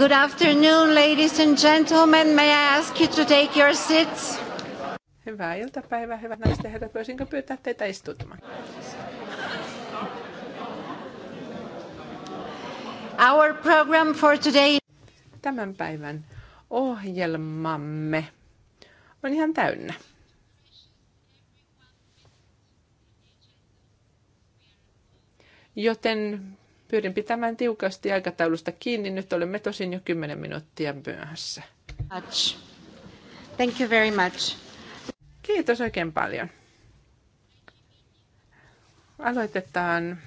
Good afternoon, ladies and gentlemen. May I ask you to take your seats? Hyvää iltapäivää, hyvät naiset ja herrat. Voisinko pyytää teitä istutumaan? Our program for today. Tämän päivän ohjelmamme on ihan täynnä. Joten Pyydin pitämään tiukasti aikataulusta kiinni. Nyt olemme tosin jo 10 minuuttia myöhässä. Thank you very much. Kiitos oikein paljon. Aloitetaan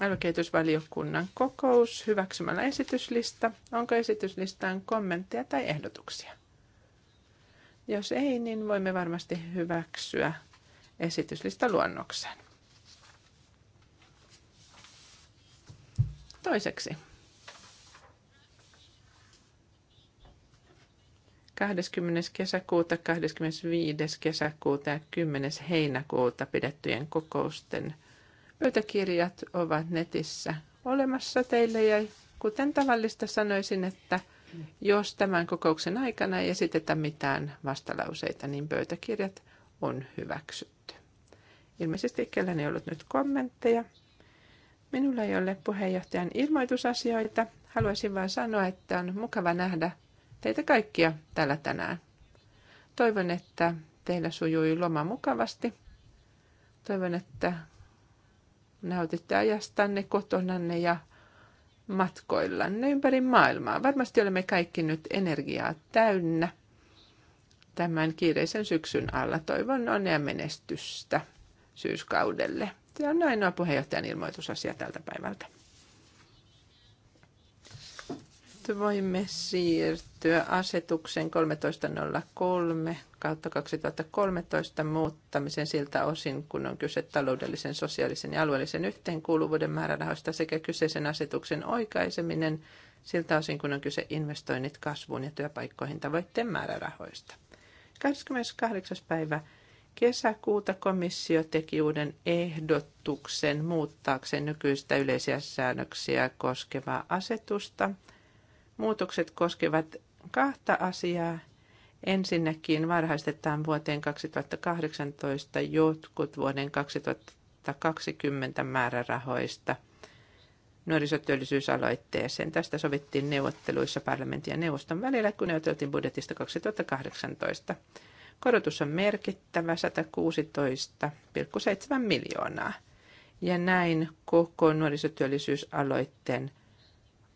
aluekehitysvaliokunnan kokous hyväksymällä esityslista. Onko esityslistaan kommentteja tai ehdotuksia? Jos ei, niin voimme varmasti hyväksyä esityslistaluonnoksen. Toiseksi. 20. kesäkuuta, 25. kesäkuuta ja 10. heinäkuuta pidettyjen kokousten pöytäkirjat ovat netissä olemassa teille ja kuten tavallista sanoisin, että jos tämän kokouksen aikana ei esitetä mitään vastalauseita, niin pöytäkirjat on hyväksytty. Ilmeisesti kellään ei ollut nyt kommentteja. Minulla ei ole puheenjohtajan ilmoitusasioita. Haluaisin vain sanoa, että on mukava nähdä teitä kaikkia täällä tänään. Toivon, että teillä sujui loma mukavasti. Toivon, että nautitte ajastanne kotonanne ja matkoillanne ympäri maailmaa. Varmasti olemme kaikki nyt energiaa täynnä tämän kiireisen syksyn alla. Toivon onnea menestystä syyskaudelle. Tämä on ainoa puheenjohtajan ilmoitusasia tältä päivältä. Nyt voimme siirtyä asetuksen 1303 kautta 2013 muuttamisen siltä osin, kun on kyse taloudellisen, sosiaalisen ja alueellisen yhteenkuuluvuuden määrärahoista sekä kyseisen asetuksen oikaiseminen siltä osin, kun on kyse investoinnit kasvuun ja työpaikkoihin tavoitteen määrärahoista. 28. päivä Kesäkuuta komissio teki uuden ehdotuksen muuttaakseen nykyistä yleisiä säännöksiä koskevaa asetusta. Muutokset koskevat kahta asiaa. Ensinnäkin varhaistetaan vuoteen 2018 jotkut vuoden 2020 määrärahoista nuorisotyöllisyysaloitteeseen. Tästä sovittiin neuvotteluissa parlamentin ja neuvoston välillä, kun neuvoteltiin budjetista 2018. Korotus on merkittävä 116,7 miljoonaa. Ja näin koko nuorisotyöllisyysaloitteen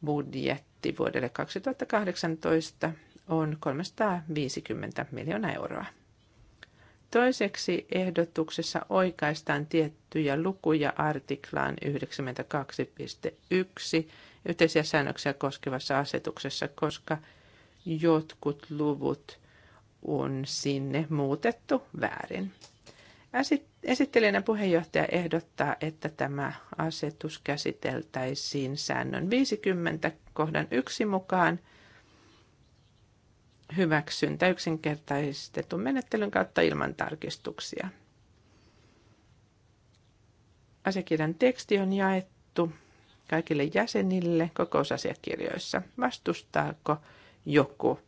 budjetti vuodelle 2018 on 350 miljoonaa euroa. Toiseksi ehdotuksessa oikaistaan tiettyjä lukuja artiklaan 92.1 yhteisiä säännöksiä koskevassa asetuksessa, koska jotkut luvut on sinne muutettu väärin. Esittelijänä puheenjohtaja ehdottaa, että tämä asetus käsiteltäisiin säännön 50 kohdan 1 mukaan hyväksyntä yksinkertaistetun menettelyn kautta ilman tarkistuksia. Asiakirjan teksti on jaettu kaikille jäsenille kokousasiakirjoissa. Vastustaako joku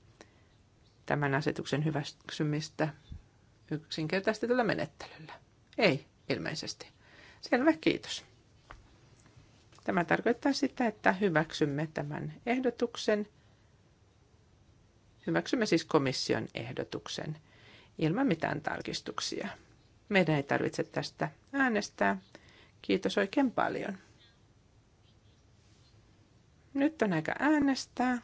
tämän asetuksen hyväksymistä yksinkertaistetulla menettelyllä? Ei, ilmeisesti. Selvä, kiitos. Tämä tarkoittaa sitä, että hyväksymme tämän ehdotuksen. Hyväksymme siis komission ehdotuksen ilman mitään tarkistuksia. Meidän ei tarvitse tästä äänestää. Kiitos oikein paljon. Nyt on aika äänestää.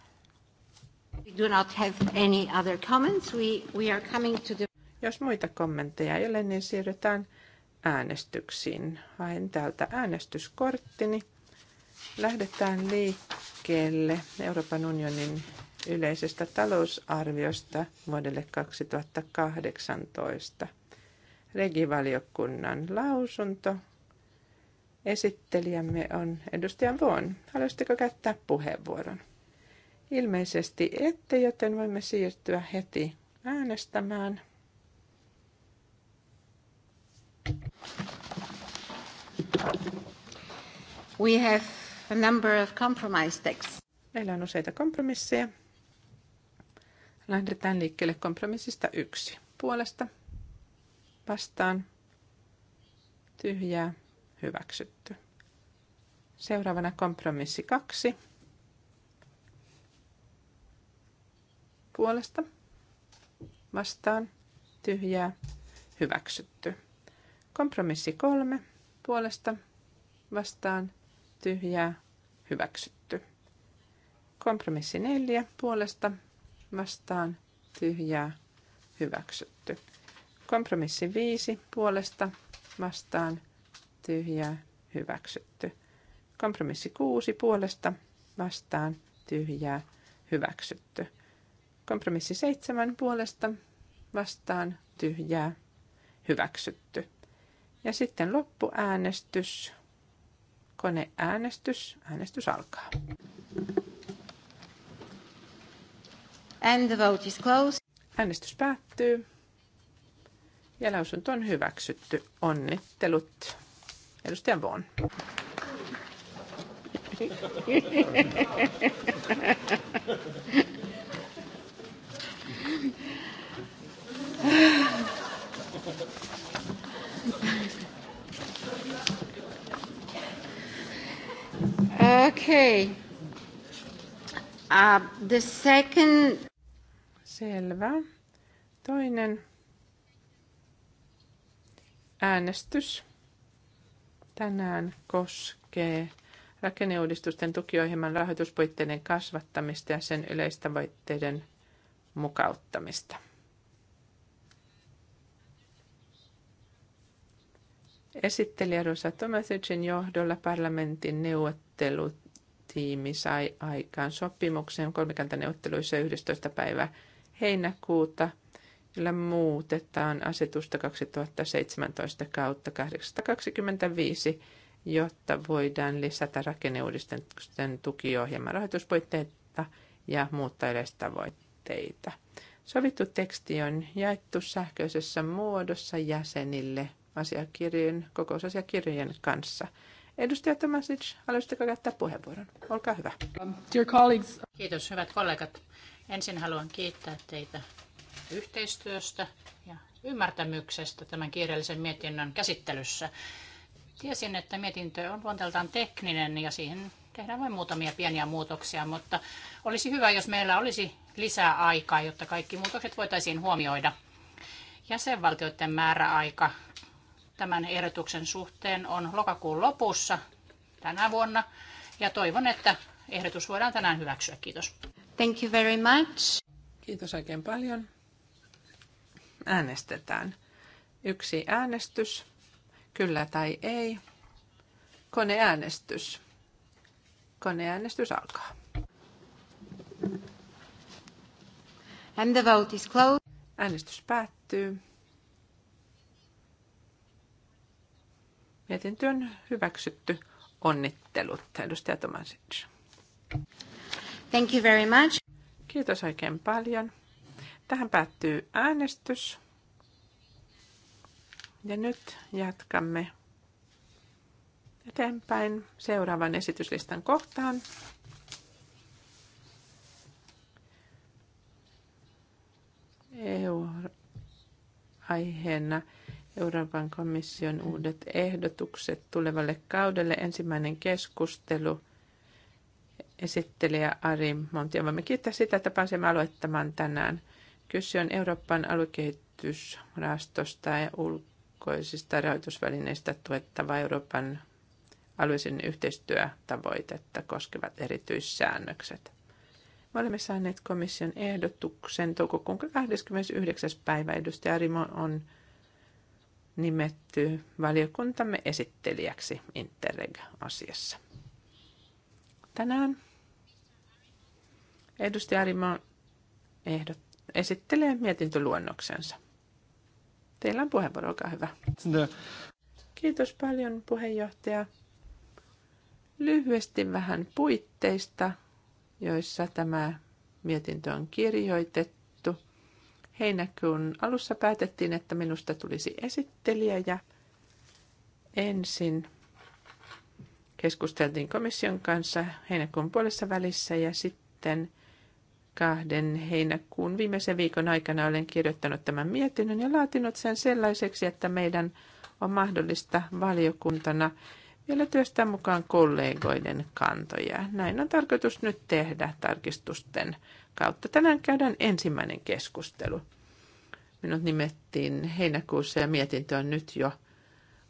Jos muita kommentteja ei ole, niin siirrytään äänestyksiin. Haen täältä äänestyskorttini. Lähdetään liikkeelle Euroopan unionin yleisestä talousarviosta vuodelle 2018. Regivaliokunnan lausunto. Esittelijämme on edustaja Vuon. Haluaisitteko käyttää puheenvuoron? Ilmeisesti ette, joten voimme siirtyä heti äänestämään. We have a number of compromise texts. Meillä on useita kompromisseja. Lähdetään liikkeelle kompromissista yksi. Puolesta vastaan tyhjää hyväksytty. Seuraavana kompromissi kaksi puolesta vastaan tyhjää hyväksytty. Kompromissi kolme puolesta vastaan tyhjää hyväksytty. Kompromissi neljä puolesta vastaan tyhjää hyväksytty. Kompromissi viisi puolesta vastaan tyhjää hyväksytty. Kompromissi kuusi puolesta vastaan tyhjää hyväksytty. Kompromissi seitsemän puolesta vastaan tyhjää hyväksytty. Ja sitten loppuäänestys, koneäänestys, äänestys alkaa. And the vote is closed. Äänestys päättyy. Ja lausunto on hyväksytty. Onnittelut. Edustaja Bon. Okay. Uh, the second... Selvä. Toinen äänestys tänään koskee rakenneuudistusten tukiohjelman rahoituspuitteiden kasvattamista ja sen yleistavoitteiden mukauttamista. Esittelijä Rosa Tomasicin johdolla parlamentin neuvottelutiimi sai aikaan sopimuksen kolmikantaneuvotteluissa 11. päivä heinäkuuta, jolla muutetaan asetusta 2017 kautta 825, jotta voidaan lisätä rakenneuudistusten tukiohjelman rahoituspuitteita ja muuttaa tavoitteita teitä. Sovittu teksti on jaettu sähköisessä muodossa jäsenille asiakirjojen, kokousasiakirjojen kanssa. Edustaja Tomasic, haluaisitteko käyttää puheenvuoron? Olkaa hyvä. Um, dear colleagues. Kiitos, hyvät kollegat. Ensin haluan kiittää teitä yhteistyöstä ja ymmärtämyksestä tämän kiireellisen mietinnön käsittelyssä. Tiesin, että mietintö on luonteeltaan tekninen ja siihen tehdään vain muutamia pieniä muutoksia, mutta olisi hyvä, jos meillä olisi lisää aikaa, jotta kaikki muutokset voitaisiin huomioida. Jäsenvaltioiden määräaika tämän ehdotuksen suhteen on lokakuun lopussa tänä vuonna ja toivon, että ehdotus voidaan tänään hyväksyä. Kiitos. Thank you very much. Kiitos oikein paljon. Äänestetään. Yksi äänestys, kyllä tai ei. Koneäänestys. Koneäänestys alkaa. And the vote is closed. Äänestys päättyy. Mietintö on hyväksytty. Onnittelut, edustaja Tomasic. Thank you very much. Kiitos oikein paljon. Tähän päättyy äänestys. Ja nyt jatkamme eteenpäin seuraavan esityslistan kohtaan. EU-aiheena Euroopan komission uudet ehdotukset tulevalle kaudelle. Ensimmäinen keskustelu esittelijä Ari Montia. Voimme kiittää sitä, että pääsemme aloittamaan tänään. Kysy on Euroopan aluekehitysrahastosta ja ulkoisista rahoitusvälineistä tuettava Euroopan alueisen yhteistyötavoitetta koskevat erityissäännökset. Me olemme saaneet komission ehdotuksen toukokuun 29. päivä. Edustaja Rimo on nimetty valiokuntamme esittelijäksi Interreg-asiassa. Tänään edustaja Rimo ehdot, esittelee mietintöluonnoksensa. Teillä on puheenvuoro, olkaa hyvä. Kiitos paljon puheenjohtaja. Lyhyesti vähän puitteista joissa tämä mietintö on kirjoitettu. Heinäkuun alussa päätettiin, että minusta tulisi esittelijä ja ensin keskusteltiin komission kanssa heinäkuun puolessa välissä ja sitten kahden heinäkuun viimeisen viikon aikana olen kirjoittanut tämän mietinnön ja laatinut sen sellaiseksi, että meidän on mahdollista valiokuntana vielä työstää mukaan kollegoiden kantoja. Näin on tarkoitus nyt tehdä tarkistusten kautta. Tänään käydään ensimmäinen keskustelu. Minut nimettiin heinäkuussa ja mietintö on nyt jo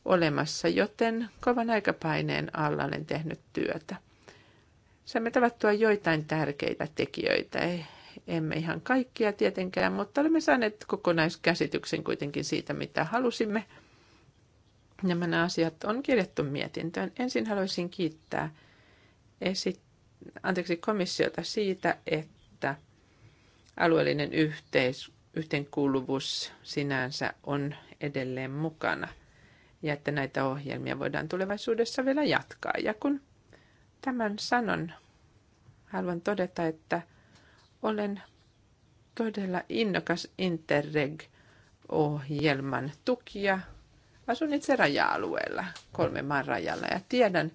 olemassa, joten kovan aikapaineen alla olen tehnyt työtä. Saimme tavattua joitain tärkeitä tekijöitä, e- emme ihan kaikkia tietenkään, mutta olemme saaneet kokonaiskäsityksen kuitenkin siitä, mitä halusimme – Nämä asiat on kirjattu mietintöön. Ensin haluaisin kiittää esit- anteeksi, komissiota siitä, että alueellinen yhteis- yhteenkuuluvuus sinänsä on edelleen mukana ja että näitä ohjelmia voidaan tulevaisuudessa vielä jatkaa. Ja kun tämän sanon, haluan todeta, että olen todella innokas Interreg-ohjelman tukija – Asun itse raja-alueella, kolmen maan rajalla, ja tiedän,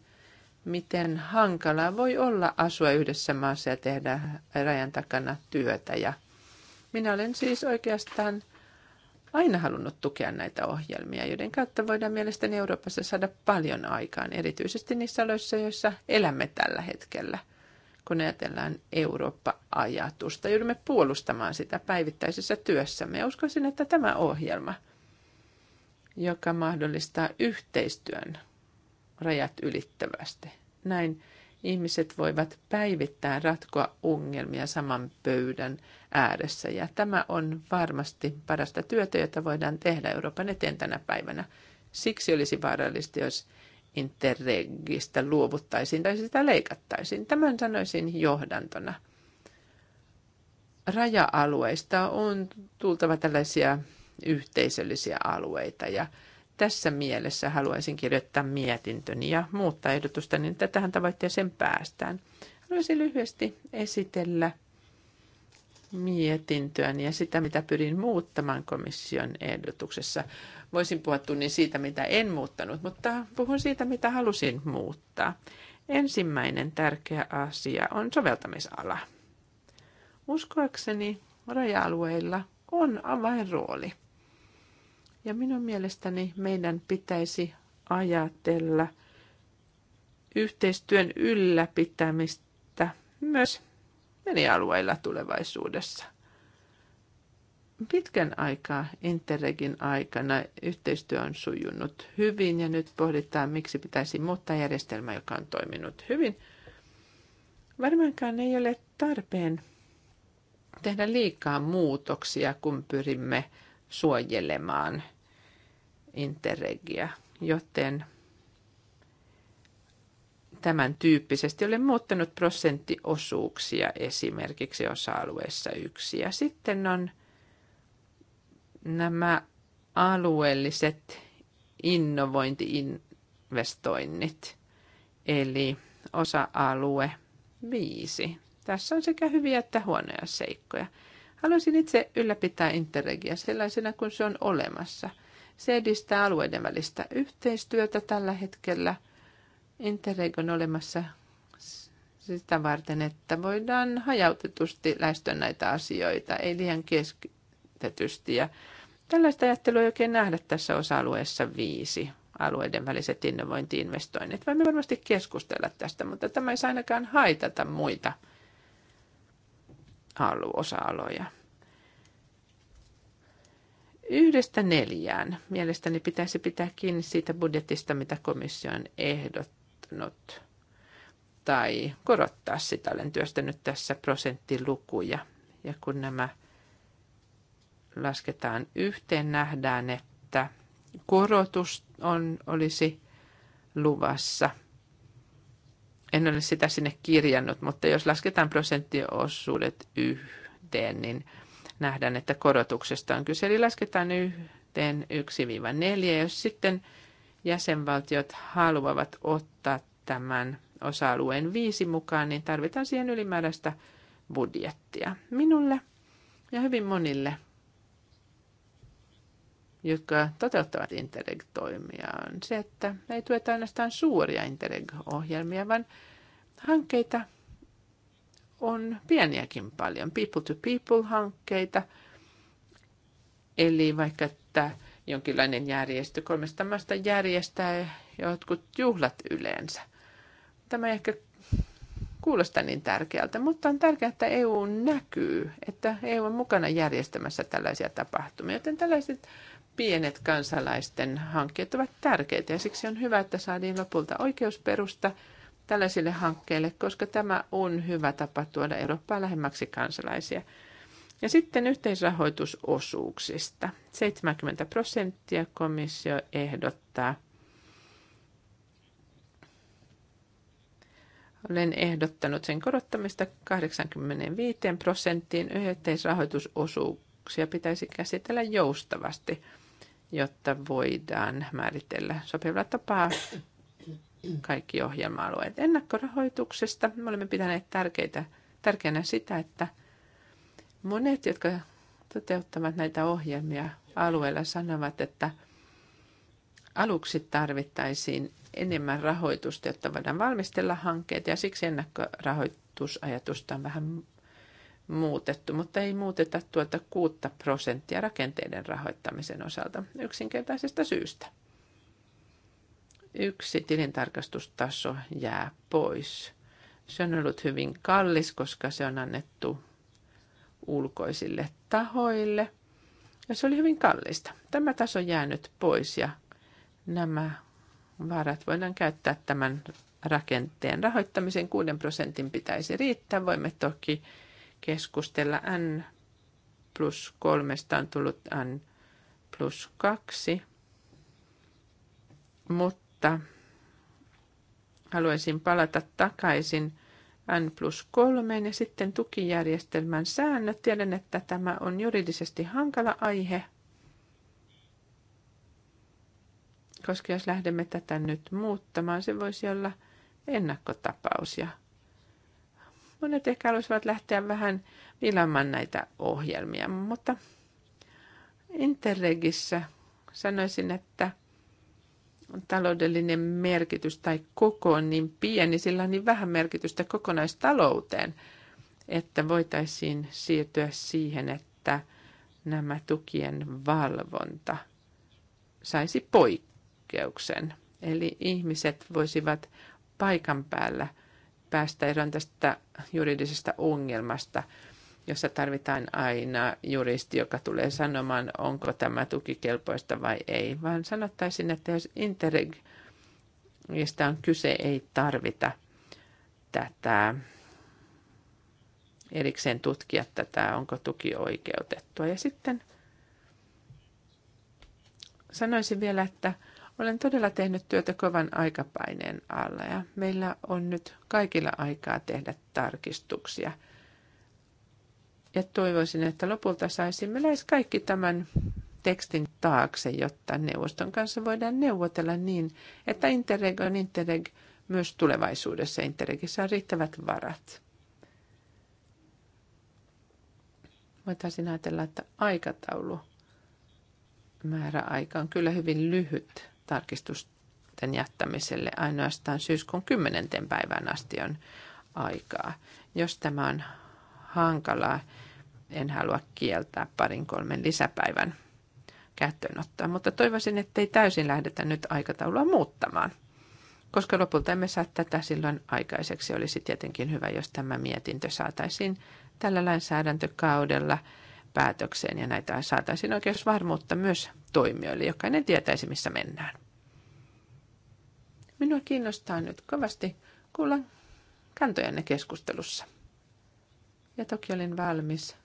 miten hankalaa voi olla asua yhdessä maassa ja tehdä rajan takana työtä. Ja minä olen siis oikeastaan aina halunnut tukea näitä ohjelmia, joiden kautta voidaan mielestäni Euroopassa saada paljon aikaan, erityisesti niissä aloissa, joissa elämme tällä hetkellä. Kun ajatellaan Eurooppa-ajatusta, joudumme puolustamaan sitä päivittäisessä työssämme. uskoisin, että tämä ohjelma – joka mahdollistaa yhteistyön rajat ylittävästi. Näin ihmiset voivat päivittäin ratkoa ongelmia saman pöydän ääressä. Ja tämä on varmasti parasta työtä, jota voidaan tehdä Euroopan eteen tänä päivänä. Siksi olisi vaarallista, jos interregistä luovuttaisiin tai sitä leikattaisiin. Tämän sanoisin johdantona. Raja-alueista on tultava tällaisia yhteisöllisiä alueita. Ja tässä mielessä haluaisin kirjoittaa mietintöni ja muuttaa ehdotusta, niin että tähän tavoitteeseen päästään. Haluaisin lyhyesti esitellä mietintöäni ja sitä, mitä pyrin muuttamaan komission ehdotuksessa. Voisin puhua tunnin siitä, mitä en muuttanut, mutta puhun siitä, mitä halusin muuttaa. Ensimmäinen tärkeä asia on soveltamisala. Uskoakseni raja-alueilla on avainrooli – ja minun mielestäni meidän pitäisi ajatella yhteistyön ylläpitämistä myös merialueilla tulevaisuudessa. Pitkän aikaa Interregin aikana yhteistyö on sujunut hyvin ja nyt pohditaan, miksi pitäisi muuttaa järjestelmä, joka on toiminut hyvin. Varmaankaan ei ole tarpeen tehdä liikaa muutoksia, kun pyrimme suojelemaan Interregia, joten tämän tyyppisesti olen muuttanut prosenttiosuuksia esimerkiksi osa-alueessa yksi. Ja sitten on nämä alueelliset innovointiinvestoinnit, eli osa-alue viisi. Tässä on sekä hyviä että huonoja seikkoja. Haluaisin itse ylläpitää Interregia sellaisena kuin se on olemassa – se edistää alueiden välistä yhteistyötä tällä hetkellä. Interreg on olemassa sitä varten, että voidaan hajautetusti lähestyä näitä asioita, ei liian keskitetysti. Ja tällaista ajattelua ei oikein nähdä tässä osa-alueessa viisi, alueiden väliset innovointiinvestoinnit. Voimme varmasti keskustella tästä, mutta tämä ei ainakaan haitata muita osa-aloja. Yhdestä neljään mielestäni pitäisi pitää kiinni siitä budjetista, mitä komissio on ehdottanut tai korottaa sitä. Olen työstänyt tässä prosenttilukuja. Ja kun nämä lasketaan yhteen, nähdään, että korotus on, olisi luvassa. En ole sitä sinne kirjannut, mutta jos lasketaan prosenttiosuudet yhteen, niin – nähdään, että korotuksesta on kyse. Eli lasketaan yhteen 1-4. Jos sitten jäsenvaltiot haluavat ottaa tämän osa-alueen 5 mukaan, niin tarvitaan siihen ylimääräistä budjettia. Minulle ja hyvin monille, jotka toteuttavat Interreg-toimia, on se, että ei tueta ainoastaan suuria Interreg-ohjelmia, vaan hankkeita, on pieniäkin paljon. People to people-hankkeita, eli vaikka että jonkinlainen järjestö, kolmesta maasta järjestää jotkut juhlat yleensä. Tämä ehkä kuulosta niin tärkeältä, mutta on tärkeää, että EU näkyy, että EU on mukana järjestämässä tällaisia tapahtumia, joten tällaiset pienet kansalaisten hankkeet ovat tärkeitä ja siksi on hyvä, että saadiin lopulta oikeusperusta tällaisille hankkeille, koska tämä on hyvä tapa tuoda Eurooppaa lähemmäksi kansalaisia. Ja sitten yhteisrahoitusosuuksista. 70 prosenttia komissio ehdottaa. Olen ehdottanut sen korottamista 85 prosenttiin. Yhteisrahoitusosuuksia pitäisi käsitellä joustavasti, jotta voidaan määritellä sopivalla tapaa kaikki ohjelma-alueet. Ennakkorahoituksesta me olemme pitäneet tärkeitä, tärkeänä sitä, että monet, jotka toteuttavat näitä ohjelmia alueella, sanovat, että aluksi tarvittaisiin enemmän rahoitusta, jotta voidaan valmistella hankkeita ja siksi ennakkorahoitusajatusta on vähän muutettu, mutta ei muuteta tuota kuutta prosenttia rakenteiden rahoittamisen osalta yksinkertaisesta syystä. Yksi tilintarkastustaso jää pois. Se on ollut hyvin kallis, koska se on annettu ulkoisille tahoille. Ja se oli hyvin kallista. Tämä taso jää nyt pois ja nämä varat voidaan käyttää tämän rakenteen rahoittamiseen. 6 prosentin pitäisi riittää. Voimme toki keskustella N plus kolmesta on tullut N plus kaksi, mutta mutta haluaisin palata takaisin N plus kolmeen ja sitten tukijärjestelmän säännöt. Tiedän, että tämä on juridisesti hankala aihe, koska jos lähdemme tätä nyt muuttamaan, se voisi olla ennakkotapaus ja monet ehkä haluaisivat lähteä vähän vilamaan näitä ohjelmia, mutta Interregissä sanoisin, että – taloudellinen merkitys tai koko on niin pieni, sillä on niin vähän merkitystä kokonaistalouteen, että voitaisiin siirtyä siihen, että nämä tukien valvonta saisi poikkeuksen. Eli ihmiset voisivat paikan päällä päästä eroon tästä juridisesta ongelmasta – jossa tarvitaan aina juristi, joka tulee sanomaan, onko tämä tukikelpoista vai ei, vaan sanottaisin, että jos Interregista on kyse, ei tarvita tätä erikseen tutkia tätä, onko tuki oikeutettua. Ja sitten sanoisin vielä, että olen todella tehnyt työtä kovan aikapaineen alla ja meillä on nyt kaikilla aikaa tehdä tarkistuksia – ja toivoisin, että lopulta saisimme lähes kaikki tämän tekstin taakse, jotta neuvoston kanssa voidaan neuvotella niin, että Interreg on Interreg myös tulevaisuudessa. interregissa on riittävät varat. Voitaisiin ajatella, että aikataulu määräaika on kyllä hyvin lyhyt tarkistusten jättämiselle. Ainoastaan syyskuun 10. päivään asti on aikaa. Jos tämä on hankalaa. En halua kieltää parin kolmen lisäpäivän käyttöönottoa, mutta toivoisin, ei täysin lähdetä nyt aikataulua muuttamaan, koska lopulta emme saa tätä silloin aikaiseksi. Olisi tietenkin hyvä, jos tämä mietintö saataisiin tällä lainsäädäntökaudella päätökseen ja näitä saataisiin oikeusvarmuutta myös toimijoille, jokainen tietäisi, missä mennään. Minua kiinnostaa nyt kovasti kuulla kantojanne keskustelussa. Ja toki olin valmis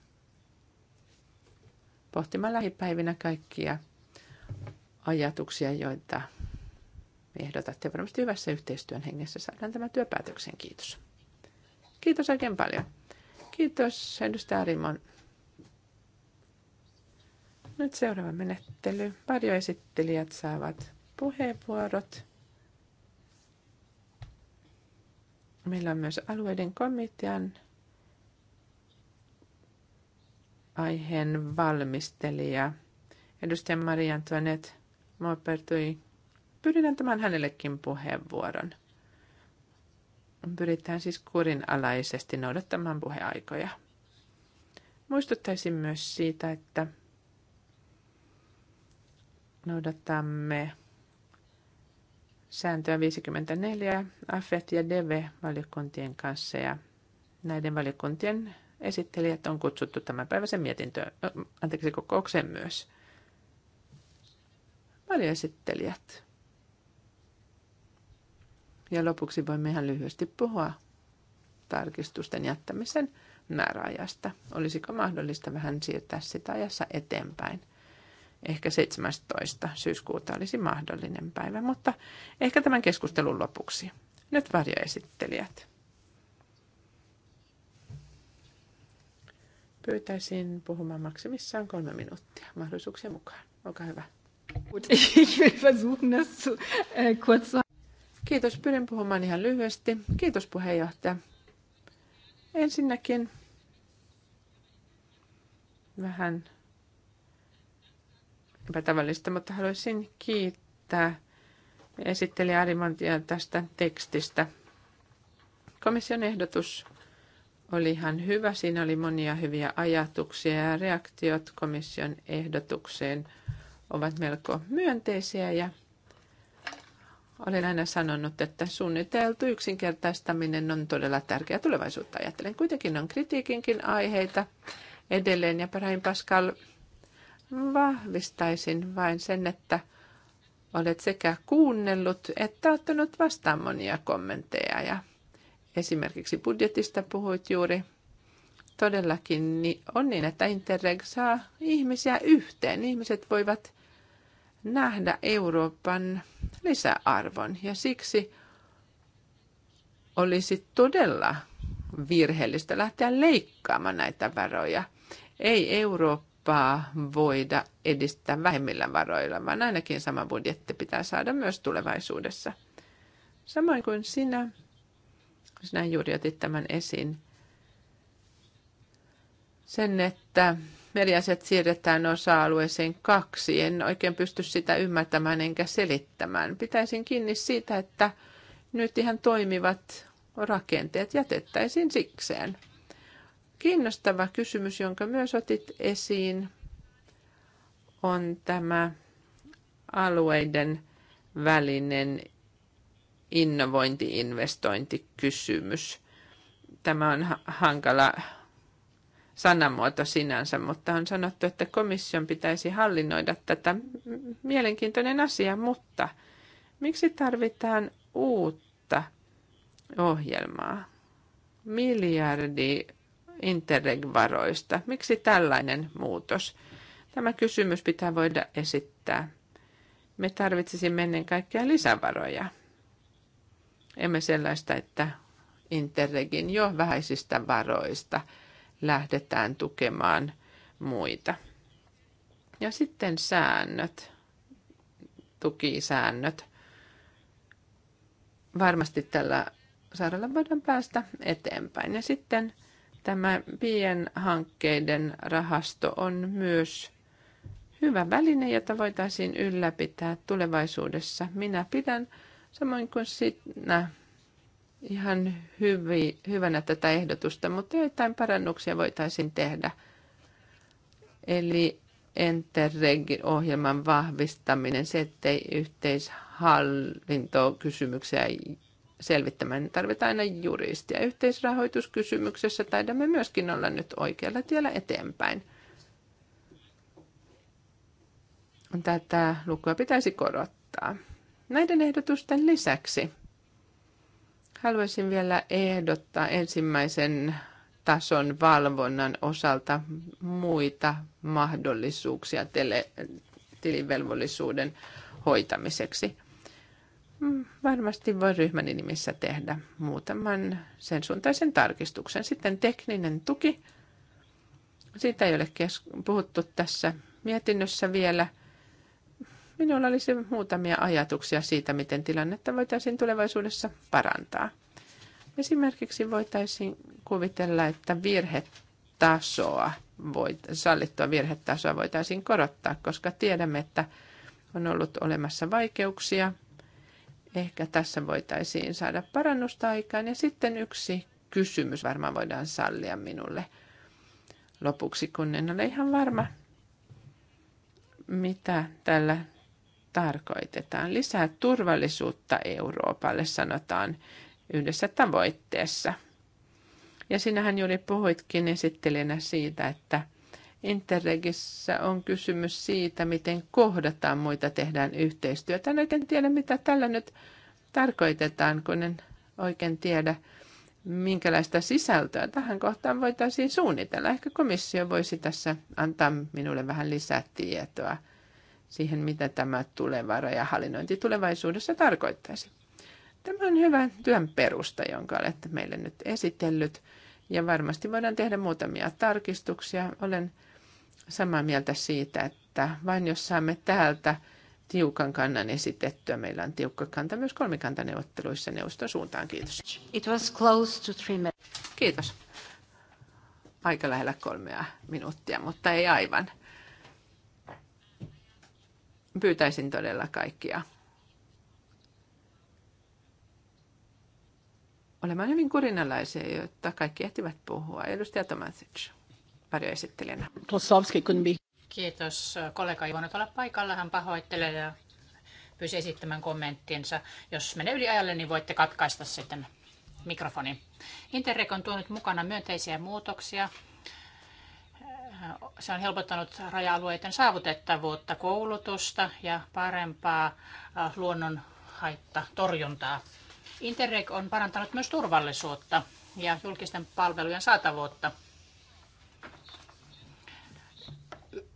pohtimaan lähipäivinä kaikkia ajatuksia, joita ehdotatte. Varmasti hyvässä yhteistyön hengessä saadaan tämä työpäätöksen. Kiitos. Kiitos oikein paljon. Kiitos edustaja Rimon. Nyt seuraava menettely. esittelijät saavat puheenvuorot. Meillä on myös alueiden komitean aiheen valmistelija, edustaja Maria Antoinette Maupertui. Pyydän antamaan hänellekin puheenvuoron. Pyritään siis kurinalaisesti noudattamaan puheaikoja. Muistuttaisin myös siitä, että noudatamme sääntöä 54 AFET ja DV-valiokuntien kanssa ja näiden valiokuntien esittelijät on kutsuttu tämän päiväisen mietintöön, no, anteeksi kokoukseen myös. Paljon esittelijät. Ja lopuksi voimme ihan lyhyesti puhua tarkistusten jättämisen määräajasta. Olisiko mahdollista vähän siirtää sitä ajassa eteenpäin? Ehkä 17. syyskuuta olisi mahdollinen päivä, mutta ehkä tämän keskustelun lopuksi. Nyt varjoesittelijät. Pyytäisin puhumaan maksimissaan kolme minuuttia mahdollisuuksien mukaan. Olkaa hyvä. Äh, Kiitos, pyrin puhumaan ihan lyhyesti. Kiitos puheenjohtaja. Ensinnäkin vähän epätavallista, mutta haluaisin kiittää esittelijä Arimantia tästä tekstistä. Komission ehdotus oli ihan hyvä. Siinä oli monia hyviä ajatuksia ja reaktiot komission ehdotukseen ovat melko myönteisiä ja olen aina sanonut, että suunniteltu yksinkertaistaminen on todella tärkeä tulevaisuutta ajattelen. Kuitenkin on kritiikinkin aiheita edelleen ja Parain Pascal vahvistaisin vain sen, että olet sekä kuunnellut että ottanut vastaan monia kommentteja ja Esimerkiksi budjetista puhuit juuri. Todellakin niin on niin, että Interreg saa ihmisiä yhteen. Ihmiset voivat nähdä Euroopan lisäarvon ja siksi olisi todella virheellistä lähteä leikkaamaan näitä varoja. Ei Eurooppaa voida edistää vähemmillä varoilla, vaan ainakin sama budjetti pitää saada myös tulevaisuudessa. Samoin kuin sinä, sinä juuri otit tämän esiin, sen, että meriaset siirretään osa-alueeseen kaksi. En oikein pysty sitä ymmärtämään enkä selittämään. Pitäisin kiinni siitä, että nyt ihan toimivat rakenteet jätettäisiin sikseen. Kiinnostava kysymys, jonka myös otit esiin, on tämä alueiden välinen Inno-vointi-investointikysymys. Tämä on hankala sanamuoto sinänsä, mutta on sanottu, että komission pitäisi hallinnoida tätä mielenkiintoinen asia, mutta miksi tarvitaan uutta ohjelmaa? Miljardi Interreg-varoista. Miksi tällainen muutos? Tämä kysymys pitää voida esittää. Me tarvitsisimme ennen kaikkea lisävaroja. Emme sellaista, että Interregin jo vähäisistä varoista lähdetään tukemaan muita. Ja sitten säännöt, tukisäännöt. Varmasti tällä saralla voidaan päästä eteenpäin. Ja sitten tämä pienhankkeiden rahasto on myös hyvä väline, jota voitaisiin ylläpitää tulevaisuudessa. Minä pidän Samoin kuin siinä ihan hyvi, hyvänä tätä ehdotusta, mutta joitain parannuksia voitaisiin tehdä. Eli Enterregin ohjelman vahvistaminen, se ettei yhteishallintokysymyksiä selvittämään. Tarvitaan aina juristia. Yhteisrahoituskysymyksessä taidamme myöskin olla nyt oikealla tiellä eteenpäin. Tätä lukua pitäisi korottaa. Näiden ehdotusten lisäksi haluaisin vielä ehdottaa ensimmäisen tason valvonnan osalta muita mahdollisuuksia tele, tilivelvollisuuden hoitamiseksi. Mm, varmasti voi ryhmäni nimissä tehdä muutaman sen suuntaisen tarkistuksen. Sitten tekninen tuki. Siitä ei ole puhuttu tässä mietinnössä vielä – Minulla olisi muutamia ajatuksia siitä, miten tilannetta voitaisiin tulevaisuudessa parantaa. Esimerkiksi voitaisiin kuvitella, että virhetasoa, voit, sallittua virhetasoa voitaisiin korottaa, koska tiedämme, että on ollut olemassa vaikeuksia. Ehkä tässä voitaisiin saada parannusta aikaan. Ja sitten yksi kysymys varmaan voidaan sallia minulle lopuksi, kun en ole ihan varma, mitä tällä tarkoitetaan. Lisää turvallisuutta Euroopalle, sanotaan yhdessä tavoitteessa. Ja sinähän juuri puhuitkin esittelijänä siitä, että Interregissä on kysymys siitä, miten kohdataan muita, tehdään yhteistyötä. Nyt no, en tiedä, mitä tällä nyt tarkoitetaan, kun en oikein tiedä, minkälaista sisältöä tähän kohtaan voitaisiin suunnitella. Ehkä komissio voisi tässä antaa minulle vähän lisätietoa. tietoa siihen, mitä tämä tuleva rajahallinnointi tulevaisuudessa tarkoittaisi. Tämä on hyvä työn perusta, jonka olette meille nyt esitellyt, ja varmasti voidaan tehdä muutamia tarkistuksia. Olen samaa mieltä siitä, että vain jos saamme täältä tiukan kannan esitettyä, meillä on tiukka kanta myös kolmikantaneuvotteluissa neuvoston suuntaan. Kiitos. It was close to three minutes. Kiitos. Aika lähellä kolmea minuuttia, mutta ei aivan pyytäisin todella kaikkia olemaan hyvin kurinalaisia, jotta kaikki ehtivät puhua. Edustaja Tomasic, varjoesittelijänä. Klosowski, kun Kiitos. Kollega ei voinut olla paikalla. Hän pahoittelee ja pyysi esittämään kommenttinsa. Jos menee yli ajalle, niin voitte katkaista sitten mikrofonin. Interreg on tuonut mukana myönteisiä muutoksia se on helpottanut raja-alueiden saavutettavuutta, koulutusta ja parempaa luonnon torjuntaa. Interreg on parantanut myös turvallisuutta ja julkisten palvelujen saatavuutta.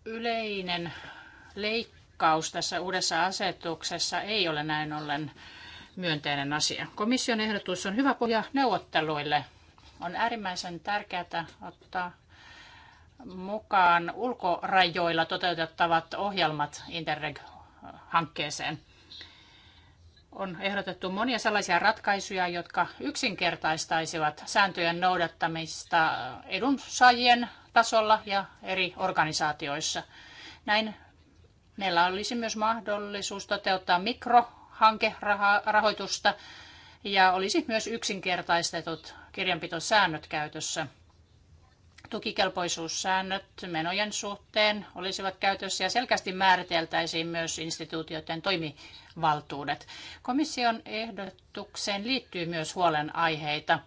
Yleinen leikkaus tässä uudessa asetuksessa ei ole näin ollen myönteinen asia. Komission ehdotus on hyvä pohja neuvotteluille. On äärimmäisen tärkeää ottaa mukaan ulkorajoilla toteutettavat ohjelmat Interreg-hankkeeseen. On ehdotettu monia sellaisia ratkaisuja, jotka yksinkertaistaisivat sääntöjen noudattamista edunsaajien tasolla ja eri organisaatioissa. Näin meillä olisi myös mahdollisuus toteuttaa mikrohankerahoitusta ja olisi myös yksinkertaistetut kirjanpitosäännöt käytössä – tukikelpoisuussäännöt menojen suhteen olisivat käytössä ja selkeästi määriteltäisiin myös instituutioiden toimivaltuudet. Komission ehdotukseen liittyy myös huolenaiheita.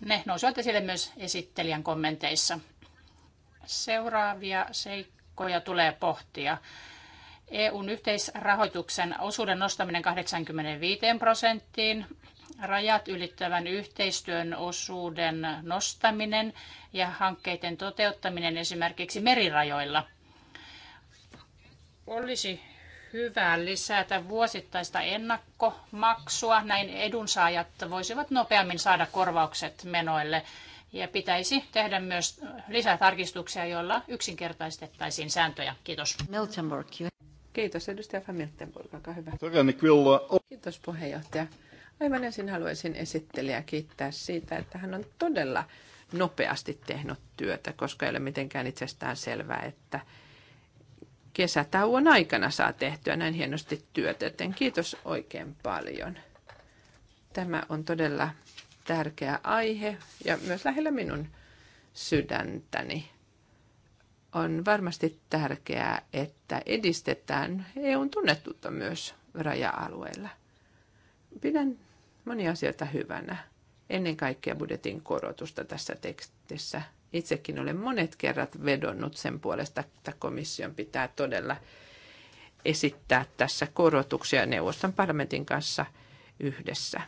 Ne nousivat esille myös esittelijän kommenteissa. Seuraavia seikkoja tulee pohtia. EUn yhteisrahoituksen osuuden nostaminen 85 prosenttiin, rajat ylittävän yhteistyön osuuden nostaminen ja hankkeiden toteuttaminen esimerkiksi merirajoilla. Olisi hyvä lisätä vuosittaista ennakkomaksua. Näin edunsaajat voisivat nopeammin saada korvaukset menoille. Ja pitäisi tehdä myös lisätarkistuksia, joilla yksinkertaistettaisiin sääntöjä. Kiitos. Miltenburg. Kiitos, edustaja Van Miltenburg, olkaa hyvä. Kiitos puheenjohtaja Aivan ensin haluaisin esittelijä kiittää siitä, että hän on todella nopeasti tehnyt työtä, koska ei ole mitenkään itsestään selvää, että kesätauon aikana saa tehtyä näin hienosti työtä, joten kiitos oikein paljon. Tämä on todella tärkeä aihe ja myös lähellä minun sydäntäni. On varmasti tärkeää, että edistetään EUn tunnettuutta myös raja-alueilla. Pidän monia asioita hyvänä. Ennen kaikkea budjetin korotusta tässä tekstissä. Itsekin olen monet kerrat vedonnut sen puolesta, että komission pitää todella esittää tässä korotuksia neuvoston parlamentin kanssa yhdessä.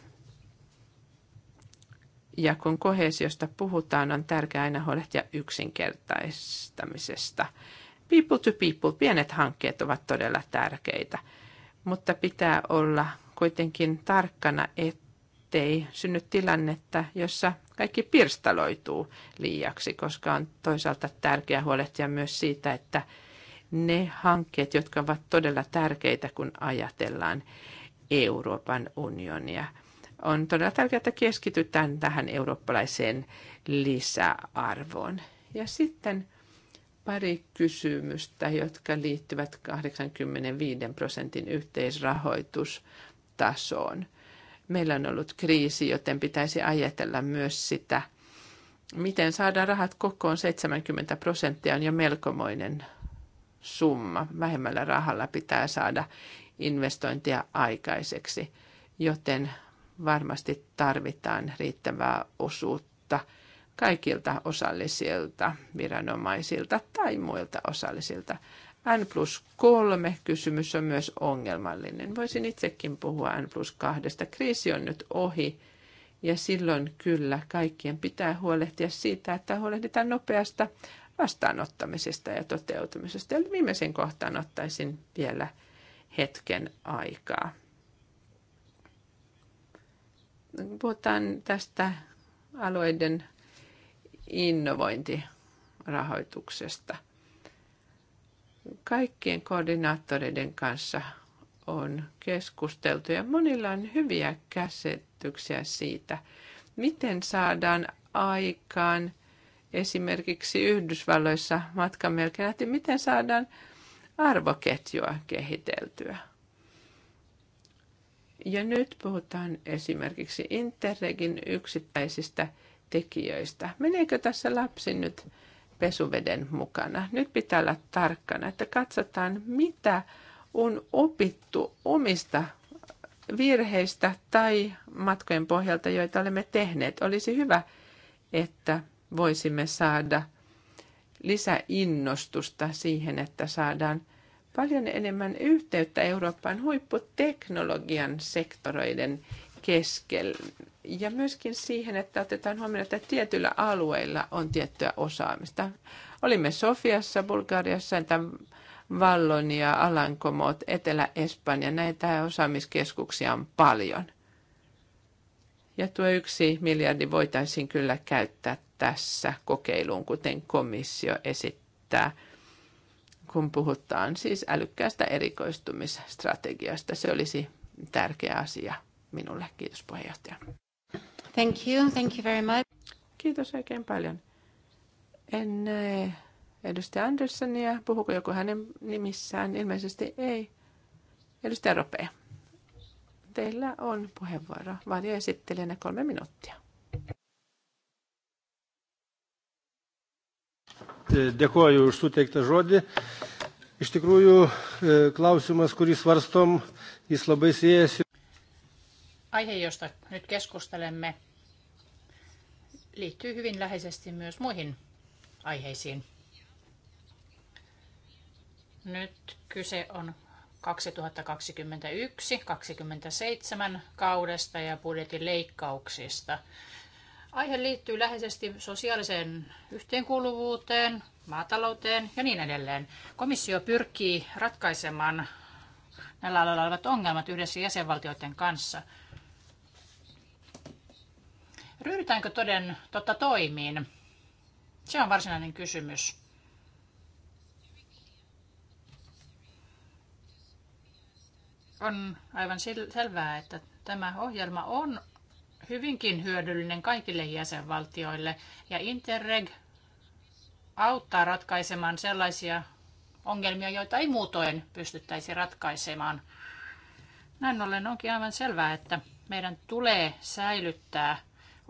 Ja kun kohesiosta puhutaan, on tärkeää aina huolehtia yksinkertaistamisesta. People to people, pienet hankkeet ovat todella tärkeitä, mutta pitää olla kuitenkin tarkkana, että ettei synny tilannetta, jossa kaikki pirstaloituu liiaksi, koska on toisaalta tärkeää huolehtia myös siitä, että ne hankkeet, jotka ovat todella tärkeitä, kun ajatellaan Euroopan unionia, on todella tärkeää, että keskitytään tähän eurooppalaiseen lisäarvoon. Ja sitten pari kysymystä, jotka liittyvät 85 prosentin yhteisrahoitustasoon – meillä on ollut kriisi, joten pitäisi ajatella myös sitä, miten saada rahat kokoon. 70 prosenttia on jo melkomoinen summa. Vähemmällä rahalla pitää saada investointia aikaiseksi, joten varmasti tarvitaan riittävää osuutta kaikilta osallisilta, viranomaisilta tai muilta osallisilta. N plus kolme kysymys on myös ongelmallinen. Voisin itsekin puhua N plus kahdesta. Kriisi on nyt ohi ja silloin kyllä kaikkien pitää huolehtia siitä, että huolehditaan nopeasta vastaanottamisesta ja toteutumisesta. Eli viimeisen kohtaan ottaisin vielä hetken aikaa. Puhutaan tästä alueiden innovointirahoituksesta – kaikkien koordinaattoreiden kanssa on keskusteltu ja monilla on hyviä käsityksiä siitä, miten saadaan aikaan esimerkiksi Yhdysvalloissa matkan melkein lähti, miten saadaan arvoketjua kehiteltyä. Ja nyt puhutaan esimerkiksi Interregin yksittäisistä tekijöistä. Meneekö tässä lapsi nyt pesuveden mukana. Nyt pitää olla tarkkana, että katsotaan, mitä on opittu omista virheistä tai matkojen pohjalta, joita olemme tehneet. Olisi hyvä, että voisimme saada lisäinnostusta siihen, että saadaan paljon enemmän yhteyttä Euroopan huipputeknologian sektoreiden keskellä. Ja myöskin siihen, että otetaan huomioon, että tietyillä alueilla on tiettyä osaamista. Olimme Sofiassa, Bulgariassa, entä Vallonia, Alankomot, Etelä-Espanja. Näitä osaamiskeskuksia on paljon. Ja tuo yksi miljardi voitaisiin kyllä käyttää tässä kokeiluun, kuten komissio esittää, kun puhutaan siis älykkäästä erikoistumisstrategiasta. Se olisi tärkeä asia minulle. Kiitos puheenjohtaja. Thank you, thank you very much. Kiitos oikein paljon. En näe edustaja Anderssonia. Puhuuko joku hänen nimissään? Ilmeisesti ei. Edustaja Ropea. Teillä on puheenvuoro. Valio esittelee ne kolme minuuttia. Dėkuoju už suteiktą žodį. Iš tikrųjų, e, klausimas, kurį svarstom, jis labai siejasi aihe, josta nyt keskustelemme, liittyy hyvin läheisesti myös muihin aiheisiin. Nyt kyse on 2021-2027 kaudesta ja budjetin leikkauksista. Aihe liittyy läheisesti sosiaaliseen yhteenkuuluvuuteen, maatalouteen ja niin edelleen. Komissio pyrkii ratkaisemaan näillä alueilla olevat ongelmat yhdessä jäsenvaltioiden kanssa – Ryhdytäänkö toden totta toimiin? Se on varsinainen kysymys. On aivan selvää, että tämä ohjelma on hyvinkin hyödyllinen kaikille jäsenvaltioille ja Interreg auttaa ratkaisemaan sellaisia ongelmia, joita ei muutoin pystyttäisi ratkaisemaan. Näin ollen onkin aivan selvää, että meidän tulee säilyttää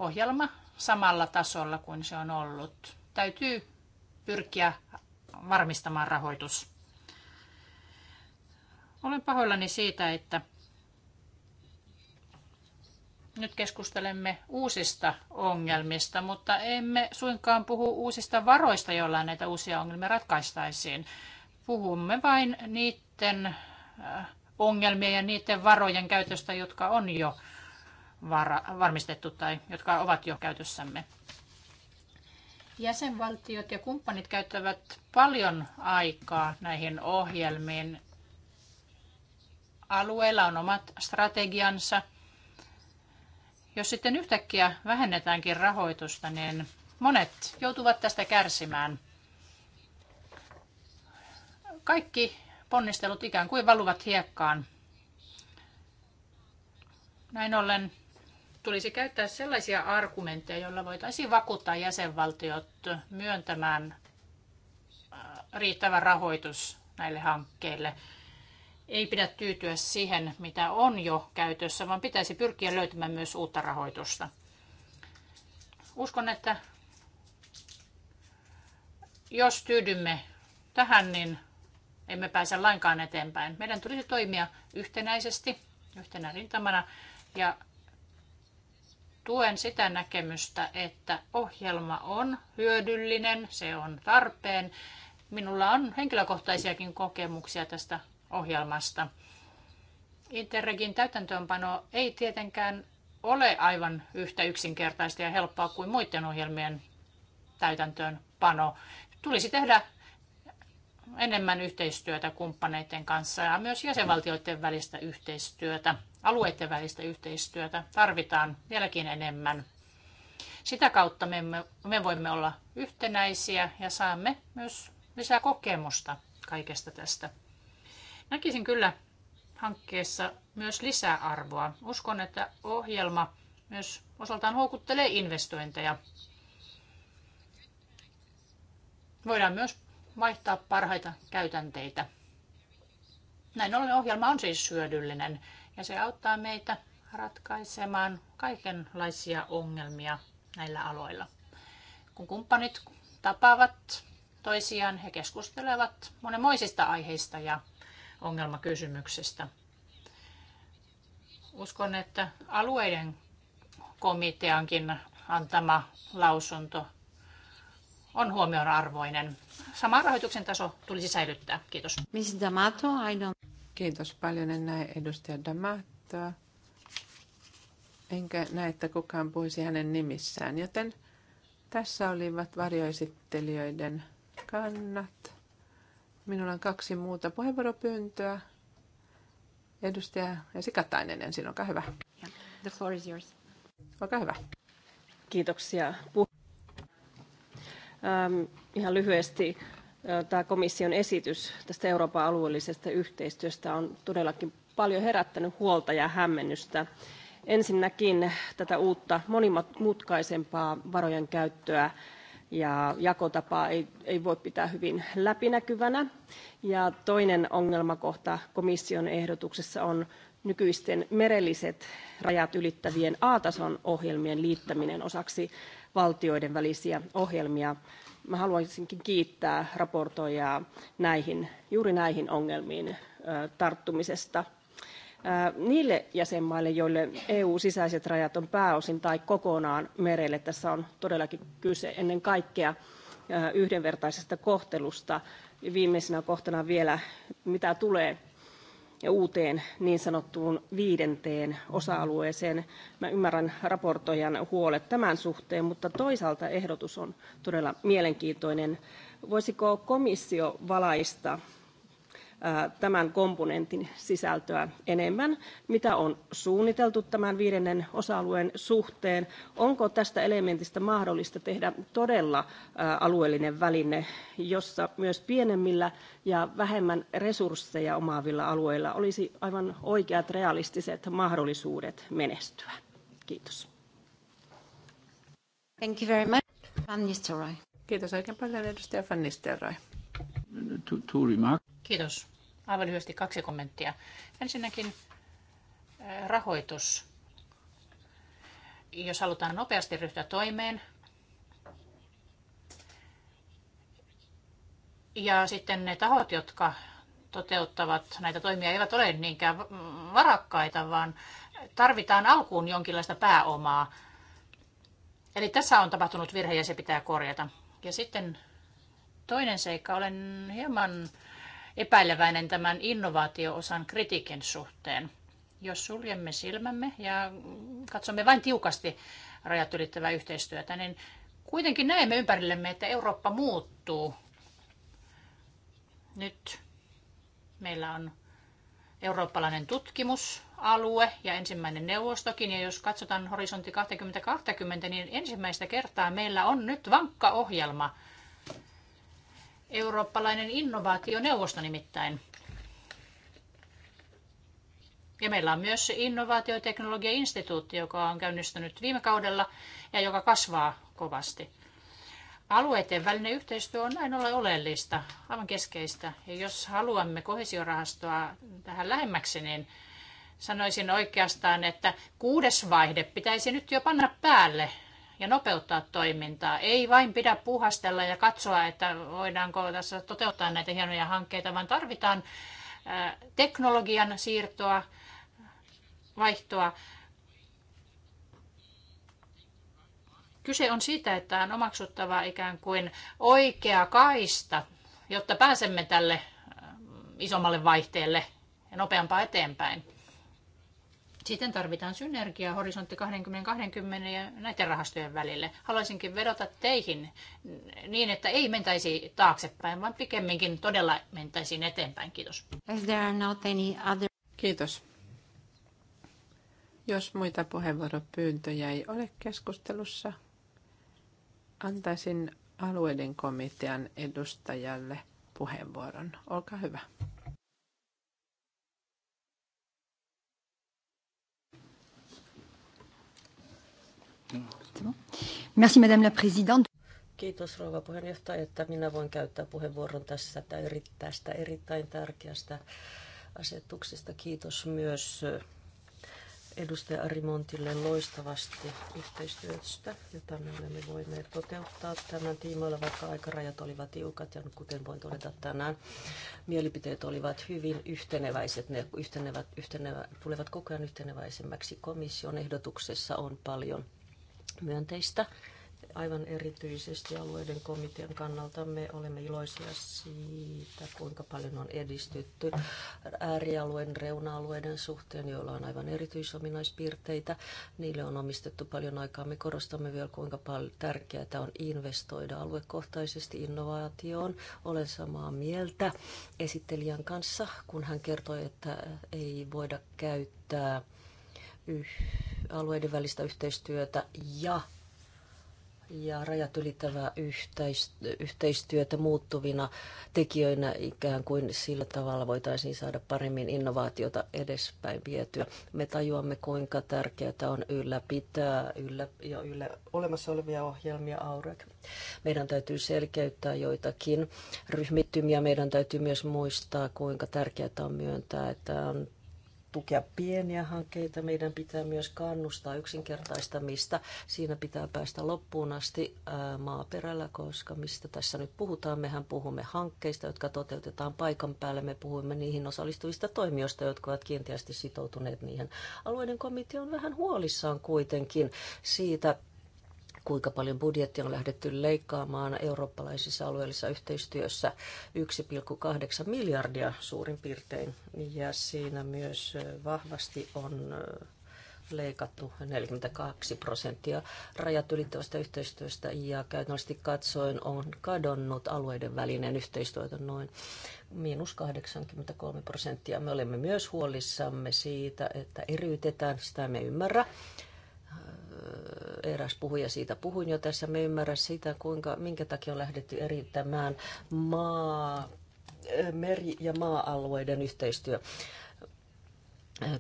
ohjelma samalla tasolla kuin se on ollut. Täytyy pyrkiä varmistamaan rahoitus. Olen pahoillani siitä, että nyt keskustelemme uusista ongelmista, mutta emme suinkaan puhu uusista varoista, joilla näitä uusia ongelmia ratkaistaisiin. Puhumme vain niiden äh, ongelmia ja niiden varojen käytöstä, jotka on jo varmistettu tai jotka ovat jo käytössämme. Jäsenvaltiot ja kumppanit käyttävät paljon aikaa näihin ohjelmiin. Alueilla on omat strategiansa. Jos sitten yhtäkkiä vähennetäänkin rahoitusta, niin monet joutuvat tästä kärsimään. Kaikki ponnistelut ikään kuin valuvat hiekkaan. Näin ollen tulisi käyttää sellaisia argumentteja, joilla voitaisiin vakuuttaa jäsenvaltiot myöntämään äh, riittävä rahoitus näille hankkeille. Ei pidä tyytyä siihen, mitä on jo käytössä, vaan pitäisi pyrkiä löytämään myös uutta rahoitusta. Uskon, että jos tyydymme tähän, niin emme pääse lainkaan eteenpäin. Meidän tulisi toimia yhtenäisesti, yhtenä rintamana ja tuen sitä näkemystä, että ohjelma on hyödyllinen, se on tarpeen. Minulla on henkilökohtaisiakin kokemuksia tästä ohjelmasta. Interregin täytäntöönpano ei tietenkään ole aivan yhtä yksinkertaista ja helppoa kuin muiden ohjelmien täytäntöönpano. Tulisi tehdä enemmän yhteistyötä kumppaneiden kanssa ja myös jäsenvaltioiden välistä yhteistyötä, alueiden välistä yhteistyötä tarvitaan vieläkin enemmän. Sitä kautta me, me voimme olla yhtenäisiä ja saamme myös lisää kokemusta kaikesta tästä. Näkisin kyllä hankkeessa myös lisäarvoa. Uskon, että ohjelma myös osaltaan houkuttelee investointeja. Voidaan myös vaihtaa parhaita käytänteitä. Näin ollen ohjelma on siis hyödyllinen ja se auttaa meitä ratkaisemaan kaikenlaisia ongelmia näillä aloilla. Kun kumppanit tapaavat toisiaan, he keskustelevat monenmoisista aiheista ja ongelmakysymyksistä. Uskon, että alueiden komiteankin antama lausunto on huomionarvoinen. Sama rahoituksen taso tulisi säilyttää. Kiitos. Miss D'Amato, I don't... Kiitos paljon. En näe edustaja D'Amatoa. Enkä näe, että kukaan puhuisi hänen nimissään, joten tässä olivat varjoesittelijöiden kannat. Minulla on kaksi muuta puheenvuoropyyntöä. Edustaja Esikatainen ensin, olkaa hyvä. The floor is yours. Olkaa hyvä. Kiitoksia Ähm, ihan lyhyesti äh, tämä komission esitys tästä Euroopan alueellisesta yhteistyöstä on todellakin paljon herättänyt huolta ja hämmennystä. Ensinnäkin tätä uutta monimutkaisempaa varojen käyttöä ja jakotapaa ei, ei voi pitää hyvin läpinäkyvänä. Ja toinen ongelmakohta komission ehdotuksessa on nykyisten merelliset rajat ylittävien A-tason ohjelmien liittäminen osaksi valtioiden välisiä ohjelmia. Mä haluaisinkin kiittää raportoijaa näihin, juuri näihin ongelmiin tarttumisesta. Niille jäsenmaille, joille EU-sisäiset rajat on pääosin tai kokonaan merelle, tässä on todellakin kyse ennen kaikkea yhdenvertaisesta kohtelusta. Viimeisenä kohtana vielä, mitä tulee ja uuteen niin sanottuun viidenteen osa-alueeseen. Mä ymmärrän raportoijan huolet tämän suhteen, mutta toisaalta ehdotus on todella mielenkiintoinen. Voisiko komissio valaista tämän komponentin sisältöä enemmän. Mitä on suunniteltu tämän viidennen osa-alueen suhteen? Onko tästä elementistä mahdollista tehdä todella alueellinen väline, jossa myös pienemmillä ja vähemmän resursseja omaavilla alueilla olisi aivan oikeat realistiset mahdollisuudet menestyä? Kiitos. Thank you very much. Van Kiitos oikein paljon edustaja Van Kiitos. Aivan lyhyesti kaksi kommenttia. Ensinnäkin eh, rahoitus. Jos halutaan nopeasti ryhtyä toimeen, ja sitten ne tahot, jotka toteuttavat näitä toimia, eivät ole niinkään varakkaita, vaan tarvitaan alkuun jonkinlaista pääomaa. Eli tässä on tapahtunut virhe ja se pitää korjata. Ja sitten toinen seikka, olen hieman epäileväinen tämän innovaatioosan kritiikin suhteen. Jos suljemme silmämme ja katsomme vain tiukasti rajat ylittävää yhteistyötä, niin kuitenkin näemme ympärillemme, että Eurooppa muuttuu. Nyt meillä on eurooppalainen tutkimusalue ja ensimmäinen neuvostokin. Ja jos katsotaan horisontti 2020, niin ensimmäistä kertaa meillä on nyt vankka ohjelma – eurooppalainen innovaationeuvosto nimittäin. Ja meillä on myös innovaatioteknologiainstituutti, joka on käynnistynyt viime kaudella ja joka kasvaa kovasti. Alueiden välinen yhteistyö on näin ollen oleellista, aivan keskeistä. Ja jos haluamme kohesiorahastoa tähän lähemmäksi, niin sanoisin oikeastaan, että kuudes vaihde pitäisi nyt jo panna päälle ja nopeuttaa toimintaa. Ei vain pidä puhastella ja katsoa, että voidaanko tässä toteuttaa näitä hienoja hankkeita, vaan tarvitaan äh, teknologian siirtoa, vaihtoa. Kyse on siitä, että on omaksuttava ikään kuin oikea kaista, jotta pääsemme tälle äh, isommalle vaihteelle ja nopeampaa eteenpäin. Sitten tarvitaan synergiaa horisontti 2020 ja näiden rahastojen välille. Haluaisinkin vedota teihin niin, että ei mentäisi taaksepäin, vaan pikemminkin todella mentäisiin eteenpäin. Kiitos. Kiitos. Jos muita puheenvuoropyyntöjä ei ole keskustelussa, antaisin alueiden komitean edustajalle puheenvuoron. Olkaa hyvä. Merci, Madame la Présidente. Kiitos rouva puheenjohtaja, että minä voin käyttää puheenvuoron tässä tästä erittäin tärkeästä asetuksesta. Kiitos myös edustaja Arimontille loistavasti yhteistyöstä, jota me olemme voineet toteuttaa tämän tiimoilla, vaikka aikarajat olivat tiukat ja kuten voin todeta tänään, mielipiteet olivat hyvin yhteneväiset. Ne yhtenevät, yhtenevät, tulevat koko ajan yhteneväisemmäksi. Komission ehdotuksessa on paljon myönteistä aivan erityisesti alueiden komitean kannalta me olemme iloisia siitä, kuinka paljon on edistytty äärialueen, reuna-alueiden suhteen, joilla on aivan erityisominaispiirteitä. Niille on omistettu paljon aikaa. Me korostamme vielä, kuinka paljon tärkeää on investoida aluekohtaisesti innovaatioon. Olen samaa mieltä esittelijän kanssa, kun hän kertoi, että ei voida käyttää alueiden välistä yhteistyötä ja, ja rajat ylittävää yhteistyötä muuttuvina tekijöinä ikään kuin sillä tavalla voitaisiin saada paremmin innovaatiota edespäin vietyä. Me tajuamme, kuinka tärkeää on ylläpitää yllä, ja yllä, olemassa olevia ohjelmia AUREC. Meidän täytyy selkeyttää joitakin ryhmittymiä. Meidän täytyy myös muistaa, kuinka tärkeää on myöntää, että on tukea pieniä hankkeita, meidän pitää myös kannustaa yksinkertaistamista. Siinä pitää päästä loppuun asti maaperällä, koska mistä tässä nyt puhutaan, mehän puhumme hankkeista, jotka toteutetaan paikan päällä. Me puhumme niihin osallistuvista toimijoista, jotka ovat kiinteästi sitoutuneet niihin. Alueiden komitea on vähän huolissaan kuitenkin siitä, kuinka paljon budjettia on lähdetty leikkaamaan eurooppalaisissa alueellisissa yhteistyössä 1,8 miljardia suurin piirtein. Ja siinä myös vahvasti on leikattu 42 prosenttia rajat ylittävästä yhteistyöstä ja käytännössä katsoen on kadonnut alueiden välinen yhteistyötä noin miinus 83 prosenttia. Me olemme myös huolissamme siitä, että eriytetään, sitä me ymmärrä eräs puhuja siitä puhuin jo tässä. Me ymmärrä sitä, kuinka, minkä takia on lähdetty erittämään maa, meri- ja maa-alueiden yhteistyö.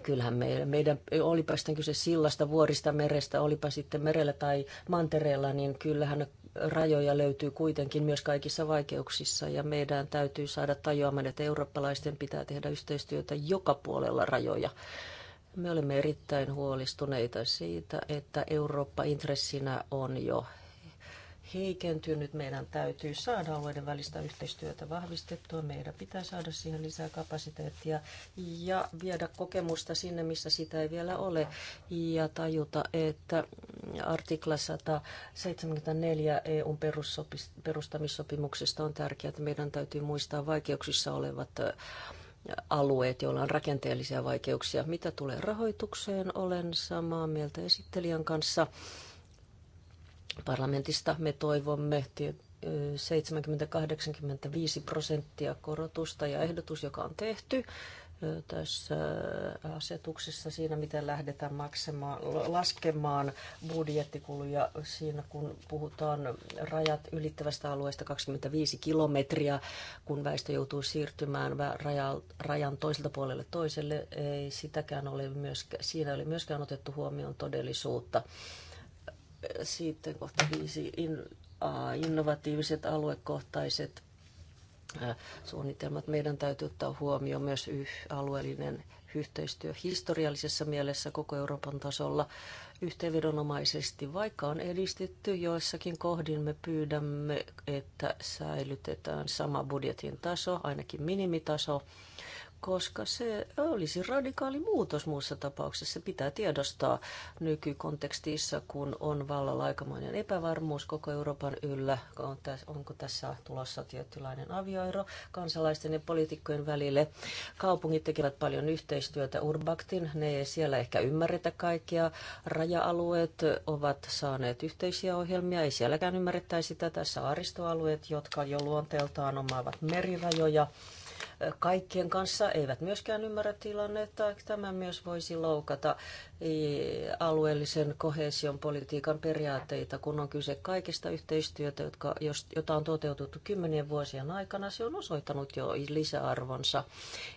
Kyllähän meidän, meidän, olipa sitten kyse sillasta, vuorista, merestä, olipa sitten merellä tai mantereella, niin kyllähän rajoja löytyy kuitenkin myös kaikissa vaikeuksissa ja meidän täytyy saada tajuamaan, että eurooppalaisten pitää tehdä yhteistyötä joka puolella rajoja. Me olemme erittäin huolestuneita siitä, että Eurooppa intressinä on jo heikentynyt. Meidän täytyy saada alueiden välistä yhteistyötä vahvistettua. Meidän pitää saada siihen lisää kapasiteettia ja viedä kokemusta sinne, missä sitä ei vielä ole. Ja tajuta, että artikla 174 EUn perustamissopimuksesta on tärkeää, että meidän täytyy muistaa vaikeuksissa olevat alueet, joilla on rakenteellisia vaikeuksia. Mitä tulee rahoitukseen, olen samaa mieltä esittelijän kanssa. Parlamentista me toivomme 70-85 prosenttia korotusta ja ehdotus, joka on tehty, tässä asetuksessa siinä, miten lähdetään maksamaan, laskemaan budjettikuluja siinä, kun puhutaan rajat ylittävästä alueesta 25 kilometriä, kun väestö joutuu siirtymään rajan toiselta puolelle toiselle. Ei sitäkään ole myöskään, siinä oli myöskään otettu huomioon todellisuutta. Sitten kohta viisi in, innovatiiviset aluekohtaiset suunnitelmat. Meidän täytyy ottaa huomioon myös alueellinen yhteistyö historiallisessa mielessä koko Euroopan tasolla yhteenvedonomaisesti. Vaikka on edistytty joissakin kohdin, me pyydämme, että säilytetään sama budjetin taso, ainakin minimitaso koska se olisi radikaali muutos muussa tapauksessa. Se pitää tiedostaa nykykontekstissa, kun on vallalla aikamoinen epävarmuus koko Euroopan yllä. Onko tässä tulossa tietynlainen avioero kansalaisten ja poliitikkojen välille? Kaupungit tekevät paljon yhteistyötä Urbaktin. Ne ei siellä ehkä ymmärretä kaikkia. Raja-alueet ovat saaneet yhteisiä ohjelmia. Ei sielläkään ymmärrettäisi tätä. Saaristoalueet, jotka jo luonteeltaan omaavat merirajoja kaikkien kanssa, eivät myöskään ymmärrä tilannetta. Tämä myös voisi loukata e, alueellisen kohesion politiikan periaatteita, kun on kyse kaikista yhteistyötä, jotka, jota on toteutettu kymmenien vuosien aikana. Se on osoittanut jo lisäarvonsa,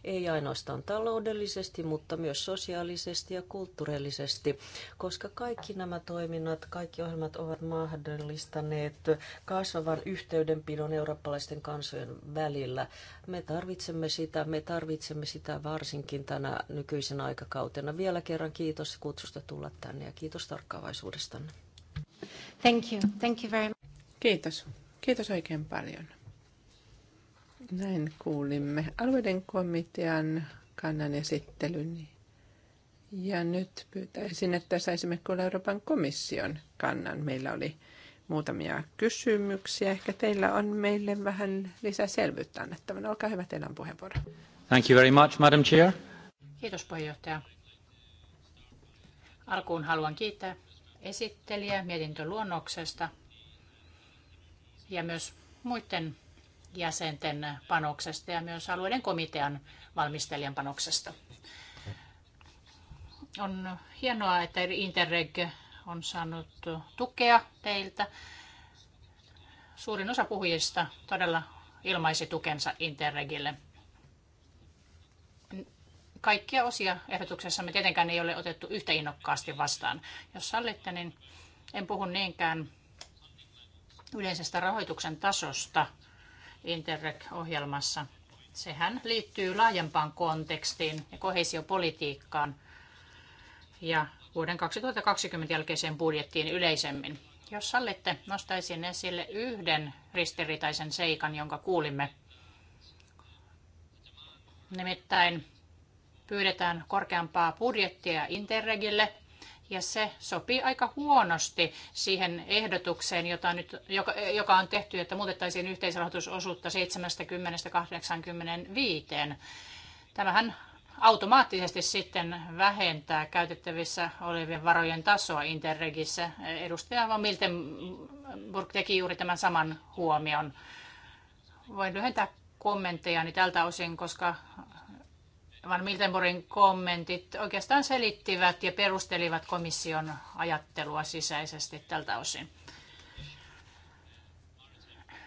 ei ainoastaan taloudellisesti, mutta myös sosiaalisesti ja kulttuurillisesti, koska kaikki nämä toiminnat, kaikki ohjelmat ovat mahdollistaneet kasvavan yhteydenpidon eurooppalaisten kansojen välillä. Me tarvitsemme tarvitsemme sitä, me tarvitsemme sitä varsinkin tänä nykyisen aikakautena. Vielä kerran kiitos kutsusta tulla tänne ja kiitos tarkkaavaisuudestanne. Thank you. Thank you very much. Kiitos. Kiitos oikein paljon. Näin kuulimme alueiden komitean kannan esittelyn. Ja nyt pyytäisin, että saisimme kuulla Euroopan komission kannan. Meillä oli muutamia kysymyksiä. Ehkä teillä on meille vähän lisää selvyyttä annettavana. Olkaa hyvä, teillä on puheenvuoro. Thank you very much, Madam Chair. Kiitos puheenjohtaja. Alkuun haluan kiittää esittelijä mietintöluonnoksesta ja myös muiden jäsenten panoksesta ja myös alueiden komitean valmistelijan panoksesta. On hienoa, että Interreg on saanut tukea teiltä. Suurin osa puhujista todella ilmaisi tukensa Interregille. Kaikkia osia ehdotuksessa me tietenkään ei ole otettu yhtä innokkaasti vastaan. Jos sallitte, niin en puhu niinkään yleisestä rahoituksen tasosta Interreg-ohjelmassa. Sehän liittyy laajempaan kontekstiin ja kohesiopolitiikkaan ja vuoden 2020 jälkeiseen budjettiin yleisemmin. Jos sallitte, nostaisin esille yhden ristiriitaisen seikan, jonka kuulimme. Nimittäin pyydetään korkeampaa budjettia Interregille, ja se sopii aika huonosti siihen ehdotukseen, jota nyt, joka, joka on tehty, että muutettaisiin yhteisrahoitusosuutta 70-85. Tämähän automaattisesti sitten vähentää käytettävissä olevien varojen tasoa Interregissä. Edustaja Van Miltenburg teki juuri tämän saman huomion. Voin lyhentää kommenttejani niin tältä osin, koska Van Miltenburgin kommentit oikeastaan selittivät ja perustelivat komission ajattelua sisäisesti tältä osin.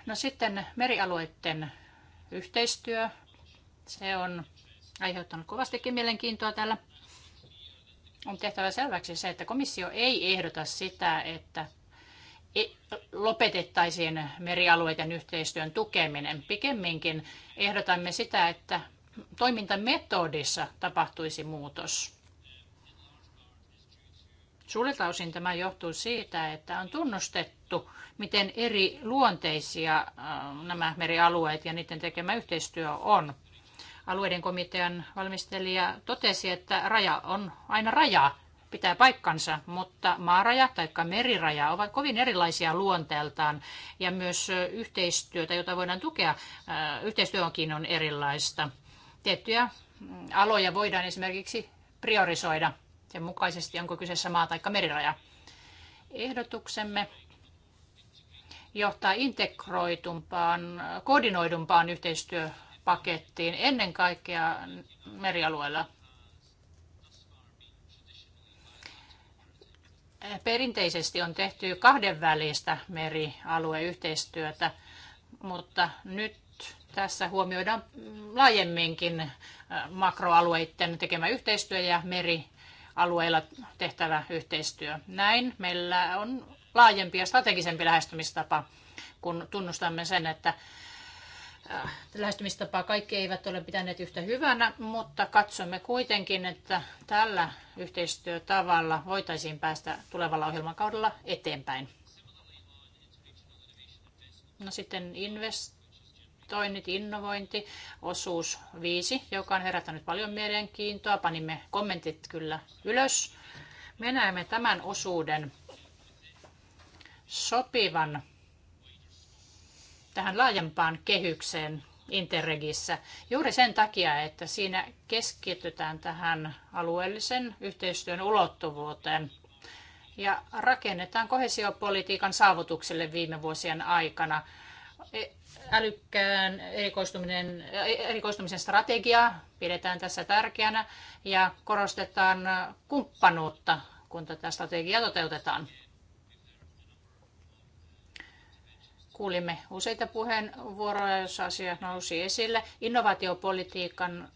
No sitten merialueiden yhteistyö. Se on aiheuttanut kovastikin mielenkiintoa täällä. On tehtävä selväksi se, että komissio ei ehdota sitä, että e- lopetettaisiin merialueiden yhteistyön tukeminen. Pikemminkin ehdotamme sitä, että toimintametodissa tapahtuisi muutos. Suurelta osin tämä johtuu siitä, että on tunnustettu, miten eri luonteisia äh, nämä merialueet ja niiden tekemä yhteistyö on alueiden komitean valmistelija totesi, että raja on aina raja, pitää paikkansa, mutta maaraja tai meriraja ovat kovin erilaisia luonteeltaan ja myös yhteistyötä, jota voidaan tukea, äh, yhteistyö onkin on erilaista. Tiettyjä mm, aloja voidaan esimerkiksi priorisoida sen mukaisesti, onko kyseessä maa- tai meriraja. Ehdotuksemme johtaa integroitumpaan, koordinoidumpaan yhteistyö pakettiin ennen kaikkea merialueella. Perinteisesti on tehty kahdenvälistä merialueyhteistyötä, mutta nyt tässä huomioidaan laajemminkin äh, makroalueiden tekemä yhteistyö ja merialueilla tehtävä yhteistyö. Näin meillä on laajempi ja strategisempi lähestymistapa, kun tunnustamme sen, että Äh, lähestymistapaa kaikki eivät ole pitäneet yhtä hyvänä, mutta katsomme kuitenkin, että tällä yhteistyötavalla voitaisiin päästä tulevalla ohjelmakaudella eteenpäin. No sitten investoinnit, innovointi, osuus 5, joka on herättänyt paljon mielenkiintoa. Panimme kommentit kyllä ylös. Me näemme tämän osuuden sopivan tähän laajempaan kehykseen Interregissä juuri sen takia, että siinä keskitytään tähän alueellisen yhteistyön ulottuvuuteen ja rakennetaan kohesiopolitiikan saavutukselle viime vuosien aikana e, älykkään erikoistuminen, e, erikoistumisen strategiaa pidetään tässä tärkeänä ja korostetaan kumppanuutta, kun tätä strategiaa toteutetaan. Kuulimme useita puheenvuoroja, joissa asia nousi esille. Innovaatiopolitiikan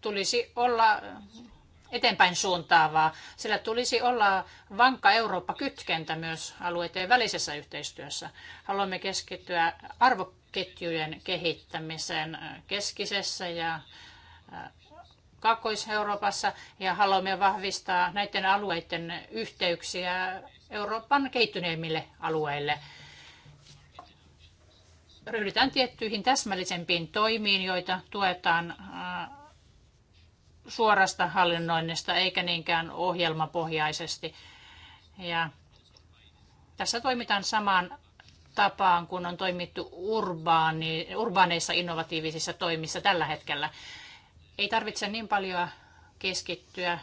tulisi olla eteenpäin suuntaavaa. Sillä tulisi olla vankka Eurooppa-kytkentä myös alueiden välisessä yhteistyössä. Haluamme keskittyä arvoketjujen kehittämiseen keskisessä ja äh, Kaakkois-Euroopassa ja haluamme vahvistaa näiden alueiden yhteyksiä Euroopan kehittyneimmille alueille. Ryhdytään tiettyihin täsmällisempiin toimiin, joita tuetaan suorasta hallinnoinnista eikä niinkään ohjelmapohjaisesti. Ja tässä toimitaan samaan tapaan, kun on toimittu urbaani, urbaaneissa innovatiivisissa toimissa tällä hetkellä. Ei tarvitse niin paljon keskittyä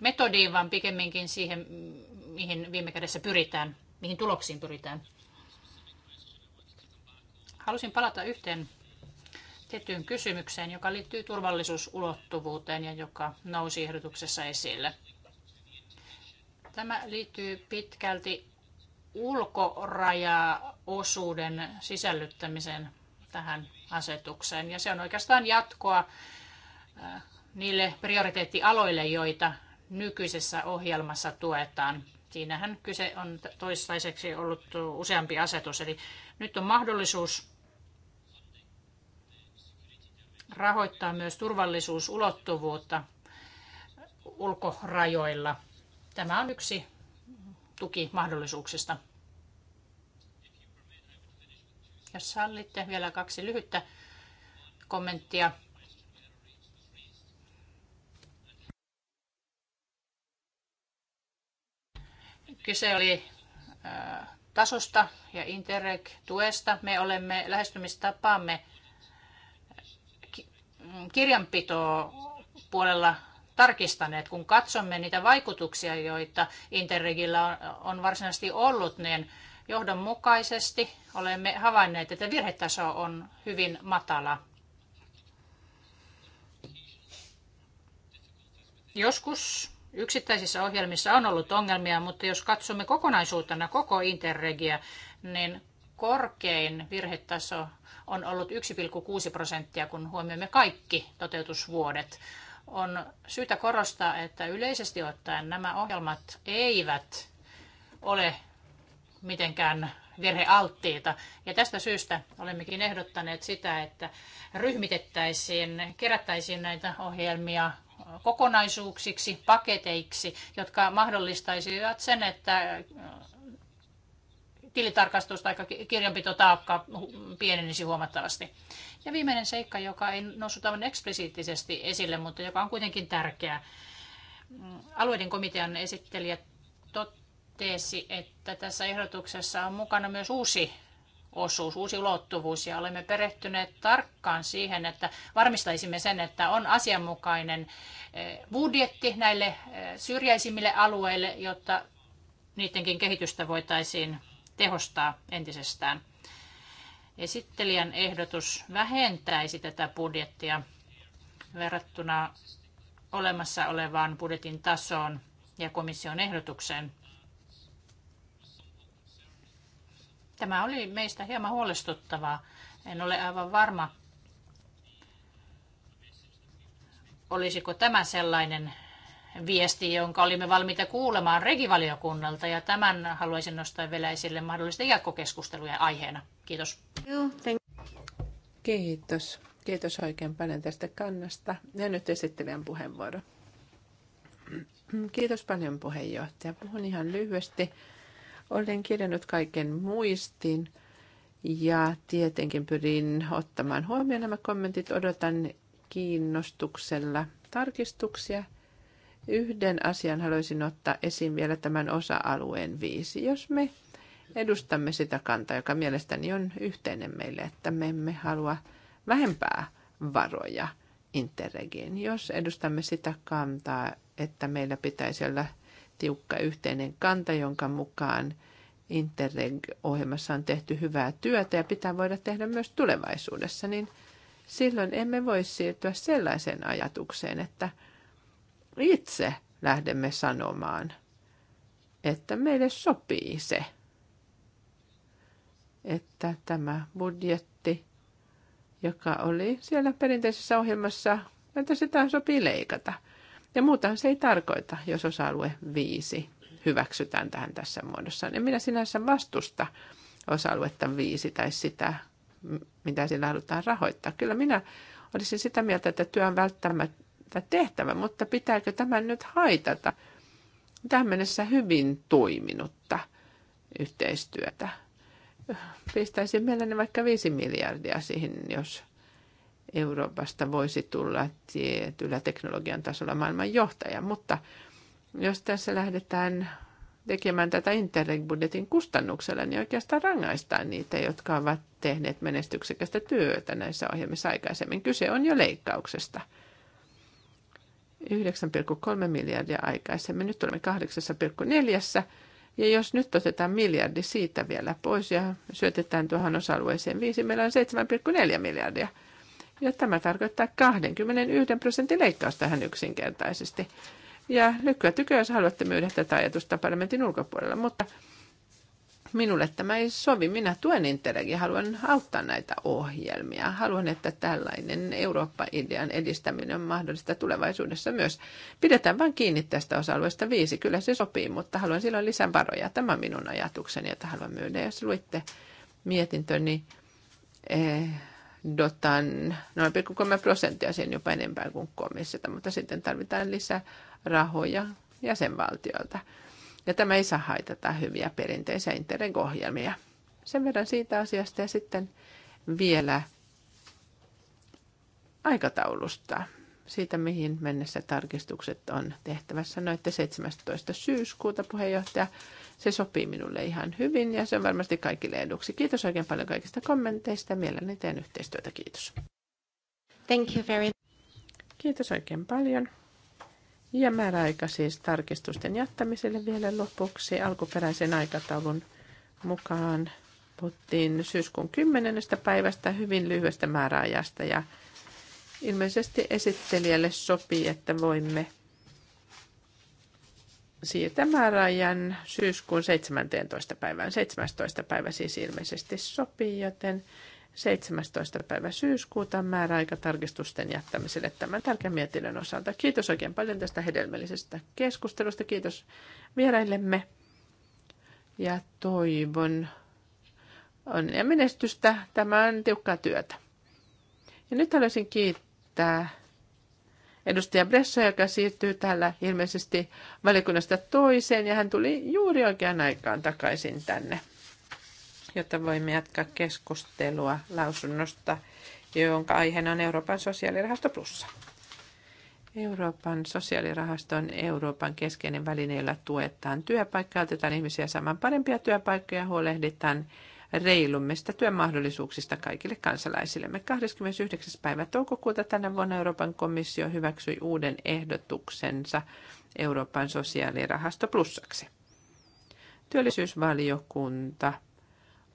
metodiin, vaan pikemminkin siihen, mihin viime kädessä pyritään, mihin tuloksiin pyritään. Halusin palata yhteen tiettyyn kysymykseen, joka liittyy turvallisuusulottuvuuteen ja joka nousi ehdotuksessa esille. Tämä liittyy pitkälti ulkorajaosuuden sisällyttämiseen tähän asetukseen. Ja se on oikeastaan jatkoa äh, niille prioriteettialoille, joita nykyisessä ohjelmassa tuetaan. Siinähän kyse on toistaiseksi ollut useampi asetus, eli nyt on mahdollisuus rahoittaa myös turvallisuusulottuvuutta ulkorajoilla. Tämä on yksi tuki mahdollisuuksista. Jos sallitte vielä kaksi lyhyttä kommenttia Kyse oli tasosta ja Interreg-tuesta. Me olemme lähestymistapaamme kirjanpitoa puolella tarkistaneet. Kun katsomme niitä vaikutuksia, joita Interregillä on varsinaisesti ollut, niin johdonmukaisesti olemme havainneet, että virhetaso on hyvin matala. Joskus Yksittäisissä ohjelmissa on ollut ongelmia, mutta jos katsomme kokonaisuutena koko Interregia, niin korkein virhetaso on ollut 1,6 prosenttia, kun huomioimme kaikki toteutusvuodet. On syytä korostaa, että yleisesti ottaen nämä ohjelmat eivät ole mitenkään virhealttiita. Ja tästä syystä olemmekin ehdottaneet sitä, että ryhmitettäisiin, kerättäisiin näitä ohjelmia kokonaisuuksiksi, paketeiksi, jotka mahdollistaisivat sen, että äh, tilitarkastus tai kirjanpitotaakka pienenisi huomattavasti. Ja viimeinen seikka, joka ei noussut aivan eksplisiittisesti esille, mutta joka on kuitenkin tärkeä. Mm, alueiden komitean esittelijä totesi, että tässä ehdotuksessa on mukana myös uusi osuus, uusi ulottuvuus ja olemme perehtyneet tarkkaan siihen, että varmistaisimme sen, että on asianmukainen eh, budjetti näille eh, syrjäisimmille alueille, jotta niidenkin kehitystä voitaisiin tehostaa entisestään. Esittelijän ehdotus vähentäisi tätä budjettia verrattuna olemassa olevaan budjetin tasoon ja komission ehdotukseen. Tämä oli meistä hieman huolestuttavaa. En ole aivan varma, olisiko tämä sellainen viesti, jonka olimme valmiita kuulemaan regivaliokunnalta, ja tämän haluaisin nostaa vielä esille mahdollisten jatkokeskustelujen aiheena. Kiitos. Kiitos. Kiitos oikein paljon tästä kannasta. Ja nyt esittelen puheenvuoro. Kiitos paljon puheenjohtaja. Puhun ihan lyhyesti. Olen kirjannut kaiken muistin ja tietenkin pyrin ottamaan huomioon nämä kommentit. Odotan kiinnostuksella tarkistuksia. Yhden asian haluaisin ottaa esiin vielä tämän osa-alueen viisi. Jos me edustamme sitä kantaa, joka mielestäni on yhteinen meille, että me emme halua vähempää varoja Interregiin. Jos edustamme sitä kantaa, että meillä pitäisi olla tiukka yhteinen kanta, jonka mukaan Interreg-ohjelmassa on tehty hyvää työtä ja pitää voida tehdä myös tulevaisuudessa, niin silloin emme voi siirtyä sellaiseen ajatukseen, että itse lähdemme sanomaan, että meille sopii se, että tämä budjetti, joka oli siellä perinteisessä ohjelmassa, että sitä sopii leikata – ja muutahan se ei tarkoita, jos osa-alue 5 hyväksytään tähän tässä muodossaan. En minä sinänsä vastusta osa-aluetta 5 tai sitä, mitä sillä halutaan rahoittaa. Kyllä minä olisin sitä mieltä, että työ on välttämättä tehtävä, mutta pitääkö tämän nyt haitata tähän mennessä hyvin toiminutta yhteistyötä? Pistäisin mielelläni vaikka 5 miljardia siihen, jos – Euroopasta voisi tulla tietyllä teknologian tasolla maailman johtaja, mutta jos tässä lähdetään tekemään tätä Interreg-budjetin kustannuksella, niin oikeastaan rangaistaan niitä, jotka ovat tehneet menestyksekästä työtä näissä ohjelmissa aikaisemmin. Kyse on jo leikkauksesta. 9,3 miljardia aikaisemmin, nyt olemme 8,4. Ja jos nyt otetaan miljardi siitä vielä pois ja syötetään tuohon osa-alueeseen 5, meillä on 7,4 miljardia – ja tämä tarkoittaa 21 prosentin leikkausta tähän yksinkertaisesti. Ja lykkyä tykö, jos haluatte myydä tätä ajatusta parlamentin ulkopuolella, mutta minulle tämä ei sovi. Minä tuen Interregia, haluan auttaa näitä ohjelmia. Haluan, että tällainen Eurooppa-idean edistäminen on mahdollista tulevaisuudessa myös. Pidetään vain kiinni tästä osa-alueesta viisi, kyllä se sopii, mutta haluan silloin lisää varoja. Tämä on minun ajatukseni, jota haluan myydä. Jos luitte mietintöni, niin dotan noin 0,3 prosenttia, sen jopa enempää kuin komissiota, mutta sitten tarvitaan lisää rahoja jäsenvaltiolta. Ja tämä ei saa haitata hyviä perinteisiä Interreg-ohjelmia. Sen verran siitä asiasta ja sitten vielä aikataulusta. Siitä, mihin mennessä tarkistukset on tehtävässä noitte 17. syyskuuta puheenjohtaja. Se sopii minulle ihan hyvin ja se on varmasti kaikille eduksi. Kiitos oikein paljon kaikista kommenteista. Mielelläni teen yhteistyötä. Kiitos. Thank you very Kiitos oikein paljon. Ja määräaika siis tarkistusten jättämiselle vielä lopuksi alkuperäisen aikataulun mukaan puhuttiin syyskuun 10. päivästä hyvin lyhyestä määräajasta ja ilmeisesti esittelijälle sopii, että voimme siirtämärajan syyskuun 17. päivään. 17. päivä siis ilmeisesti sopii, joten 17. päivä syyskuuta määräaika tarkistusten jättämiselle tämän tärkeän mietinnön osalta. Kiitos oikein paljon tästä hedelmällisestä keskustelusta. Kiitos vieraillemme ja toivon onnea menestystä. tämän tiukkaa työtä. Ja nyt haluaisin kiittää edustaja Bressa, joka siirtyy täällä ilmeisesti valikunnasta toiseen, ja hän tuli juuri oikeaan aikaan takaisin tänne, jotta voimme jatkaa keskustelua lausunnosta, jonka aiheena on Euroopan sosiaalirahasto plussa. Euroopan sosiaalirahasto on Euroopan keskeinen väline, jolla tuetaan työpaikkaa, otetaan ihmisiä saman parempia työpaikkoja, huolehditaan reilummista työmahdollisuuksista kaikille kansalaisillemme. 29. päivä toukokuuta tänä vuonna Euroopan komissio hyväksyi uuden ehdotuksensa Euroopan sosiaalirahasto plussaksi. Työllisyysvaliokunta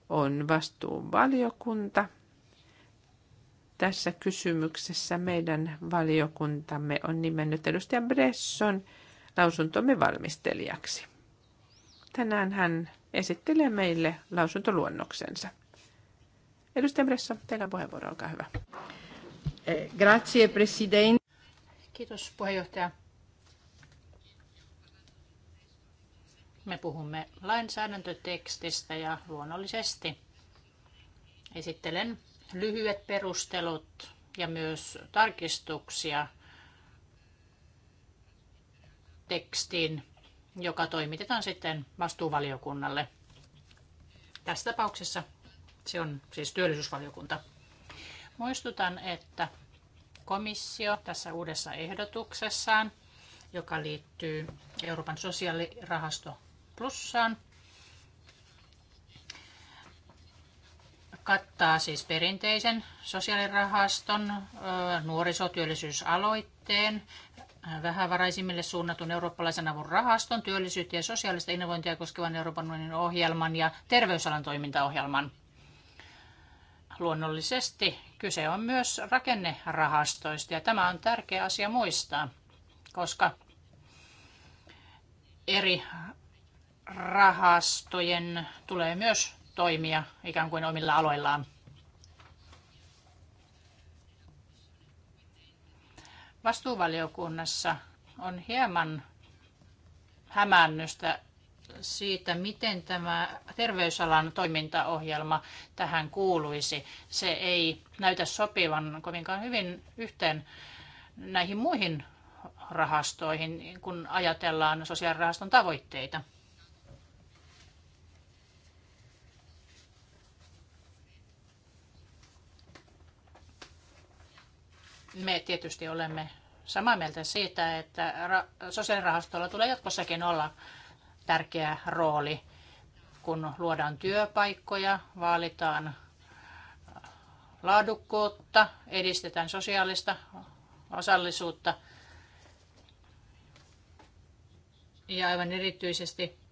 on vastuuvaliokunta. Tässä kysymyksessä meidän valiokuntamme on nimennyt edustaja Bresson lausuntomme valmistelijaksi. Tänään hän esittelee meille lausuntoluonnoksensa. Edustaja Bressa, teillä puheenvuoro, olkaa hyvä. Eh, grazie, presidente. Kiitos puheenjohtaja. Me puhumme lainsäädäntötekstistä ja luonnollisesti esittelen lyhyet perustelut ja myös tarkistuksia tekstiin joka toimitetaan sitten vastuuvaliokunnalle. Tässä tapauksessa se on siis työllisyysvaliokunta. Muistutan, että komissio tässä uudessa ehdotuksessaan, joka liittyy Euroopan sosiaalirahasto plussaan, kattaa siis perinteisen sosiaalirahaston nuorisotyöllisyysaloitteen, Äh, vähävaraisimmille suunnatun eurooppalaisen avun rahaston, työllisyyttä ja sosiaalista innovointia koskevan Euroopan unionin ohjelman ja terveysalan toimintaohjelman. Luonnollisesti kyse on myös rakennerahastoista ja tämä on tärkeä asia muistaa, koska eri rahastojen tulee myös toimia ikään kuin omilla aloillaan. vastuuvaliokunnassa on hieman hämännystä siitä, miten tämä terveysalan toimintaohjelma tähän kuuluisi. Se ei näytä sopivan kovinkaan hyvin yhteen näihin muihin rahastoihin, kun ajatellaan sosiaalirahaston tavoitteita. Me tietysti olemme samaa mieltä siitä, että sosiaalirahastolla tulee jatkossakin olla tärkeä rooli, kun luodaan työpaikkoja, vaalitaan äh, laadukkuutta, edistetään sosiaalista osallisuutta ja aivan erityisesti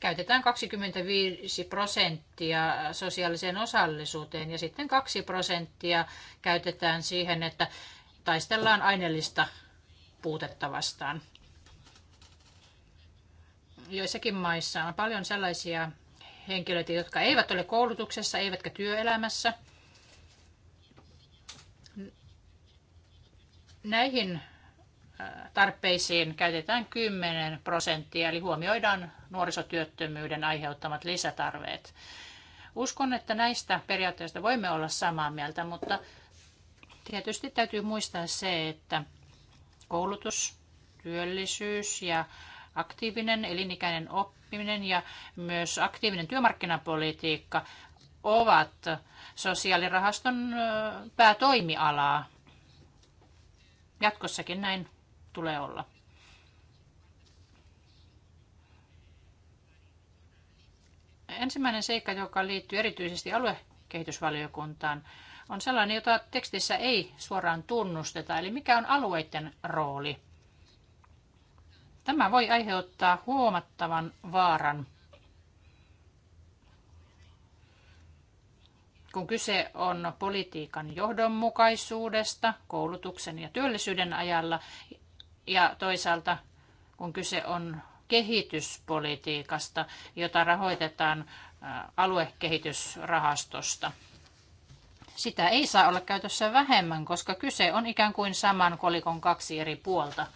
käytetään 25 prosenttia sosiaaliseen osallisuuteen ja sitten 2 prosenttia käytetään siihen, että taistellaan aineellista puutetta vastaan. Joissakin maissa on paljon sellaisia henkilöitä, jotka eivät ole koulutuksessa eivätkä työelämässä. Näihin tarpeisiin käytetään 10 prosenttia, eli huomioidaan nuorisotyöttömyyden aiheuttamat lisätarveet. Uskon, että näistä periaatteista voimme olla samaa mieltä, mutta tietysti täytyy muistaa se, että koulutus, työllisyys ja aktiivinen elinikäinen oppiminen ja myös aktiivinen työmarkkinapolitiikka ovat sosiaalirahaston päätoimialaa. Jatkossakin näin tulee olla. Ensimmäinen seikka, joka liittyy erityisesti aluekehitysvaliokuntaan, on sellainen, jota tekstissä ei suoraan tunnusteta, eli mikä on alueiden rooli. Tämä voi aiheuttaa huomattavan vaaran, kun kyse on politiikan johdonmukaisuudesta koulutuksen ja työllisyyden ajalla ja toisaalta kun kyse on kehityspolitiikasta, jota rahoitetaan aluekehitysrahastosta. Sitä ei saa olla käytössä vähemmän, koska kyse on ikään kuin saman kolikon kaksi eri puolta.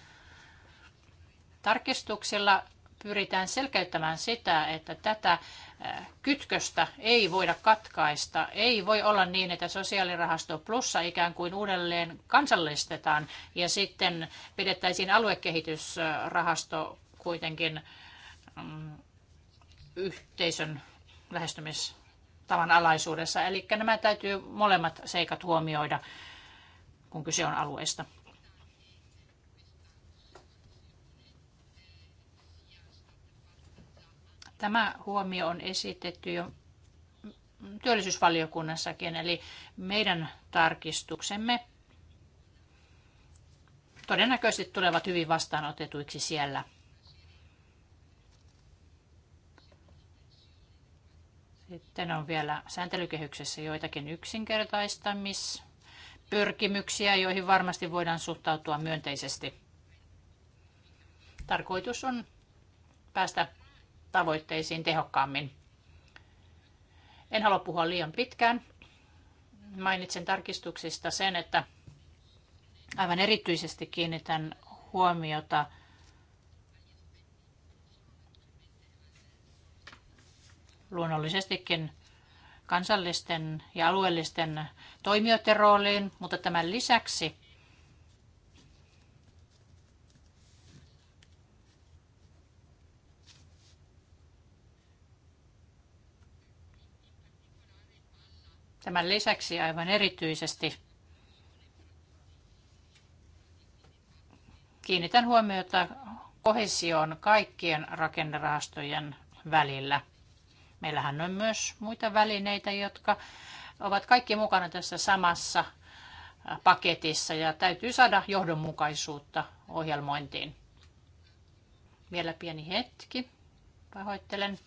Tarkistuksilla pyritään selkeyttämään sitä, että tätä kytköstä ei voida katkaista. Ei voi olla niin, että sosiaalirahasto plussa ikään kuin uudelleen kansallistetaan ja sitten pidettäisiin aluekehitysrahasto kuitenkin mm, yhteisön lähestymistavan alaisuudessa. Eli nämä täytyy molemmat seikat huomioida, kun kyse on alueesta. Tämä huomio on esitetty jo työllisyysvaliokunnassakin, eli meidän tarkistuksemme todennäköisesti tulevat hyvin vastaanotetuiksi siellä. Sitten on vielä sääntelykehyksessä joitakin yksinkertaistamispyrkimyksiä, joihin varmasti voidaan suhtautua myönteisesti. Tarkoitus on päästä tavoitteisiin tehokkaammin. En halua puhua liian pitkään. Mainitsen tarkistuksista sen, että aivan erityisesti kiinnitän huomiota luonnollisestikin kansallisten ja alueellisten toimijoiden rooliin, mutta tämän lisäksi Tämän lisäksi aivan erityisesti kiinnitän huomiota kohesioon kaikkien rakennerahastojen välillä. Meillähän on myös muita välineitä, jotka ovat kaikki mukana tässä samassa paketissa ja täytyy saada johdonmukaisuutta ohjelmointiin. Vielä pieni hetki. Pahoittelen.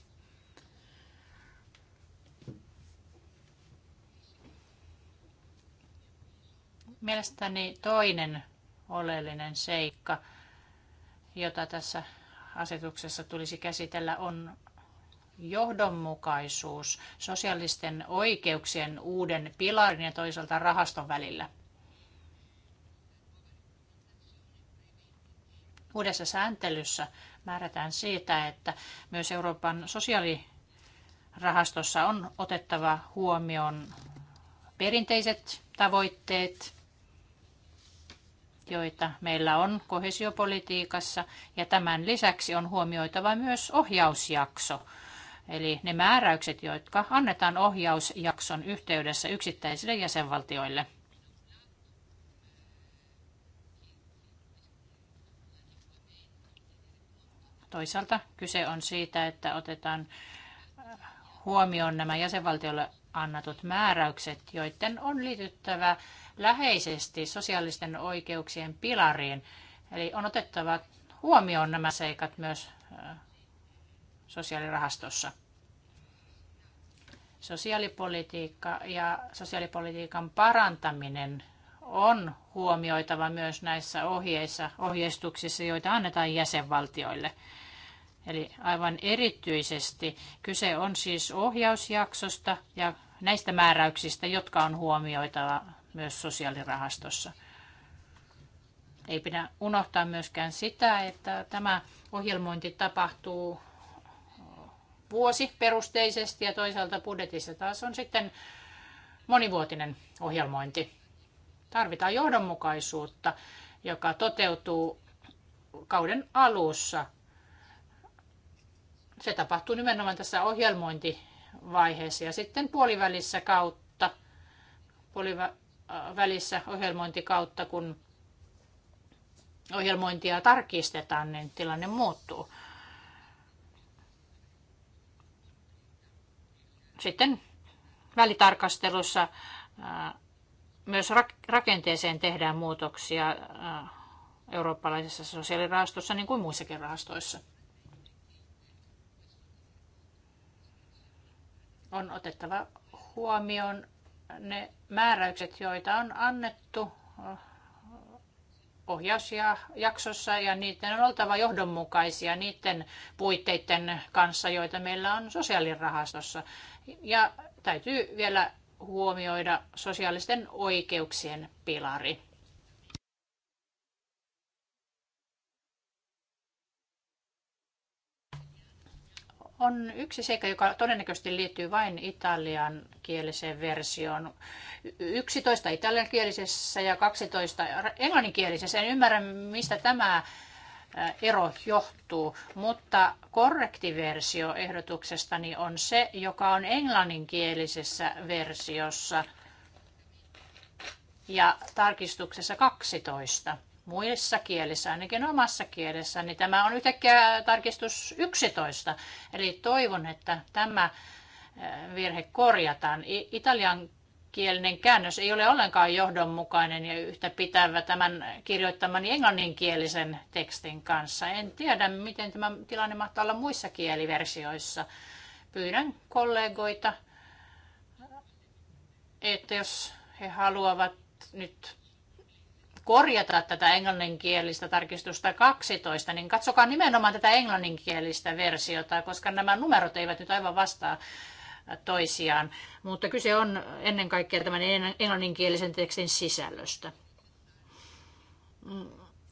Mielestäni toinen oleellinen seikka, jota tässä asetuksessa tulisi käsitellä, on johdonmukaisuus sosiaalisten oikeuksien uuden pilarin ja toisaalta rahaston välillä. Uudessa sääntelyssä määrätään siitä, että myös Euroopan sosiaalirahastossa on otettava huomioon perinteiset tavoitteet joita meillä on kohesiopolitiikassa. Ja tämän lisäksi on huomioitava myös ohjausjakso. Eli ne määräykset, jotka annetaan ohjausjakson yhteydessä yksittäisille jäsenvaltioille. Toisaalta kyse on siitä, että otetaan äh, huomioon nämä jäsenvaltioille annetut määräykset, joiden on liityttävä läheisesti sosiaalisten oikeuksien pilariin. Eli on otettava huomioon nämä seikat myös sosiaalirahastossa. Sosiaalipolitiikka ja sosiaalipolitiikan parantaminen on huomioitava myös näissä ohjeissa, ohjeistuksissa, joita annetaan jäsenvaltioille. Eli aivan erityisesti kyse on siis ohjausjaksosta ja näistä määräyksistä, jotka on huomioitava myös sosiaalirahastossa. Ei pidä unohtaa myöskään sitä, että tämä ohjelmointi tapahtuu vuosiperusteisesti ja toisaalta budjetissa taas on sitten monivuotinen ohjelmointi. Tarvitaan johdonmukaisuutta, joka toteutuu kauden alussa. Se tapahtuu nimenomaan tässä ohjelmointivaiheessa ja sitten puolivälissä kautta, puoliva- Äh, välissä ohjelmointikautta, kun ohjelmointia tarkistetaan, niin tilanne muuttuu. Sitten välitarkastelussa äh, myös rakenteeseen tehdään muutoksia äh, eurooppalaisessa sosiaalirahastossa niin kuin muissakin rahastoissa. On otettava huomioon ne määräykset, joita on annettu eh, ohjausjaksossa ja niiden on oltava johdonmukaisia niiden puitteiden kanssa, joita meillä on sosiaalirahastossa. Ja täytyy vielä huomioida sosiaalisten oikeuksien pilari. on yksi seikka, joka todennäköisesti liittyy vain italian kieliseen versioon. 11 italiankielisessä ja 12 englanninkielisessä. En ymmärrä, mistä tämä ero johtuu, mutta korrekti versio ehdotuksestani on se, joka on englanninkielisessä versiossa ja tarkistuksessa 12 muissa kielissä, ainakin omassa kielessä, niin tämä on yhtäkkiä tarkistus 11. Eli toivon, että tämä virhe korjataan. Italian kielinen käännös ei ole ollenkaan johdonmukainen ja yhtä pitävä tämän kirjoittamani englanninkielisen tekstin kanssa. En tiedä, miten tämä tilanne mahtaa olla muissa kieliversioissa. Pyydän kollegoita, että jos he haluavat nyt korjata tätä englanninkielistä tarkistusta 12, niin katsokaa nimenomaan tätä englanninkielistä versiota, koska nämä numerot eivät nyt aivan vastaa toisiaan. Mutta kyse on ennen kaikkea tämän englanninkielisen tekstin sisällöstä.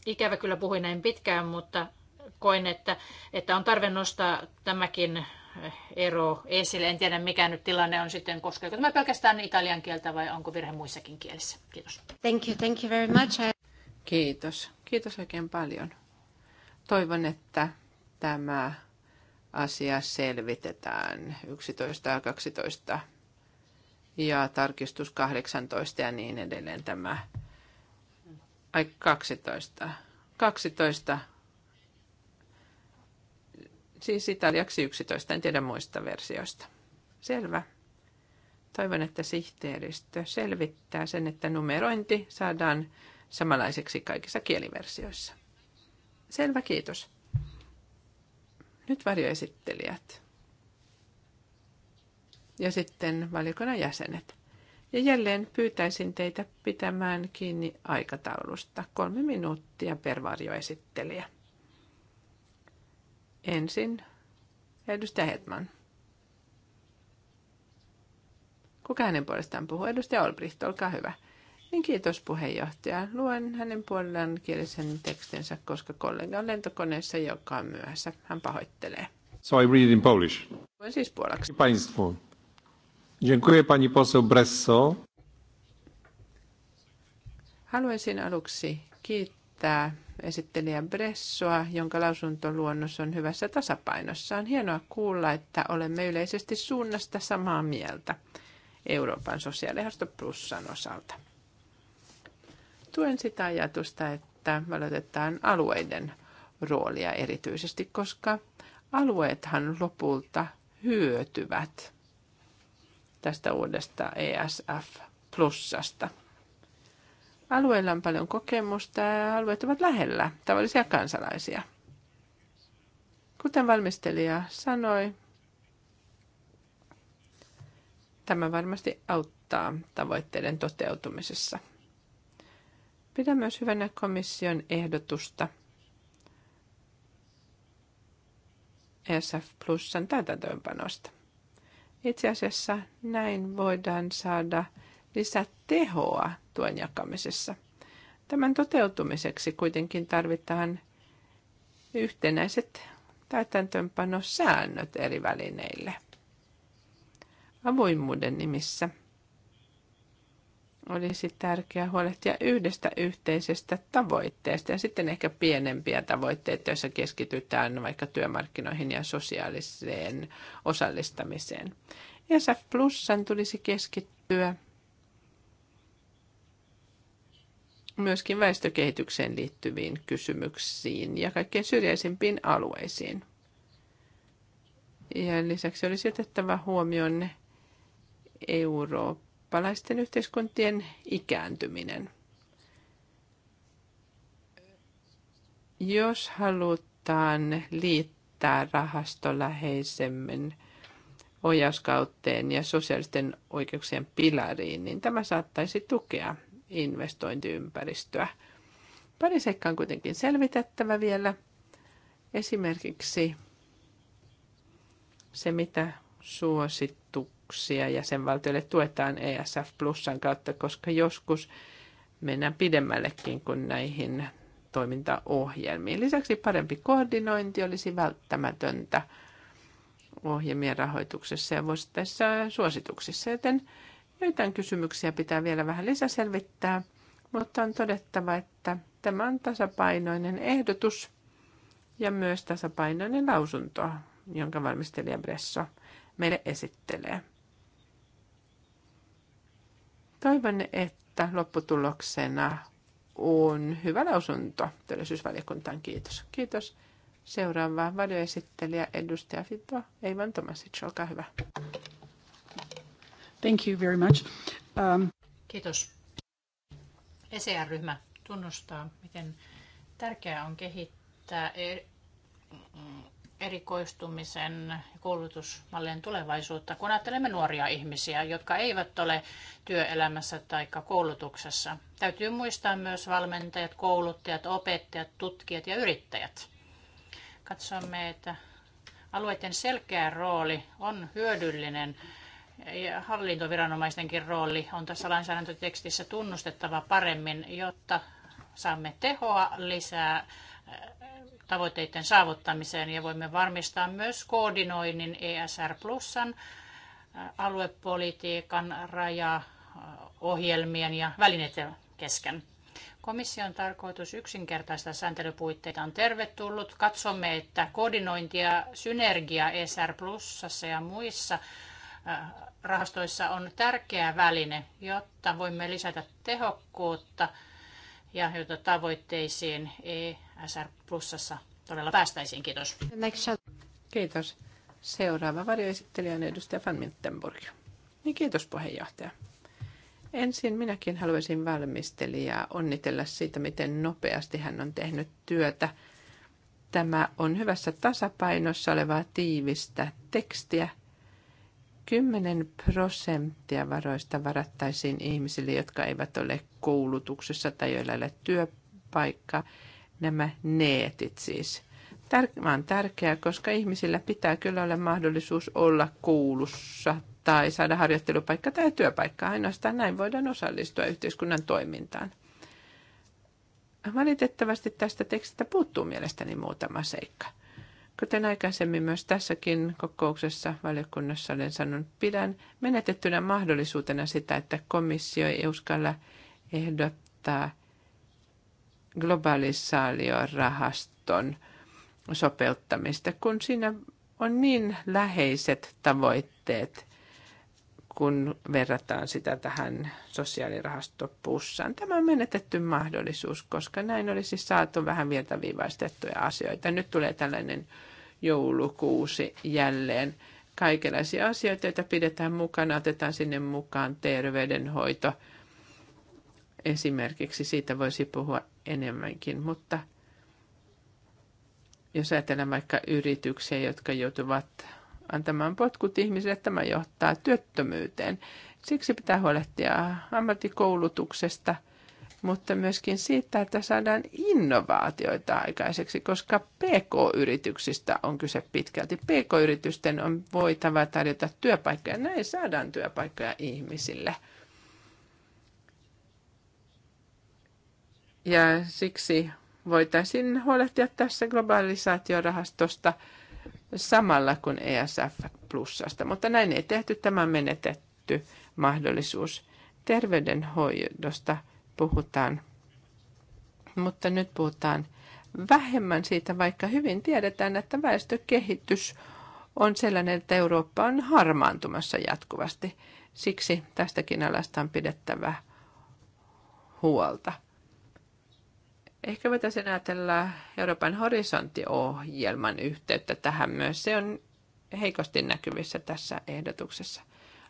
Ikävä kyllä puhuin näin pitkään, mutta koin, että, että on tarve nostaa tämäkin ero esille. En tiedä, mikä nyt tilanne on sitten, koskeeko tämä pelkästään italian kieltä vai onko virhe muissakin kielissä. Kiitos. Thank you, thank you very much. Kiitos. Kiitos oikein paljon. Toivon, että tämä asia selvitetään 11 ja 12 ja tarkistus 18 ja niin edelleen tämä. Ai 12. 12 Siis italiaksi 11, en tiedä muista versioista. Selvä. Toivon, että sihteeristö selvittää sen, että numerointi saadaan samanlaiseksi kaikissa kieliversioissa. Selvä, kiitos. Nyt varjoesittelijät. Ja sitten valiokunnan jäsenet. Ja jälleen pyytäisin teitä pitämään kiinni aikataulusta. Kolme minuuttia per varjoesittelijä. Ensin edustaja Hetman. Kuka hänen puolestaan puhuu? Edustaja Olbricht, olkaa hyvä. Niin kiitos puheenjohtaja. Luen hänen puolellaan kielisen tekstinsä, koska kollega on lentokoneessa, joka on myöhässä. Hän pahoittelee. So I read in Polish. Luen siis puolaksi. Państwu. Dziękuję pani poseł Bresso. Haluaisin aluksi kiittää kiittää esittelijä Bressoa, jonka lausuntoluonnos on hyvässä tasapainossa. On hienoa kuulla, että olemme yleisesti suunnasta samaa mieltä Euroopan sosiaalihasto Plussan osalta. Tuen sitä ajatusta, että valotetaan alueiden roolia erityisesti, koska alueethan lopulta hyötyvät tästä uudesta ESF Plussasta – alueella on paljon kokemusta ja alueet ovat lähellä tavallisia kansalaisia. Kuten valmistelija sanoi, tämä varmasti auttaa tavoitteiden toteutumisessa. Pidän myös hyvänä komission ehdotusta ESF Plusan täytäntöönpanosta. Itse asiassa näin voidaan saada lisätehoa tuen jakamisessa. Tämän toteutumiseksi kuitenkin tarvitaan yhtenäiset täytäntöönpanosäännöt eri välineille. Avoimuuden nimissä olisi tärkeää huolehtia yhdestä yhteisestä tavoitteesta ja sitten ehkä pienempiä tavoitteita, joissa keskitytään vaikka työmarkkinoihin ja sosiaaliseen osallistamiseen. ESF Plusan tulisi keskittyä myöskin väestökehitykseen liittyviin kysymyksiin ja kaikkein syrjäisimpiin alueisiin. Ja lisäksi olisi otettava huomioon eurooppalaisten yhteiskuntien ikääntyminen. Jos halutaan liittää rahasto läheisemmin ohjauskauteen ja sosiaalisten oikeuksien pilariin, niin tämä saattaisi tukea investointiympäristöä. Pari seikkaa on kuitenkin selvitettävä vielä. Esimerkiksi se, mitä suosituksia jäsenvaltioille tuetaan ESF Plusan kautta, koska joskus mennään pidemmällekin kuin näihin toimintaohjelmiin. Lisäksi parempi koordinointi olisi välttämätöntä ohjelmien rahoituksessa ja vuosittaisissa suosituksissa, joten Joitain kysymyksiä pitää vielä vähän lisäselvittää, mutta on todettava, että tämä on tasapainoinen ehdotus ja myös tasapainoinen lausunto, jonka valmistelija Bresso meille esittelee. Toivon, että lopputuloksena on hyvä lausunto työllisyysvaliokuntaan. Kiitos. Kiitos. Seuraava valioesittelijä, edustaja Fito Eivan Tomasic, olkaa hyvä. Thank you very much. Um... Kiitos. ECR-ryhmä tunnustaa, miten tärkeää on kehittää er-, erikoistumisen ja koulutusmallien tulevaisuutta, kun ajattelemme nuoria ihmisiä, jotka eivät ole työelämässä tai koulutuksessa. Täytyy muistaa myös valmentajat, kouluttajat, opettajat, tutkijat ja yrittäjät. Katsomme, että alueiden selkeä rooli on hyödyllinen hallintoviranomaistenkin rooli on tässä lainsäädäntötekstissä tunnustettava paremmin, jotta saamme tehoa lisää eh, tavoitteiden saavuttamiseen ja voimme varmistaa myös koordinoinnin ESR Plusan eh, aluepolitiikan rajaohjelmien eh, ja välineiden kesken. Komission tarkoitus yksinkertaistaa sääntelypuitteita on tervetullut. Katsomme, että koordinointi ja synergia ESR Plusassa ja muissa Äh, rahastoissa on tärkeä väline, jotta voimme lisätä tehokkuutta ja jotta tavoitteisiin ESR Plusassa todella päästäisiin. Kiitos. Kiitos. Seuraava varjoesittelijä on edustaja Van Mittenburg. Niin kiitos puheenjohtaja. Ensin minäkin haluaisin valmistelijaa onnitella siitä, miten nopeasti hän on tehnyt työtä. Tämä on hyvässä tasapainossa olevaa tiivistä tekstiä – 10 prosenttia varoista varattaisiin ihmisille, jotka eivät ole koulutuksessa tai joilla ei ole työpaikka, Nämä neetit siis. Tämä on tärkeää, koska ihmisillä pitää kyllä olla mahdollisuus olla koulussa tai saada harjoittelupaikka tai työpaikka. Ainoastaan näin voidaan osallistua yhteiskunnan toimintaan. Valitettavasti tästä tekstistä puuttuu mielestäni muutama seikka. Kuten aikaisemmin myös tässäkin kokouksessa valiokunnassa olen sanonut, pidän menetettynä mahdollisuutena sitä, että komissio ei uskalla ehdottaa globalisaatiorahaston sopeuttamista, kun siinä on niin läheiset tavoitteet kun verrataan sitä tähän sosiaalirahastopussaan. Tämä on menetetty mahdollisuus, koska näin olisi saatu vähän virtaviivaistettuja asioita. Nyt tulee tällainen joulukuusi jälleen. Kaikenlaisia asioita, joita pidetään mukana, otetaan sinne mukaan terveydenhoito. Esimerkiksi siitä voisi puhua enemmänkin, mutta jos ajatellaan vaikka yrityksiä, jotka joutuvat antamaan potkut ihmisille. Tämä johtaa työttömyyteen. Siksi pitää huolehtia ammattikoulutuksesta, mutta myöskin siitä, että saadaan innovaatioita aikaiseksi, koska PK-yrityksistä on kyse pitkälti. PK-yritysten on voitava tarjota työpaikkoja. Näin saadaan työpaikkoja ihmisille. Ja siksi voitaisiin huolehtia tässä globalisaatiorahastosta rahastosta samalla kuin ESF plussasta, mutta näin ei tehty. Tämä menetetty mahdollisuus. Terveydenhoidosta puhutaan, mutta nyt puhutaan vähemmän siitä, vaikka hyvin tiedetään, että väestökehitys on sellainen, että Eurooppa on harmaantumassa jatkuvasti. Siksi tästäkin alasta on pidettävä huolta. Ehkä voitaisiin ajatella Euroopan horisonttiohjelman yhteyttä tähän myös. Se on heikosti näkyvissä tässä ehdotuksessa.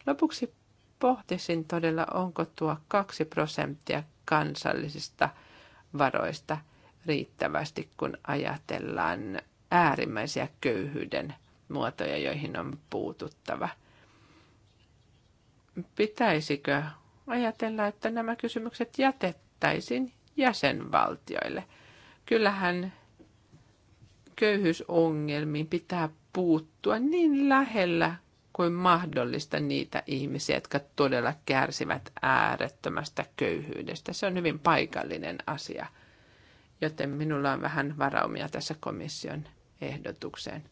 Lopuksi pohtisin todella, onko tuo 2 prosenttia kansallisista varoista riittävästi, kun ajatellaan äärimmäisiä köyhyyden muotoja, joihin on puututtava. Pitäisikö ajatella, että nämä kysymykset jätettäisiin jäsenvaltioille. Kyllähän köyhyysongelmiin pitää puuttua niin lähellä kuin mahdollista niitä ihmisiä, jotka todella kärsivät äärettömästä köyhyydestä. Se on hyvin paikallinen asia, joten minulla on vähän varaumia tässä komission ehdotukseen.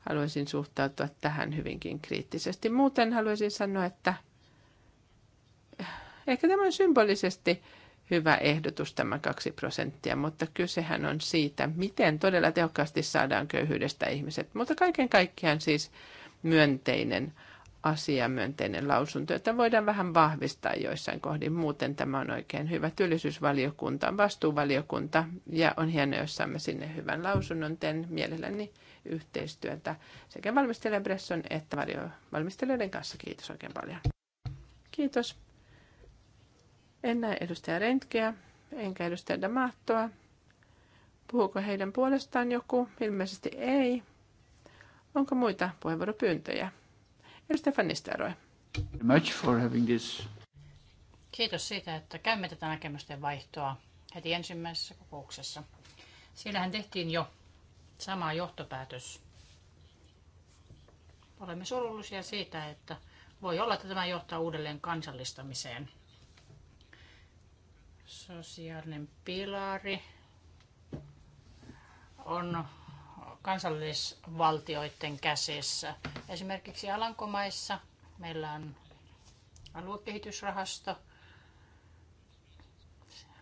Haluaisin suhtautua tähän hyvinkin kriittisesti. Muuten haluaisin sanoa, että ehkä on symbolisesti hyvä ehdotus tämä kaksi prosenttia, mutta kysehän on siitä, miten todella tehokkaasti saadaan köyhyydestä ihmiset. Mutta kaiken kaikkiaan siis myönteinen asia, myönteinen lausunto, jota voidaan vähän vahvistaa joissain kohdin. Muuten tämä on oikein hyvä. Työllisyysvaliokunta vastuuvaliokunta ja on hienoa, jos saamme sinne hyvän lausunnon. Teen mielelläni yhteistyötä sekä valmistelijan Bresson että valmistelijoiden kanssa. Kiitos oikein paljon. Kiitos. En näe edustaja Rentkeä, enkä edustaja Damattoa. Puhuuko heidän puolestaan joku? Ilmeisesti ei. Onko muita puheenvuoropyyntöjä? Edustaja Fannisteroi. Kiitos siitä, että käymme tätä näkemysten vaihtoa heti ensimmäisessä kokouksessa. Siellähän tehtiin jo sama johtopäätös. Olemme surullisia siitä, että voi olla, että tämä johtaa uudelleen kansallistamiseen – Sosiaalinen pilari on kansallisvaltioiden käsissä. Esimerkiksi Alankomaissa meillä on aluekehitysrahasto,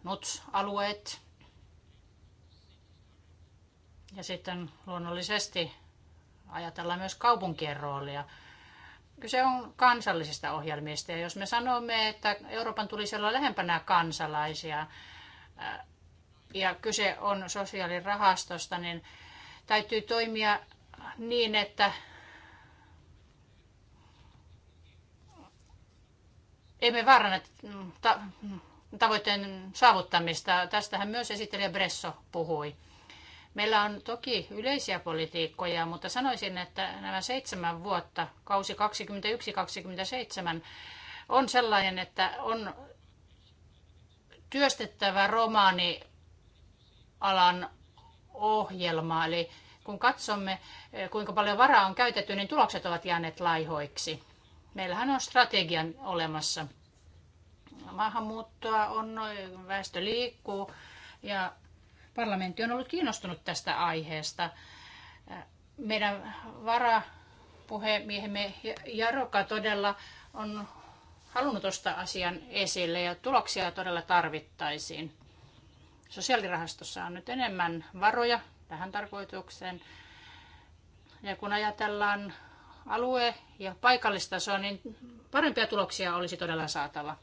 NUTS-alueet ja sitten luonnollisesti ajatellaan myös kaupunkien roolia – Kyse on kansallisista ohjelmista ja jos me sanomme, että Euroopan tulisi olla lähempänä kansalaisia äh, ja kyse on sosiaalirahastosta, niin täytyy toimia niin, että emme vaaranna tavoitteen saavuttamista. Tästähän myös esittelijä Bresso puhui. Meillä on toki yleisiä politiikkoja, mutta sanoisin, että nämä seitsemän vuotta, kausi 21-27, on sellainen, että on työstettävä romaanialan ohjelma. Eli kun katsomme, kuinka paljon varaa on käytetty, niin tulokset ovat jääneet laihoiksi. Meillähän on strategian olemassa. Maahanmuuttoa on, väestö liikkuu ja Parlamentti on ollut kiinnostunut tästä aiheesta. Meidän varapuhemiehemme Jaroka todella on halunnut ostaa asian esille ja tuloksia todella tarvittaisiin. Sosiaalirahastossa on nyt enemmän varoja tähän tarkoitukseen. Ja kun ajatellaan alue- ja paikallistasoa, niin parempia tuloksia olisi todella saatava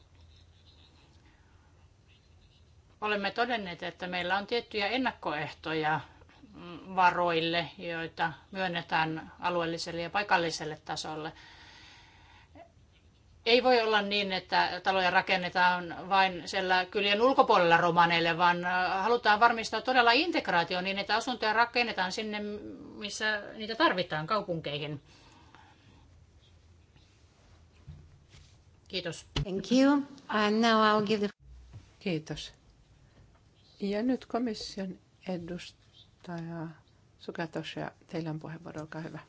olemme todenneet, että meillä on tiettyjä ennakkoehtoja varoille, joita myönnetään alueelliselle ja paikalliselle tasolle. Ei voi olla niin, että taloja rakennetaan vain siellä kylien ulkopuolella romaneille, vaan äh, halutaan varmistaa todella integraatio niin, että asuntoja rakennetaan sinne, missä niitä tarvitaan kaupunkeihin. Kiitos. Thank you. And now I'll give the... Kiitos. Ja nyt komission edustaja ja teillä on puheenvuoro, olkaa hyvä.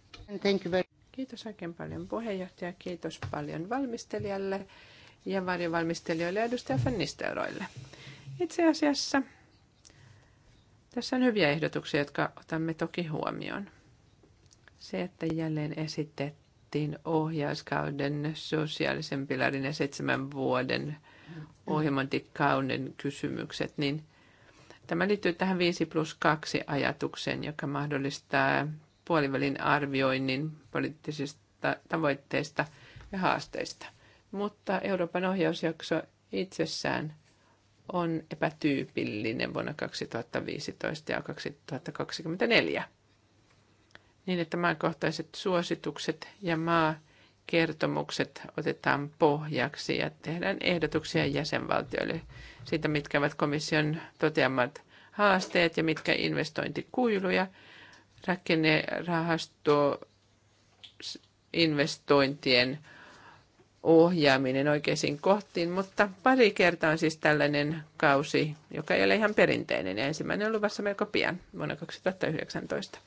Thank you very Kiitos oikein paljon puheenjohtaja, kiitos paljon valmistelijalle ja varjovalmistelijoille ja edustaja Fennisteroille. Itse asiassa tässä on hyviä ehdotuksia, jotka otamme toki huomioon. Se, että jälleen esitettiin ohjauskauden sosiaalisen pilarin ja seitsemän vuoden ohjelmointikauden kysymykset, niin Tämä liittyy tähän 5 plus 2 ajatukseen, joka mahdollistaa puolivälin arvioinnin poliittisista tavoitteista ja haasteista. Mutta Euroopan ohjausjakso itsessään on epätyypillinen vuonna 2015 ja 2024. Niin, että maankohtaiset suositukset ja maakertomukset otetaan pohjaksi ja tehdään ehdotuksia jäsenvaltioille siitä, mitkä ovat komission toteamat haasteet ja mitkä investointikuiluja. Rakennerahasto investointien ohjaaminen oikeisiin kohtiin, mutta pari kertaa on siis tällainen kausi, joka ei ole ihan perinteinen ja ensimmäinen on luvassa melko pian vuonna 2019.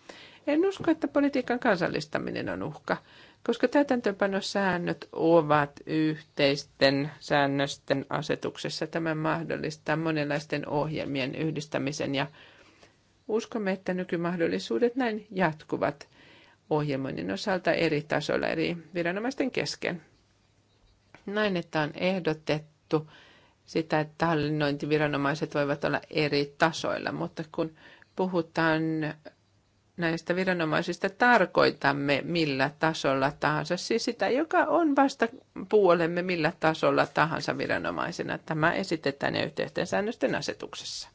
En usko, että politiikan kansallistaminen on uhka koska täytäntöpanosäännöt ovat yhteisten säännösten asetuksessa. Tämä mahdollistaa monenlaisten ohjelmien yhdistämisen ja uskomme, että nykymahdollisuudet näin jatkuvat ohjelmoinnin osalta eri tasoilla eri viranomaisten kesken. Näin, että on ehdotettu sitä, että hallinnointiviranomaiset voivat olla eri tasoilla, mutta kun puhutaan näistä viranomaisista tarkoitamme millä tasolla tahansa, siis sitä, joka on vasta puolemme millä tasolla tahansa viranomaisena. Tämä esitetään ja yhteisten säännösten asetuksessa.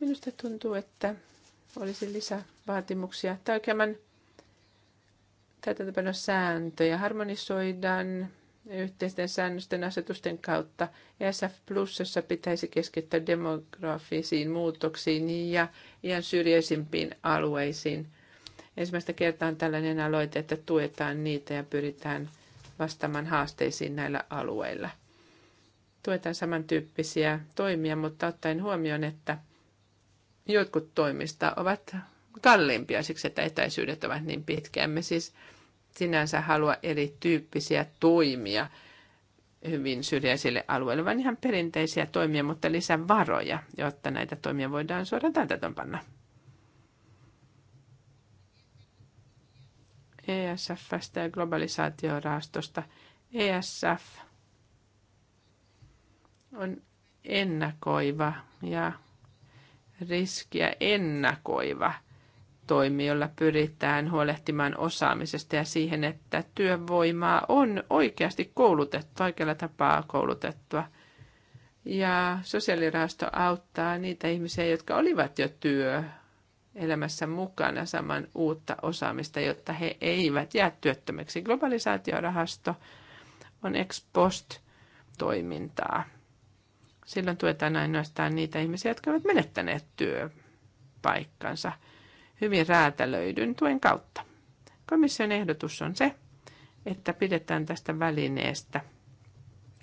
Minusta tuntuu, että olisi lisävaatimuksia. Tämä täytäntöpano sääntöjä harmonisoidaan yhteisten säännösten asetusten kautta. ESF Plusissa pitäisi keskittyä demografisiin muutoksiin ja iän syrjäisimpiin alueisiin. Ensimmäistä kertaa on tällainen aloite, että tuetaan niitä ja pyritään vastaamaan haasteisiin näillä alueilla. Tuetaan samantyyppisiä toimia, mutta ottaen huomioon, että jotkut toimista ovat kalliimpia siksi, että etäisyydet ovat niin pitkiä. Me siis sinänsä halua erityyppisiä toimia hyvin syrjäisille alueille, vaan ihan perinteisiä toimia, mutta lisää varoja, jotta näitä toimia voidaan suoraan panna. ESFstä ja globalisaatiorahastosta. ESF on ennakoiva ja riskiä ennakoiva – toimi, jolla pyritään huolehtimaan osaamisesta ja siihen, että työvoimaa on oikeasti koulutettu, oikealla tapaa koulutettua. Ja sosiaalirahasto auttaa niitä ihmisiä, jotka olivat jo työ elämässä mukana saman uutta osaamista, jotta he eivät jää työttömäksi. Globalisaatiorahasto on ex post toimintaa. Silloin tuetaan ainoastaan niitä ihmisiä, jotka ovat menettäneet työpaikkansa – hyvin räätälöidyn tuen kautta. Komission ehdotus on se, että pidetään tästä välineestä.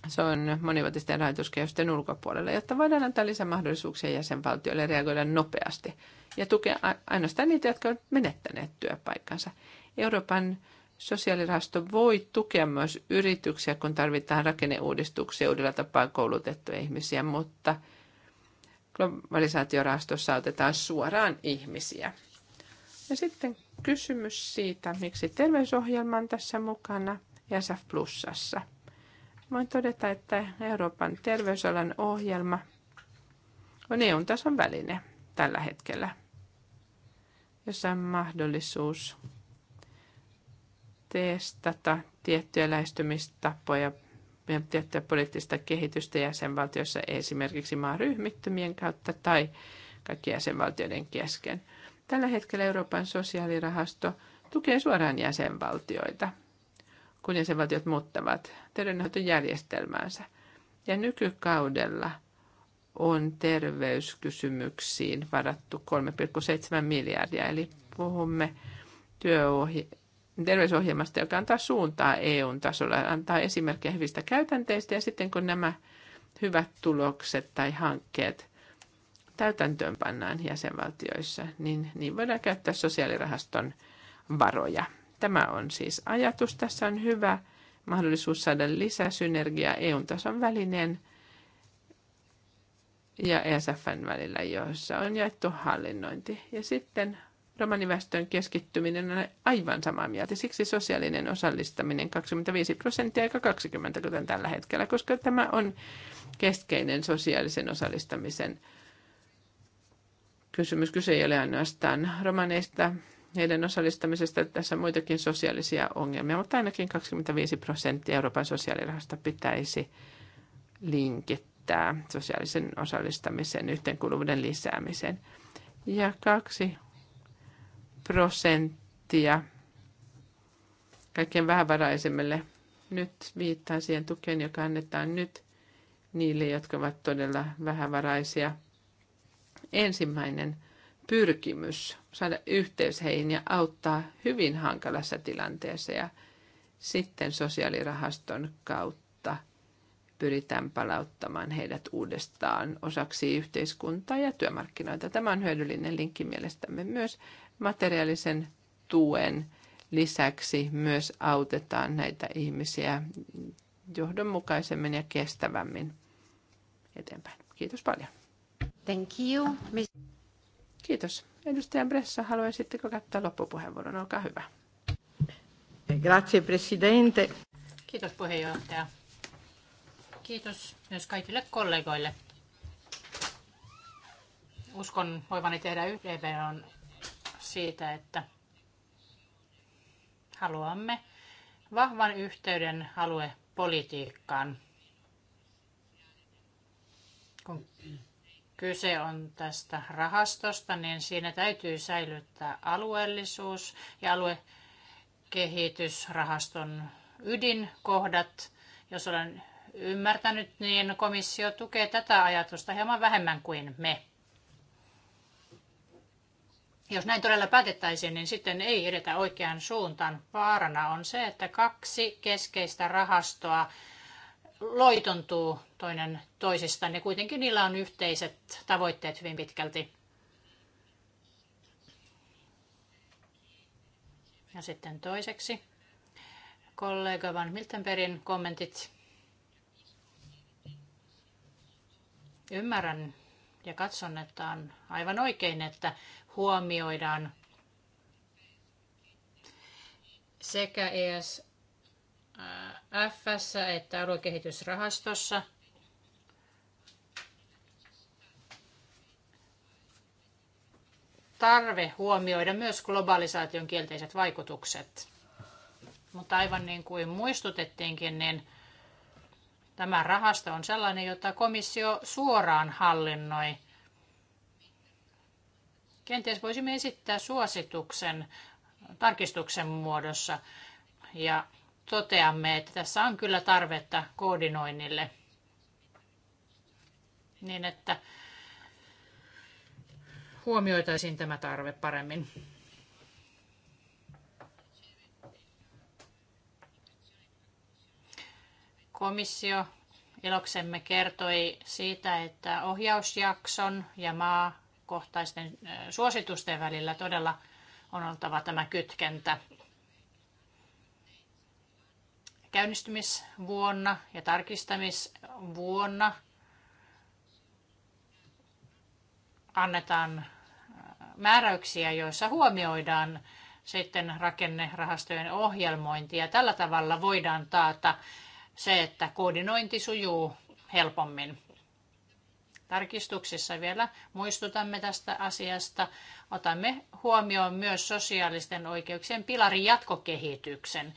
Se on monivuotisten rahoituskehysten ulkopuolella, jotta voidaan antaa lisämahdollisuuksia jäsenvaltioille reagoida nopeasti ja tukea ainoastaan niitä, jotka ovat menettäneet työpaikkansa. Euroopan sosiaalirahasto voi tukea myös yrityksiä, kun tarvitaan rakenneuudistuksia uudella tapaa koulutettuja ihmisiä, mutta globalisaatiorahastossa otetaan suoraan ihmisiä ja sitten kysymys siitä, miksi terveysohjelma on tässä mukana SF Plusassa. Voin todeta, että Euroopan terveysalan ohjelma on EU-tason väline tällä hetkellä, jossa on mahdollisuus testata tiettyjä lähestymistapoja ja tiettyä poliittista kehitystä jäsenvaltiossa esimerkiksi maaryhmittymien kautta tai kaikkien jäsenvaltioiden kesken – Tällä hetkellä Euroopan sosiaalirahasto tukee suoraan jäsenvaltioita, kun jäsenvaltiot muuttavat terveydenhoitojärjestelmäänsä. Ja nykykaudella on terveyskysymyksiin varattu 3,7 miljardia, eli puhumme työohje- terveysohjelmasta, joka antaa suuntaa EUn tasolla, antaa esimerkkejä hyvistä käytänteistä ja sitten kun nämä hyvät tulokset tai hankkeet täytäntöön pannaan jäsenvaltioissa, niin, niin voidaan käyttää sosiaalirahaston varoja. Tämä on siis ajatus. Tässä on hyvä mahdollisuus saada lisää synergiaa EU-tason välineen ja ESFn välillä, joissa on jaettu hallinnointi. Ja sitten romaniväestön keskittyminen on aivan samaa mieltä. Siksi sosiaalinen osallistaminen 25 prosenttia eikä 20, kuten tällä hetkellä, koska tämä on keskeinen sosiaalisen osallistamisen kysymys. Kyse ei ole ainoastaan romaneista, heidän osallistamisesta. Tässä on muitakin sosiaalisia ongelmia, mutta ainakin 25 prosenttia Euroopan sosiaalirahasta pitäisi linkittää sosiaalisen osallistamisen yhteenkuuluvuuden lisäämiseen. Ja 2 prosenttia kaikkein vähävaraisimmille. Nyt viittaa siihen tukeen, joka annetaan nyt niille, jotka ovat todella vähävaraisia – ensimmäinen pyrkimys saada yhteys heihin ja auttaa hyvin hankalassa tilanteessa ja sitten sosiaalirahaston kautta pyritään palauttamaan heidät uudestaan osaksi yhteiskuntaa ja työmarkkinoita. Tämä on hyödyllinen linkki mielestämme myös materiaalisen tuen lisäksi myös autetaan näitä ihmisiä johdonmukaisemmin ja kestävämmin eteenpäin. Kiitos paljon. Thank you. Kiitos. Edustaja Bressa, haluaisitteko käyttää loppupuheenvuoron? Olkaa hyvä. Grazie, presidente. Kiitos puheenjohtaja. Kiitos myös kaikille kollegoille. Uskon voivani tehdä yhdenvedon siitä, että haluamme vahvan yhteyden aluepolitiikkaan. Kun kyse on tästä rahastosta, niin siinä täytyy säilyttää alueellisuus ja aluekehitysrahaston ydinkohdat. Jos olen ymmärtänyt, niin komissio tukee tätä ajatusta hieman vähemmän kuin me. Jos näin todella päätettäisiin, niin sitten ei edetä oikeaan suuntaan. Vaarana on se, että kaksi keskeistä rahastoa loitontuu toinen toisistaan, niin kuitenkin niillä on yhteiset tavoitteet hyvin pitkälti. Ja sitten toiseksi kollega Van Miltenbergin kommentit. Ymmärrän ja katson, että on aivan oikein, että huomioidaan sekä ES F että aluekehitysrahastossa. Tarve huomioida myös globalisaation kielteiset vaikutukset. Mutta aivan niin kuin muistutettiinkin, niin tämä rahasto on sellainen, jota komissio suoraan hallinnoi. Kenties voisimme esittää suosituksen tarkistuksen muodossa ja toteamme, että tässä on kyllä tarvetta koordinoinnille niin, että huomioitaisiin tämä tarve paremmin. Komissio iloksemme kertoi siitä, että ohjausjakson ja maakohtaisten suositusten välillä todella on oltava tämä kytkentä käynnistymisvuonna ja tarkistamisvuonna annetaan äh, määräyksiä, joissa huomioidaan sitten rakennerahastojen ohjelmointi. Ja tällä tavalla voidaan taata se, että koordinointi sujuu helpommin. Tarkistuksissa vielä muistutamme tästä asiasta. Otamme huomioon myös sosiaalisten oikeuksien pilarin jatkokehityksen.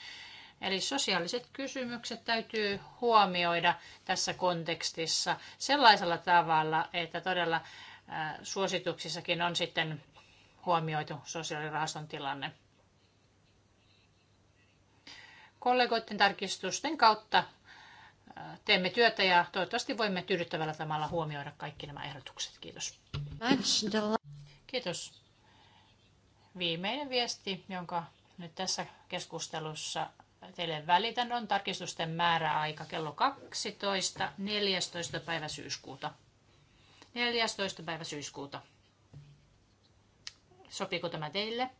Eli sosiaaliset kysymykset täytyy huomioida tässä kontekstissa sellaisella tavalla, että todella äh, suosituksissakin on sitten huomioitu sosiaalirahaston tilanne. Kollegoiden tarkistusten kautta äh, teemme työtä ja toivottavasti voimme tyydyttävällä tavalla huomioida kaikki nämä ehdotukset. Kiitos. Kiitos. Viimeinen viesti, jonka nyt tässä keskustelussa teille välitän on tarkistusten määräaika kello 12. 14. päivä syyskuuta. 14. päivä syyskuuta. Sopiiko tämä teille?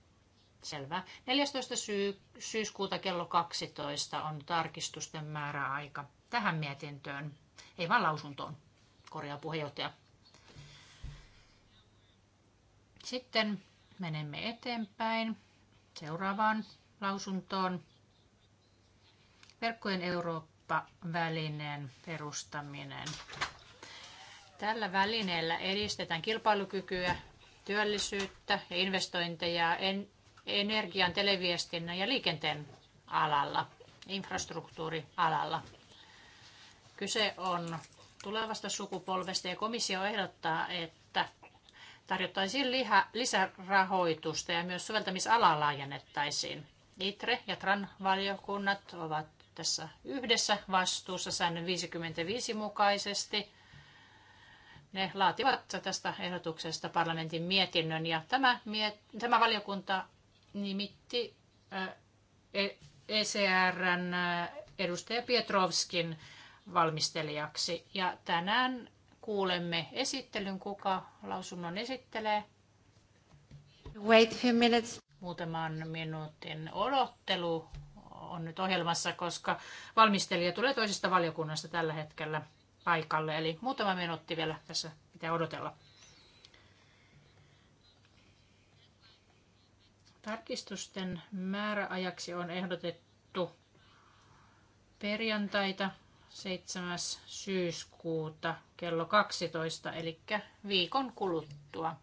Selvä. 14. Syy- syyskuuta kello 12 on tarkistusten määräaika tähän mietintöön, ei vaan lausuntoon, korjaa puheenjohtaja. Sitten menemme eteenpäin seuraavaan lausuntoon. Verkkojen Eurooppa-välineen perustaminen. Tällä välineellä edistetään kilpailukykyä, työllisyyttä ja investointeja energian, televiestinnän ja liikenteen alalla, infrastruktuurialalla. Kyse on tulevasta sukupolvesta ja komissio ehdottaa, että tarjottaisiin liha, lisärahoitusta ja myös soveltamisalaa laajennettaisiin. ITRE ja TRAN-valiokunnat ovat tässä yhdessä vastuussa säännön 55 mukaisesti. Ne laativat tästä ehdotuksesta parlamentin mietinnön ja tämä, miet- tämä valiokunta nimitti ECRn e edustaja Pietrovskin valmistelijaksi. Ja tänään kuulemme esittelyn, kuka lausunnon esittelee. Wait few minutes. Muutaman minuutin odottelu on nyt ohjelmassa, koska valmistelija tulee toisesta valiokunnasta tällä hetkellä paikalle. Eli muutama minuutti vielä tässä pitää odotella. Tarkistusten määräajaksi on ehdotettu perjantaita 7. syyskuuta kello 12, eli viikon kuluttua,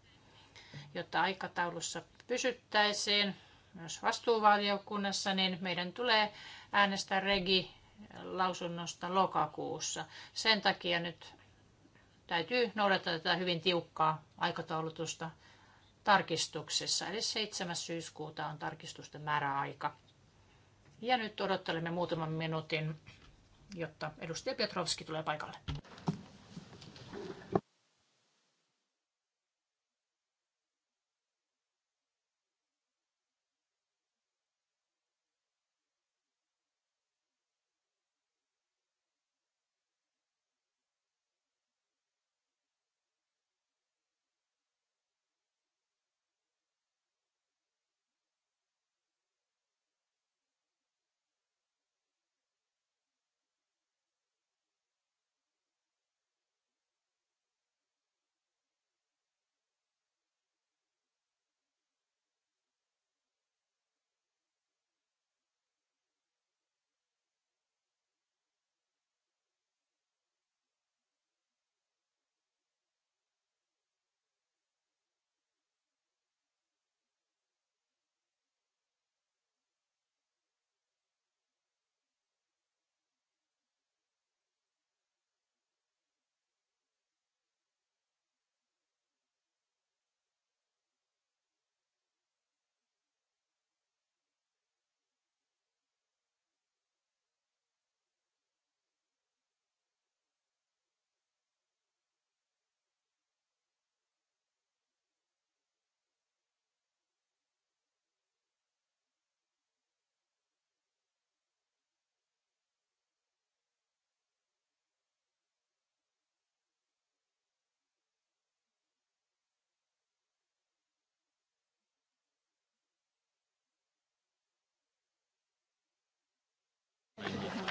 jotta aikataulussa pysyttäisiin myös vastuuvaliokunnassa, niin meidän tulee äänestää regi lausunnosta lokakuussa. Sen takia nyt täytyy noudattaa tätä hyvin tiukkaa aikataulutusta tarkistuksessa. Eli 7. syyskuuta on tarkistusten määräaika. Ja nyt odottelemme muutaman minuutin, jotta edustaja Petrovski tulee paikalle.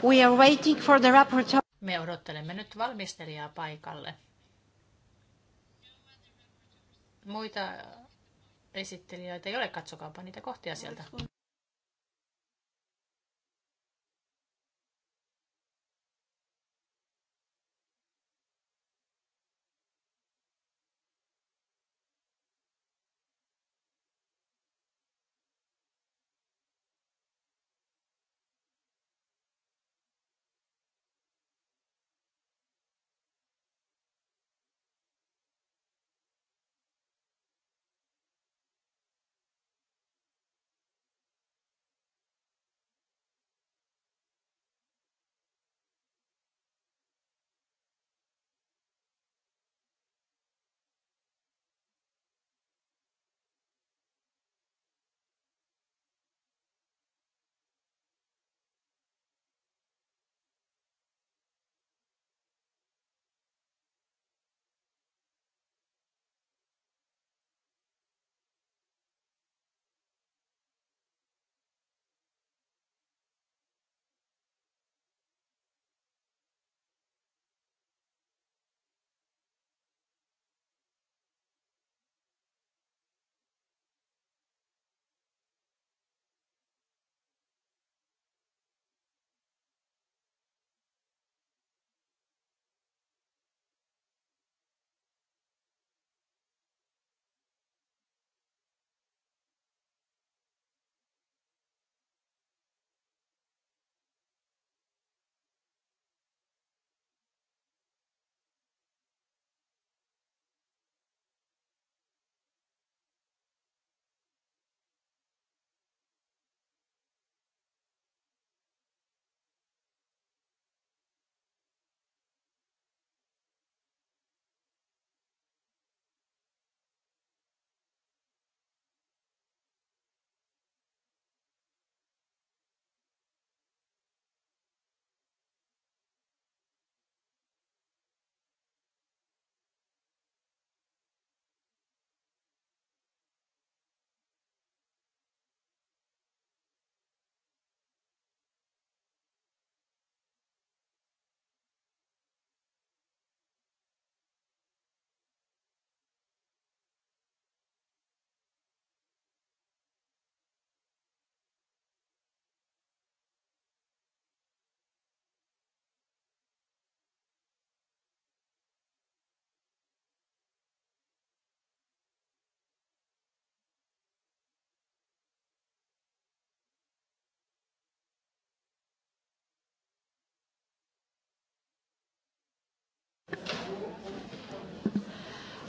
We are waiting for the rapporteur. Me odottelemme nyt valmistelijaa paikalle. Muita esittelijöitä ei ole, katsokaapa niitä kohtia sieltä.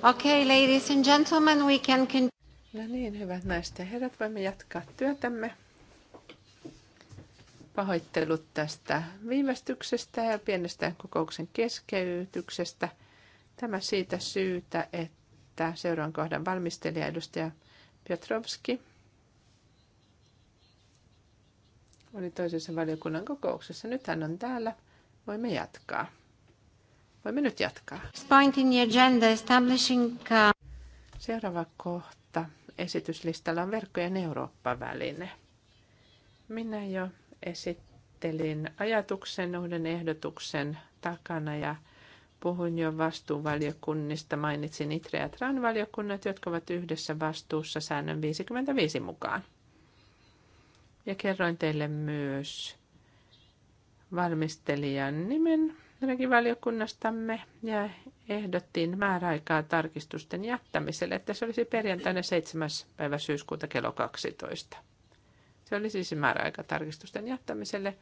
Okay, ladies and gentlemen, we can continue. No niin, hyvät naiset ja herrat, voimme jatkaa työtämme. Pahoittelut tästä viivästyksestä ja pienestä kokouksen keskeytyksestä. Tämä siitä syytä, että seuraavan kohdan valmistelija edustaja Piotrowski oli toisessa valiokunnan kokouksessa. Nyt hän on täällä. Voimme jatkaa. Voimme nyt jatkaa. Point in the agenda establishing... Uh, Seuraava kohta esityslistalla on verkkojen Eurooppa-väline. Minä jo esittelin ajatuksen uuden ehdotuksen takana ja puhuin jo vastuuvaliokunnista. Mainitsin ITRE ja TRAN-valiokunnat, jotka ovat yhdessä vastuussa säännön 55 mukaan. Ja kerroin teille myös valmistelijan nimen valiokunnastamme ja ehdottiin määräaikaa tarkistusten jättämiselle, että se olisi perjantaina 7. päivä syyskuuta kello 12. Se oli siis määräaika tarkistusten jättämiselle.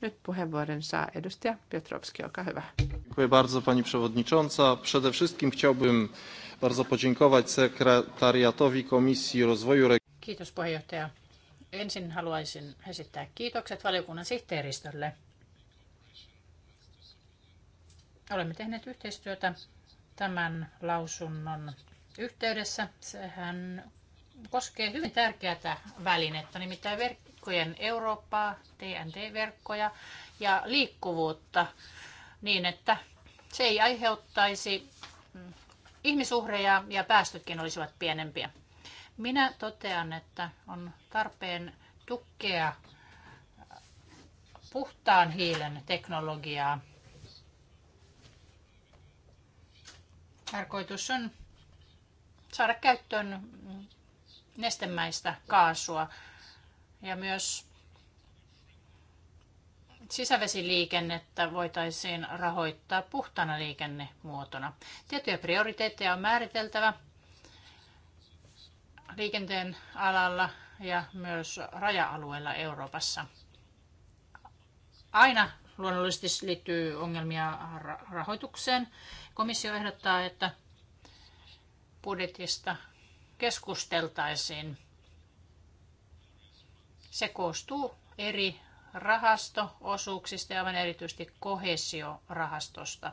Nyt puheenvuoron saa edustaja Piotrowski, olkaa hyvä. Dziękuję bardzo pani przewodnicząca. Przede wszystkim chciałbym bardzo podziękować sekretariatowi Komisji Rozwoju Kiitos puheenjohtaja. Ensin haluaisin esittää kiitokset valiokunnan sihteeristölle Olemme tehneet yhteistyötä tämän lausunnon yhteydessä. Sehän koskee hyvin tärkeää välinettä, nimittäin verkkojen Eurooppaa, TNT-verkkoja ja liikkuvuutta niin, että se ei aiheuttaisi mm, ihmisuhreja ja päästötkin olisivat pienempiä. Minä totean, että on tarpeen tukea puhtaan hiilen teknologiaa Tarkoitus on saada käyttöön nestemäistä kaasua ja myös sisävesiliikennettä voitaisiin rahoittaa puhtaana liikennemuotona. Tiettyjä prioriteetteja on määriteltävä liikenteen alalla ja myös raja-alueella Euroopassa. Aina luonnollisesti liittyy ongelmia rahoitukseen Komissio ehdottaa, että budjetista keskusteltaisiin. Se koostuu eri rahasto-osuuksista ja aivan erityisesti kohesiorahastosta.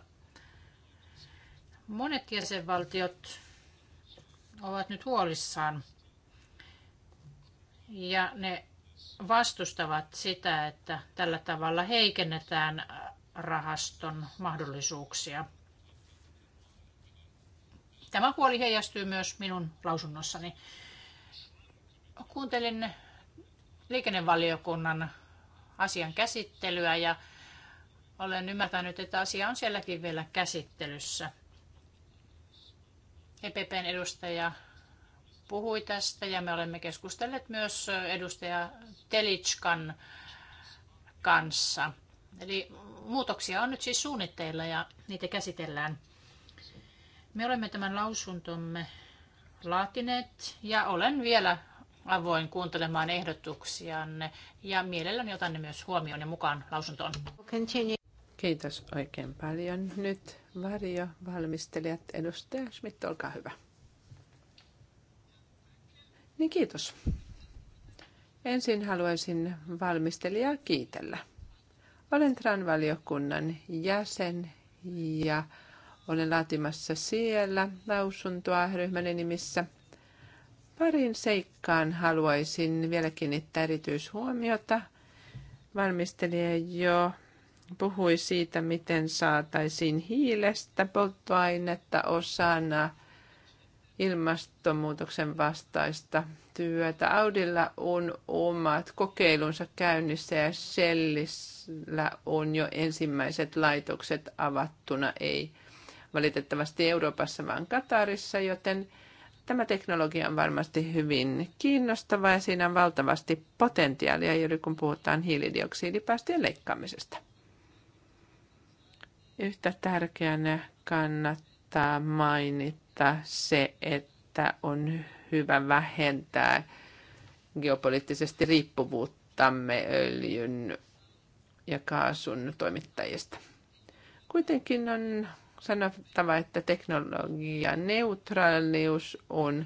Monet jäsenvaltiot ovat nyt huolissaan ja ne vastustavat sitä, että tällä tavalla heikennetään rahaston mahdollisuuksia. Tämä huoli heijastyy myös minun lausunnossani. Kuuntelin liikennevaliokunnan asian käsittelyä ja olen ymmärtänyt, että asia on sielläkin vielä käsittelyssä. EPPn edustaja puhui tästä ja me olemme keskustelleet myös edustaja Telitskan kanssa. Eli muutoksia on nyt siis suunnitteilla ja niitä käsitellään. Me olemme tämän lausuntomme laatineet ja olen vielä avoin kuuntelemaan ehdotuksianne ja mielelläni otan ne myös huomioon ja mukaan lausuntoon. Kiitos oikein paljon. Nyt Varjo, valmistelijat, edustaja Schmidt, olkaa hyvä. Niin kiitos. Ensin haluaisin valmistelijaa kiitellä. Olen TRAN-valiokunnan jäsen ja olen laatimassa siellä lausuntoa ryhmän nimissä. Parin seikkaan haluaisin vielä kiinnittää erityishuomiota. Valmistelija jo puhui siitä, miten saataisiin hiilestä polttoainetta osana ilmastonmuutoksen vastaista työtä. Audilla on omat kokeilunsa käynnissä ja Shellillä on jo ensimmäiset laitokset avattuna, ei valitettavasti Euroopassa, vaan Katarissa, joten tämä teknologia on varmasti hyvin kiinnostava ja siinä on valtavasti potentiaalia, juuri kun puhutaan hiilidioksidipäästöjen leikkaamisesta. Yhtä tärkeänä kannattaa mainita se, että on hyvä vähentää geopoliittisesti riippuvuuttamme öljyn ja kaasun toimittajista. Kuitenkin on sanottava, että teknologian neutraalius on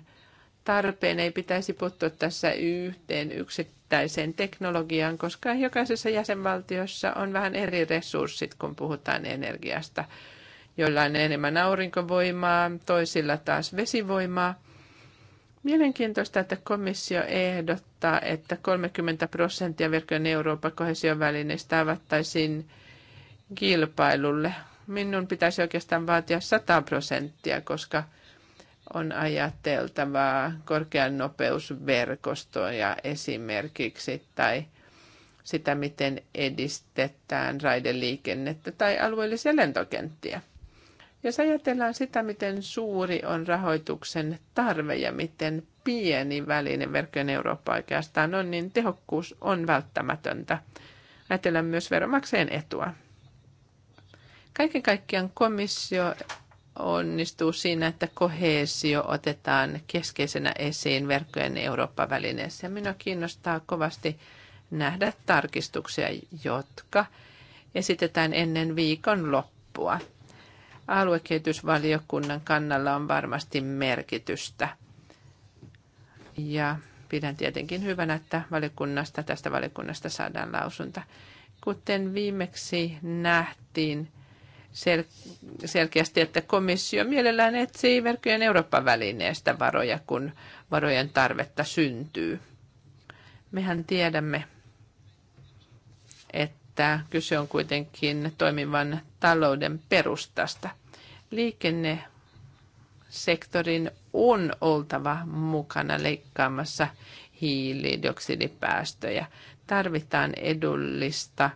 tarpeen. Ei pitäisi puuttua tässä yhteen yksittäiseen teknologiaan, koska jokaisessa jäsenvaltiossa on vähän eri resurssit, kun puhutaan energiasta. Joillain enemmän aurinkovoimaa, toisilla taas vesivoimaa. Mielenkiintoista, että komissio ehdottaa, että 30 prosenttia verkkojen Euroopan kohesiovälineistä avattaisiin kilpailulle minun pitäisi oikeastaan vaatia 100 prosenttia, koska on ajateltavaa korkean nopeusverkostoja esimerkiksi tai sitä, miten edistetään raideliikennettä tai alueellisia lentokenttiä. Jos ajatellaan sitä, miten suuri on rahoituksen tarve ja miten pieni väline verkkojen Eurooppa oikeastaan on, niin tehokkuus on välttämätöntä. Ajatellaan myös veromakseen etua. Kaiken kaikkiaan komissio onnistuu siinä, että kohesio otetaan keskeisenä esiin verkkojen Eurooppa-välineessä. Minua kiinnostaa kovasti nähdä tarkistuksia, jotka esitetään ennen viikon loppua. Aluekehitysvaliokunnan kannalla on varmasti merkitystä. Ja pidän tietenkin hyvänä, että valiokunnasta, tästä valiokunnasta saadaan lausunta. Kuten viimeksi nähtiin, sel- selkeästi, että komissio mielellään etsii verkkojen Euroopan välineestä varoja, kun varojen tarvetta syntyy. Mehän tiedämme, että kyse on kuitenkin toimivan talouden perustasta. Liikennesektorin on oltava mukana leikkaamassa hiilidioksidipäästöjä. Tarvitaan edullista –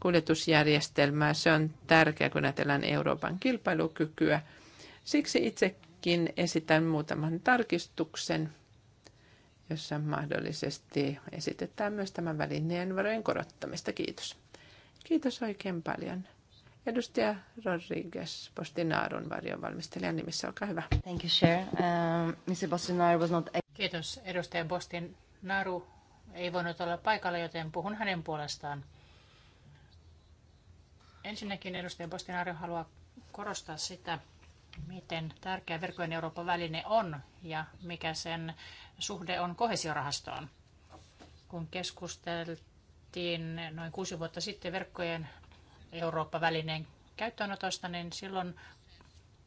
kuljetusjärjestelmää. Se on tärkeää, kun ajatellaan Euroopan kilpailukykyä. Siksi itsekin esitän muutaman tarkistuksen, jossa mahdollisesti esitetään myös tämän välineen varojen korottamista. Kiitos. Kiitos oikein paljon. Edustaja Rodriguez Postinaarun varjonvalmistelijan nimissä, olkaa hyvä. Thank you, Chair. Mr. Um, Bostinaru was not... Kiitos. Edustaja Bostinaru ei voinut olla paikalla, joten puhun hänen puolestaan. Ensinnäkin edustaja Bostinario haluaa korostaa sitä, miten tärkeä verkkojen Euroopan väline on ja mikä sen suhde on kohesiorahastoon. Kun keskusteltiin noin kuusi vuotta sitten verkkojen Euroopan välineen käyttöönotosta, niin silloin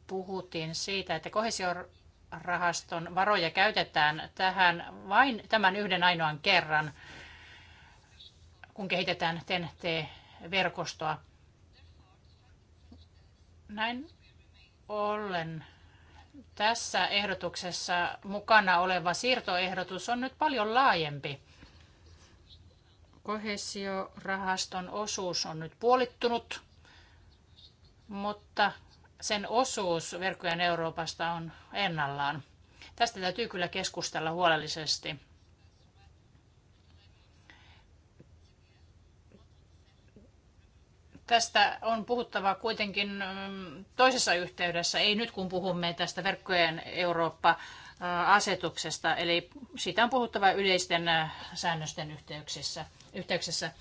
puhuttiin siitä, että kohesiorahaston varoja käytetään tähän vain tämän yhden ainoan kerran, kun kehitetään TEN-T-verkostoa. Näin ollen tässä ehdotuksessa mukana oleva siirtoehdotus on nyt paljon laajempi. Kohesiorahaston osuus on nyt puolittunut, mutta sen osuus verkkojen Euroopasta on ennallaan. Tästä täytyy kyllä keskustella huolellisesti. Tästä on puhuttava kuitenkin mm, toisessa yhteydessä, ei nyt kun puhumme tästä verkkojen Eurooppa-asetuksesta, eli siitä on puhuttava yleisten äh, säännösten yhteyksissä. yhteyksissä.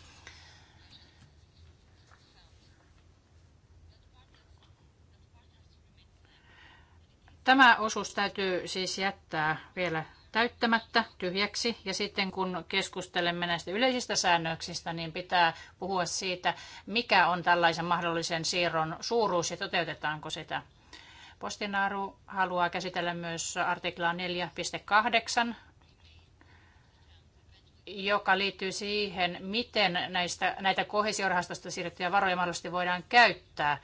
Tämä osuus täytyy siis jättää vielä täyttämättä tyhjäksi. Ja sitten kun keskustelemme näistä yleisistä säännöksistä, niin pitää puhua siitä, mikä on tällaisen mahdollisen siirron suuruus ja toteutetaanko sitä. Postinaaru haluaa käsitellä myös artiklaa 4.8 joka liittyy siihen, miten näistä, näitä kohesiorahastosta siirrettyjä varoja mahdollisesti voidaan käyttää.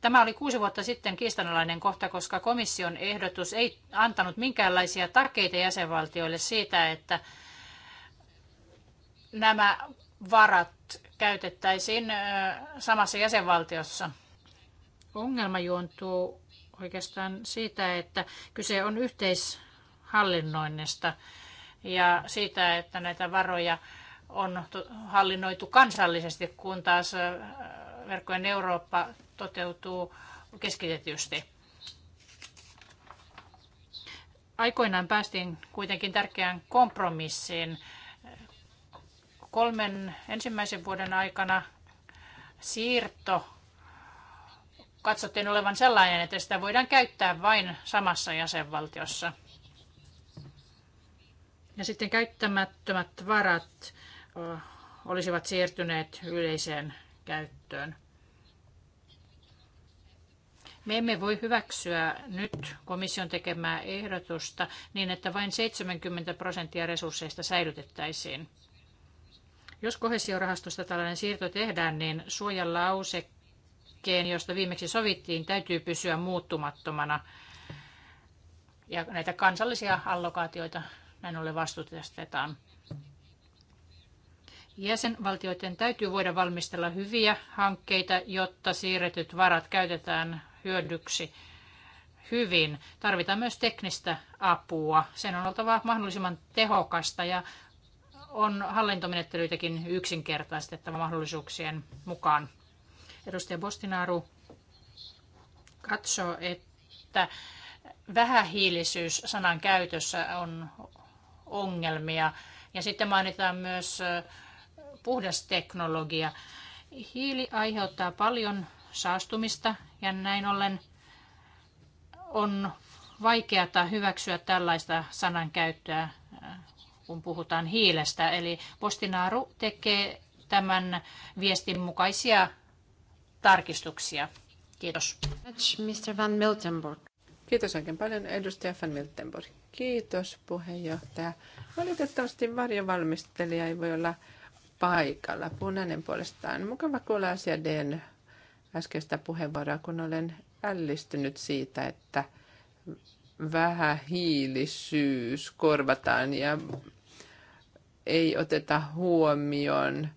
Tämä oli kuusi vuotta sitten kiistanalainen kohta, koska komission ehdotus ei antanut minkäänlaisia takeita jäsenvaltioille siitä, että nämä varat käytettäisiin samassa jäsenvaltiossa. Ongelma juontuu oikeastaan siitä, että kyse on yhteishallinnoinnista ja siitä, että näitä varoja on hallinnoitu kansallisesti, kun taas verkkojen Eurooppa toteutuu keskitetysti. Aikoinaan päästiin kuitenkin tärkeään kompromissiin. Kolmen ensimmäisen vuoden aikana siirto katsottiin olevan sellainen, että sitä voidaan käyttää vain samassa jäsenvaltiossa. Ja sitten käyttämättömät varat olisivat siirtyneet yleiseen käyttöön. Me emme voi hyväksyä nyt komission tekemää ehdotusta niin, että vain 70 prosenttia resursseista säilytettäisiin. Jos kohesiorahastosta tällainen siirto tehdään, niin suojalausekkeen, josta viimeksi sovittiin, täytyy pysyä muuttumattomana. Ja näitä kansallisia allokaatioita näin ollen vastustetaan. Jäsenvaltioiden täytyy voida valmistella hyviä hankkeita, jotta siirretyt varat käytetään hyödyksi hyvin. Tarvitaan myös teknistä apua. Sen on oltava mahdollisimman tehokasta ja on hallintomenettelyitäkin yksinkertaistettava mahdollisuuksien mukaan. Edustaja Bostinaru katsoo, että vähähiilisyys sanan käytössä on ongelmia. Ja sitten mainitaan myös puhdas teknologia. Hiili aiheuttaa paljon saastumista ja näin ollen on vaikeata hyväksyä tällaista sanankäyttöä, äh, kun puhutaan hiilestä. Eli Postinaaru tekee tämän viestin mukaisia tarkistuksia. Kiitos. Mr. Van Miltenburg. Kiitos oikein paljon edustaja Van Miltenburg. Kiitos puheenjohtaja. Valitettavasti varjovalmistelija ei voi olla paikalla. Punainen puolestaan. Mukava kuulla DNA äskeistä puheenvuoroa, kun olen ällistynyt siitä, että vähähiilisyys korvataan ja ei oteta huomioon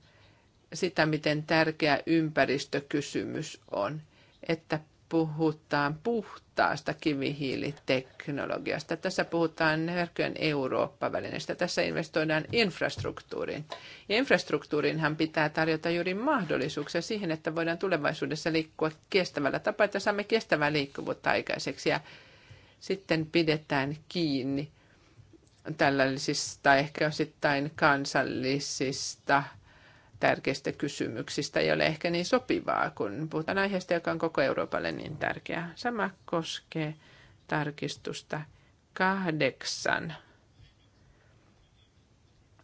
sitä, miten tärkeä ympäristökysymys on, että puhutaan puhtaasta kivihiiliteknologiasta. Tässä puhutaan verkkojen Eurooppa-välineestä. Tässä investoidaan infrastruktuuriin. Ja infrastruktuurinhan pitää tarjota juuri mahdollisuuksia siihen, että voidaan tulevaisuudessa liikkua kestävällä tapaa, että saamme kestävää liikkuvuutta aikaiseksi ja sitten pidetään kiinni tällaisista ehkä osittain kansallisista – tärkeistä kysymyksistä ei ole ehkä niin sopivaa, kun puhutaan aiheesta, joka on koko Euroopalle niin tärkeä. Sama koskee tarkistusta kahdeksan.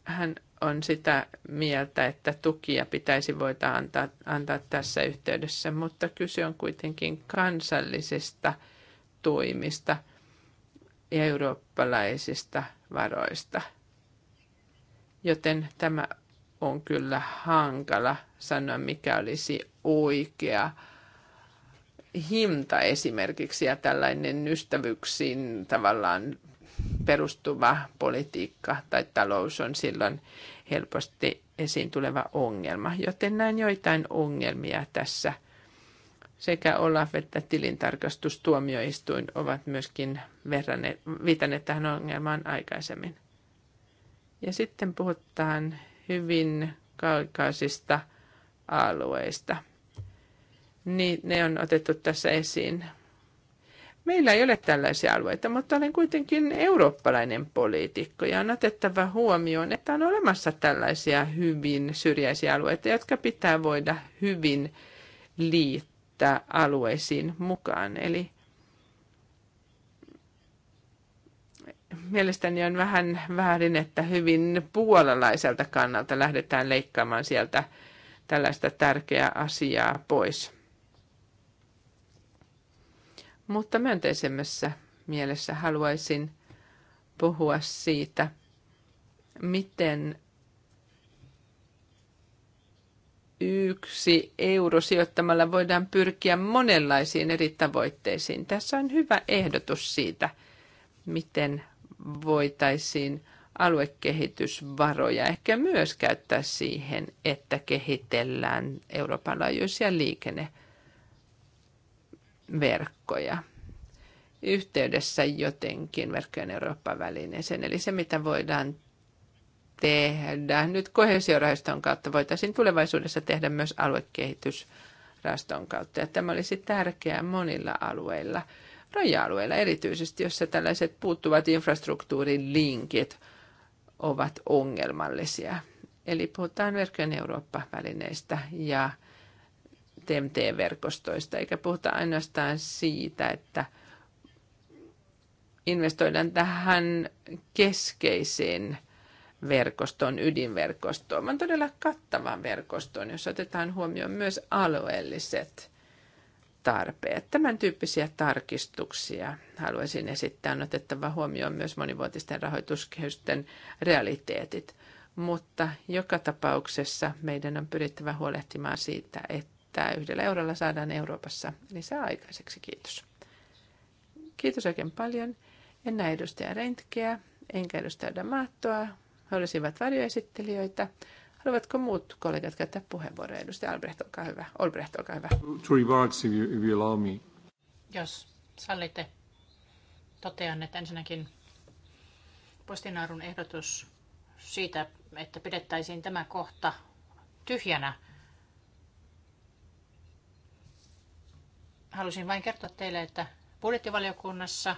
Hän on sitä mieltä, että tukia pitäisi voida antaa, antaa tässä yhteydessä, mutta kyse on kuitenkin kansallisista toimista ja eurooppalaisista varoista. Joten tämä on kyllä hankala sanoa, mikä olisi oikea hinta esimerkiksi ja tällainen ystävyyksiin tavallaan perustuva politiikka tai talous on silloin helposti esiin tuleva ongelma. Joten näin joitain ongelmia tässä. Sekä Olaf että tilintarkastustuomioistuin ovat myöskin verranne, viitanneet tähän ongelmaan aikaisemmin. Ja sitten puhutaan hyvin kaukaisista alueista. Niin ne on otettu tässä esiin. Meillä ei ole tällaisia alueita, mutta olen kuitenkin eurooppalainen poliitikko ja on otettava huomioon, että on olemassa tällaisia hyvin syrjäisiä alueita, jotka pitää voida hyvin liittää alueisiin mukaan. Eli mielestäni on vähän väärin, että hyvin puolalaiselta kannalta lähdetään leikkaamaan sieltä tällaista tärkeää asiaa pois. Mutta myönteisemmässä mielessä haluaisin puhua siitä, miten yksi euro sijoittamalla voidaan pyrkiä monenlaisiin eri tavoitteisiin. Tässä on hyvä ehdotus siitä, miten voitaisiin aluekehitysvaroja ehkä myös käyttää siihen, että kehitellään Euroopan laajuisia liikenneverkkoja yhteydessä jotenkin verkkojen Euroopan välineeseen. Eli se, mitä voidaan tehdä nyt kohesiorahaston kautta, voitaisiin tulevaisuudessa tehdä myös aluekehitysrahaston kautta. Ja tämä olisi tärkeää monilla alueilla – raja-alueilla, erityisesti jossa tällaiset puuttuvat infrastruktuurin linkit ovat ongelmallisia. Eli puhutaan verkkojen Eurooppa-välineistä ja TMT-verkostoista, eikä puhuta ainoastaan siitä, että investoidaan tähän keskeiseen verkostoon, ydinverkostoon, vaan todella kattavan verkostoon, jossa otetaan huomioon myös alueelliset tarpeet. Tämän tyyppisiä tarkistuksia haluaisin esittää. On otettava huomioon myös monivuotisten rahoituskehysten realiteetit. Mutta joka tapauksessa meidän on pyrittävä huolehtimaan siitä, että yhdellä eurolla saadaan Euroopassa lisää aikaiseksi. Kiitos. Kiitos oikein paljon. En näe edustaja Rentkeä, enkä edustaja Damaattoa. He olisivat varjoesittelijöitä. Haluatko muut kollegat käyttää puheenvuoroja? Edustaja Albrecht, olkaa hyvä. Albrecht, olkaa hyvä. Two remarks, if you, if you allow me. Jos sallitte, totean, että ensinnäkin postinaarun ehdotus siitä, että pidettäisiin tämä kohta tyhjänä. Halusin vain kertoa teille, että budjettivaliokunnassa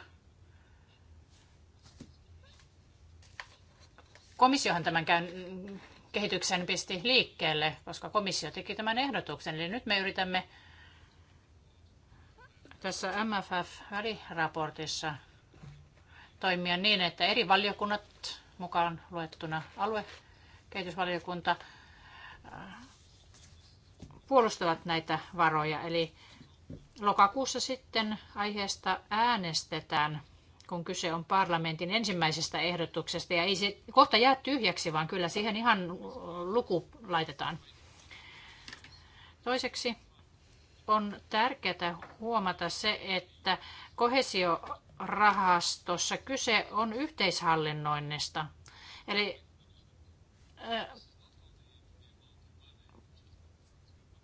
komissiohan tämän kehityksen pisti liikkeelle, koska komissio teki tämän ehdotuksen. Eli nyt me yritämme tässä MFF-väliraportissa toimia niin, että eri valiokunnat, mukaan luettuna alue, kehitysvaliokunta puolustavat näitä varoja. Eli lokakuussa sitten aiheesta äänestetään – kun kyse on parlamentin ensimmäisestä ehdotuksesta. Ja ei se kohta jää tyhjäksi, vaan kyllä siihen ihan luku laitetaan. Toiseksi on tärkeää huomata se, että kohesiorahastossa kyse on yhteishallinnoinnista. Eli äh,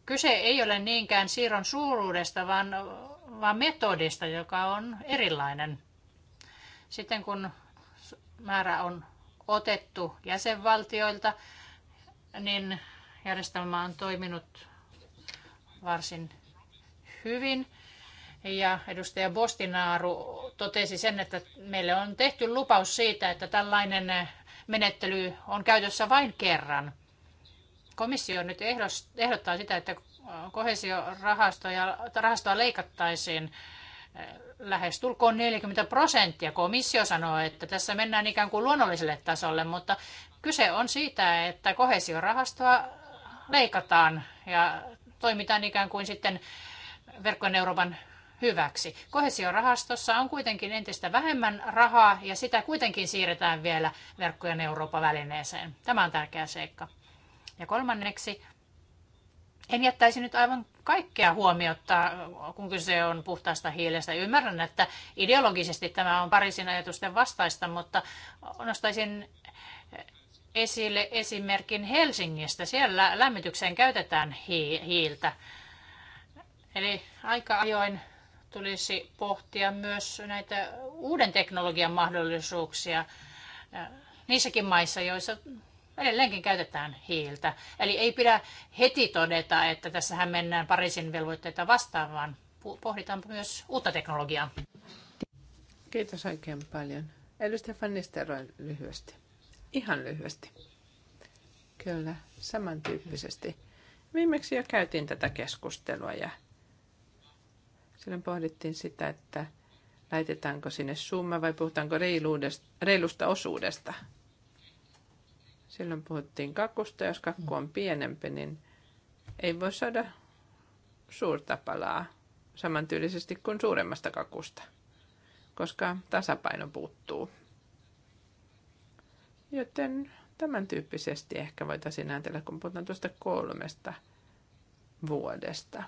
kyse ei ole niinkään siirron suuruudesta, vaan, vaan metodista, joka on erilainen. Sitten kun määrä on otettu jäsenvaltioilta, niin järjestelmä on toiminut varsin hyvin. Ja edustaja Bostinaaru totesi sen, että meille on tehty lupaus siitä, että tällainen menettely on käytössä vain kerran. Komissio nyt ehdottaa sitä, että kohesiorahastoa rahastoa leikattaisiin lähestulkoon 40 prosenttia. Komissio sanoo, että tässä mennään ikään kuin luonnolliselle tasolle, mutta kyse on siitä, että kohesiorahastoa leikataan ja toimitaan ikään kuin sitten verkkojen Euroopan hyväksi. Kohesiorahastossa on kuitenkin entistä vähemmän rahaa ja sitä kuitenkin siirretään vielä verkkojen Euroopan välineeseen. Tämä on tärkeä seikka. Ja kolmanneksi en jättäisi nyt aivan kaikkea huomiota, kun kyse on puhtaasta hiilestä. Ymmärrän, että ideologisesti tämä on Pariisin ajatusten vastaista, mutta nostaisin esille esimerkin Helsingistä. Siellä lämmitykseen käytetään hiiltä. Eli aika ajoin tulisi pohtia myös näitä uuden teknologian mahdollisuuksia niissäkin maissa, joissa edelleenkin käytetään hiiltä. Eli ei pidä heti todeta, että tässähän mennään Pariisin velvoitteita vastaan, vaan pohditaan myös uutta teknologiaa. Kiitos oikein paljon. Edustaja Van Nistelrooy lyhyesti. Ihan lyhyesti. Kyllä, samantyyppisesti. Viimeksi jo käytiin tätä keskustelua ja silloin pohdittiin sitä, että laitetaanko sinne summa vai puhutaanko reiluudesta, reilusta osuudesta – Silloin puhuttiin kakusta, jos kakku on pienempi, niin ei voi saada suurta palaa samantyylisesti kuin suuremmasta kakusta, koska tasapaino puuttuu. Joten tämän tyyppisesti ehkä voitaisiin ajatella, kun puhutaan tuosta kolmesta vuodesta,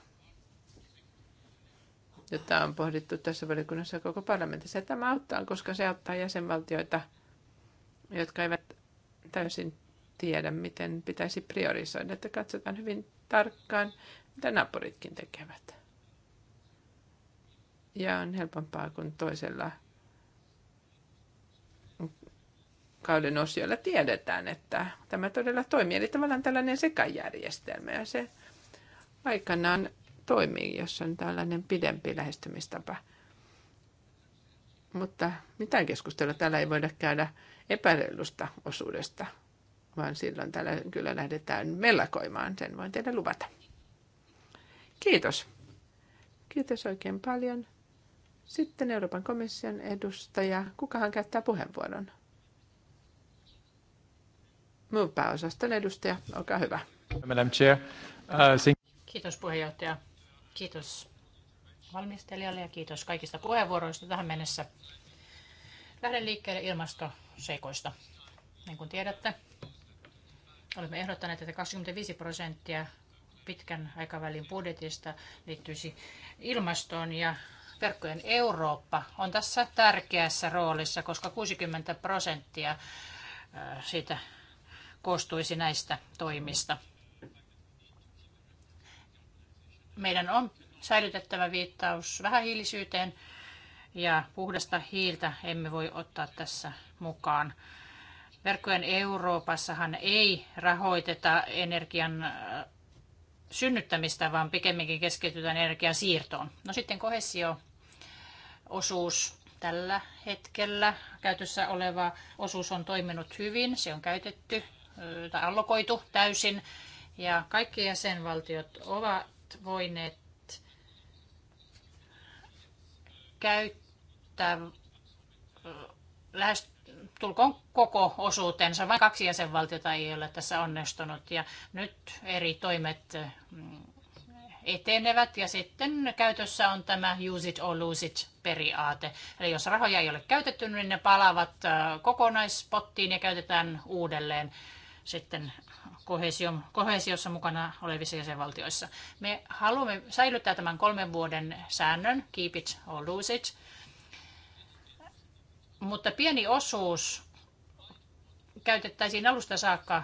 jota on pohdittu tässä valiokunnassa koko parlamentissa. Tämä auttaa, koska se auttaa jäsenvaltioita, jotka eivät täysin tiedä, miten pitäisi priorisoida, että katsotaan hyvin tarkkaan, mitä naapuritkin tekevät. Ja on helpompaa kuin toisella kauden osioilla tiedetään, että tämä todella toimii. Eli tavallaan tällainen sekajärjestelmä ja se aikanaan toimii, jos on tällainen pidempi lähestymistapa. Mutta mitään keskustelua täällä ei voida käydä epäreilusta osuudesta, vaan silloin täällä kyllä lähdetään mellakoimaan, sen voin teille luvata. Kiitos. Kiitos oikein paljon. Sitten Euroopan komission edustaja. Kukahan käyttää puheenvuoron? Muun pääosaston edustaja, olkaa hyvä. Madam Chair. Uh, kiitos puheenjohtaja. Kiitos valmistelijalle ja kiitos kaikista puheenvuoroista tähän mennessä. Lähden liikkeelle ilmasto seikoista. Niin kuin tiedätte, olemme ehdottaneet, että 25 prosenttia pitkän aikavälin budjetista liittyisi ilmastoon ja verkkojen Eurooppa on tässä tärkeässä roolissa, koska 60 prosenttia siitä koostuisi näistä toimista. Meidän on säilytettävä viittaus vähähiilisyyteen ja puhdasta hiiltä emme voi ottaa tässä mukaan. Verkkojen Euroopassahan ei rahoiteta energian äh, synnyttämistä, vaan pikemminkin keskitytään energian siirtoon. No sitten kohesio osuus tällä hetkellä käytössä oleva osuus on toiminut hyvin, se on käytetty äh, tai allokoitu täysin ja kaikki jäsenvaltiot ovat voineet käyttää että lähes tulkoon koko osuutensa, vain kaksi jäsenvaltiota ei ole tässä onnistunut ja nyt eri toimet mm, etenevät ja sitten käytössä on tämä use it or lose it periaate. Eli jos rahoja ei ole käytetty, niin ne palaavat äh, kokonaispottiin ja käytetään uudelleen sitten kohesiossa mukana olevissa jäsenvaltioissa. Me haluamme säilyttää tämän kolmen vuoden säännön, keep it or lose it, mutta pieni osuus käytettäisiin alusta saakka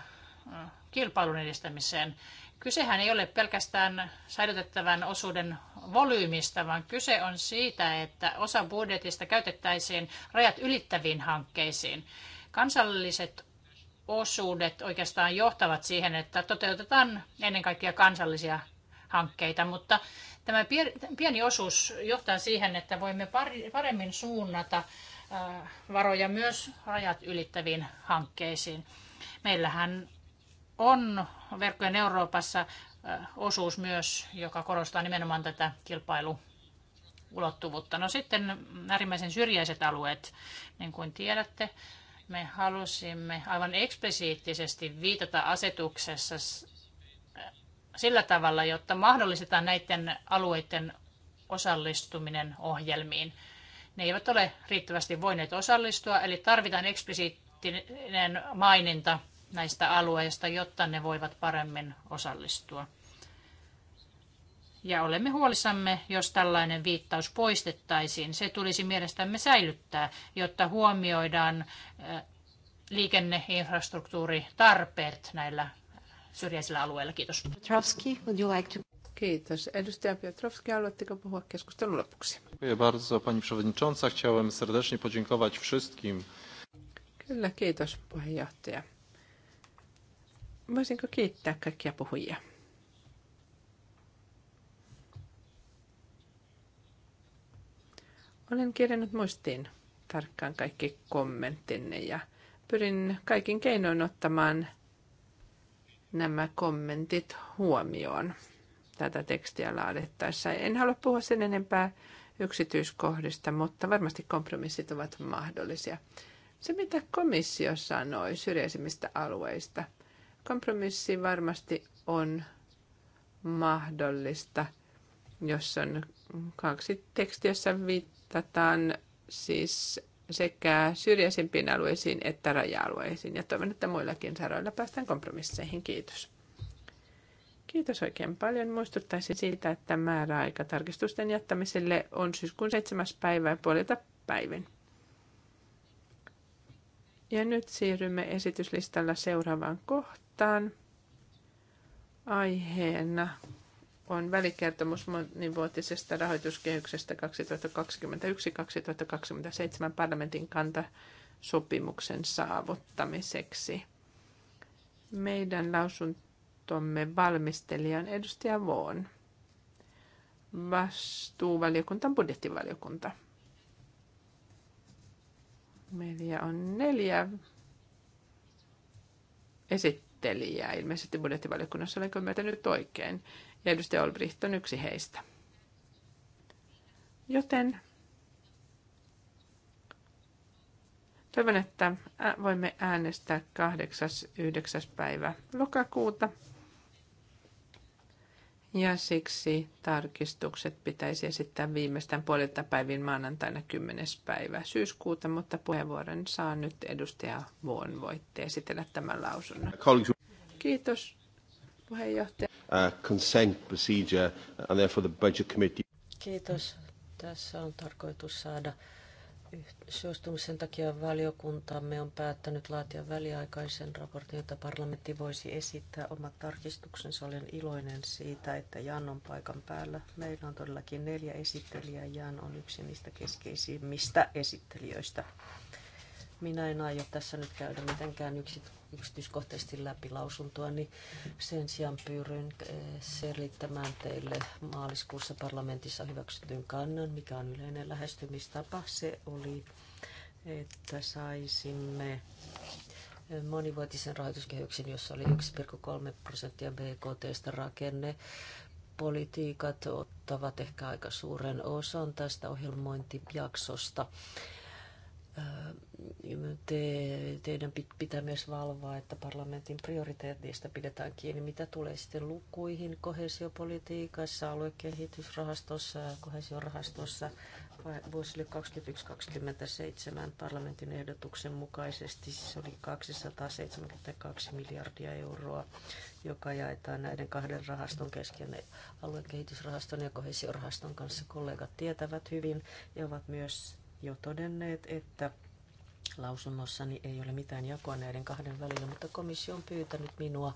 kilpailun edistämiseen. Kysehän ei ole pelkästään säilytettävän osuuden volyymista, vaan kyse on siitä, että osa budjetista käytettäisiin rajat ylittäviin hankkeisiin. Kansalliset osuudet oikeastaan johtavat siihen, että toteutetaan ennen kaikkea kansallisia hankkeita, mutta tämä pieni osuus johtaa siihen, että voimme paremmin suunnata Äh, varoja myös rajat ylittäviin hankkeisiin. Meillähän on verkkojen Euroopassa äh, osuus myös, joka korostaa nimenomaan tätä kilpailuulottuvuutta. No sitten äärimmäisen syrjäiset alueet, niin kuin tiedätte, me halusimme aivan eksplisiittisesti viitata asetuksessa sillä tavalla, jotta mahdollistetaan näiden alueiden osallistuminen ohjelmiin – ne eivät ole riittävästi voineet osallistua, eli tarvitaan eksplisiittinen maininta näistä alueista, jotta ne voivat paremmin osallistua. Ja olemme huolissamme, jos tällainen viittaus poistettaisiin. Se tulisi mielestämme säilyttää, jotta huomioidaan liikenneinfrastruktuuritarpeet näillä syrjäisillä alueilla. Kiitos. Petrovski, would you like to... Kiitos. Edustaja Petrovski, haluatteko puhua keskustelun lopuksi? Dziękuję bardzo Pani Przewodnicząca. Chciałem serdecznie podziękować wszystkim. Kyllä, kiitos puheenjohtaja. Voisinko kiittää kaikkia puhujia? Olen kirjannut muistiin tarkkaan kaikki kommenttinne ja pyrin kaikin keinoin ottamaan nämä kommentit huomioon tätä tekstiä laadittaessa. En halua puhua sen enempää yksityiskohdista, mutta varmasti kompromissit ovat mahdollisia. Se, mitä komissio sanoi syrjäisimmistä alueista, kompromissi varmasti on mahdollista, jos on kaksi tekstiä, jossa viitataan siis sekä syrjäisimpiin alueisiin että raja-alueisiin. Ja toivon, että muillakin saroilla päästään kompromisseihin. Kiitos. Kiitos oikein paljon. Muistuttaisin siitä, että määräaika tarkistusten jättämiselle on syyskuun 7. päivää puolilta päivin. Ja nyt siirrymme esityslistalla seuraavaan kohtaan. Aiheena on välikertomus monivuotisesta rahoituskehyksestä 2021-2027 parlamentin kanta sopimuksen saavuttamiseksi. Meidän lausunto lausuntomme valmistelijan edustaja Voon. Vastuuvaliokunta on budjettivaliokunta. Meillä on neljä esittelijää ilmeisesti budjettivaliokunnassa, olenko nyt oikein. Ja edustaja Olbricht on yksi heistä. Joten Toivon, että voimme äänestää 8.9. päivä lokakuuta ja siksi tarkistukset pitäisi esittää viimeistään puolilta päivin maanantaina 10. päivä syyskuuta, mutta puheenvuoron saa nyt edustaja Vuon. Voitte esitellä tämän lausunnon. Kiitos puheenjohtaja. Uh, consent procedure uh, and therefore the budget committee. Kiitos. Tässä on tarkoitus saada Suostumisen takia valiokuntamme on päättänyt laatia väliaikaisen raportin, jota parlamentti voisi esittää omat tarkistuksensa. Olen iloinen siitä, että Jan on paikan päällä. Meillä on todellakin neljä esittelijää. Jan on yksi niistä keskeisimmistä esittelijöistä. Minä en aio tässä nyt käydä mitenkään yksityiskohtaisesti läpi lausuntoa, niin sen sijaan pyrin eh, selittämään teille maaliskuussa parlamentissa hyväksytyn kannan, mikä on yleinen lähestymistapa. Se oli, että saisimme eh, monivuotisen rahoituskehyksen, jossa oli 1,3 prosenttia BKTstä rakenne politiikat ottavat ehkä aika suuren osan tästä ohjelmointijaksosta. Niin te, teidän pitää myös valvoa, että parlamentin prioriteetista pidetään kiinni. Mitä tulee sitten lukuihin kohesiopolitiikassa, aluekehitysrahastossa, kohesiorahastossa vuosille 2021-2027 parlamentin ehdotuksen mukaisesti siis se oli 272 miljardia euroa, joka jaetaan näiden kahden rahaston kesken, aluekehitysrahaston ja kohesiorahaston kanssa. Kollegat tietävät hyvin ja ovat myös jo todenneet, että lausunnossani ei ole mitään jakoa näiden kahden välillä, mutta komissio on pyytänyt minua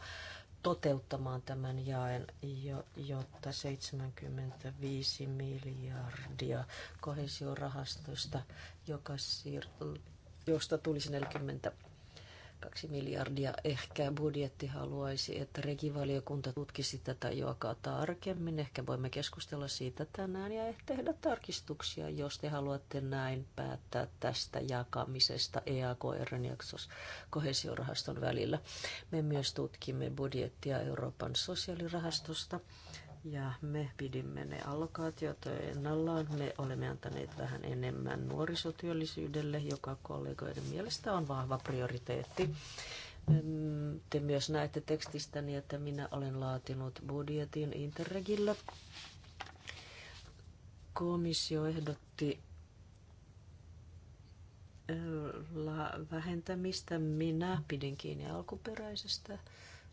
toteuttamaan tämän jaen, jotta 75 miljardia kohesiorahastosta, joka siir- josta tulisi 40 kaksi miljardia. Ehkä budjetti haluaisi, että regivaliokunta tutkisi tätä joka tarkemmin. Ehkä voimme keskustella siitä tänään ja tehdä tarkistuksia, jos te haluatte näin päättää tästä jakamisesta EAKRn ja kohesiorahaston välillä. Me myös tutkimme budjettia Euroopan sosiaalirahastosta ja me pidimme ne allokaatiot ennallaan. Me olemme antaneet vähän enemmän nuorisotyöllisyydelle, joka kollegoiden mielestä on vahva prioriteetti. Mm, te myös näette tekstistäni, että minä olen laatinut budjetin Interregille. Komissio ehdotti vähentämistä. Minä pidin kiinni alkuperäisestä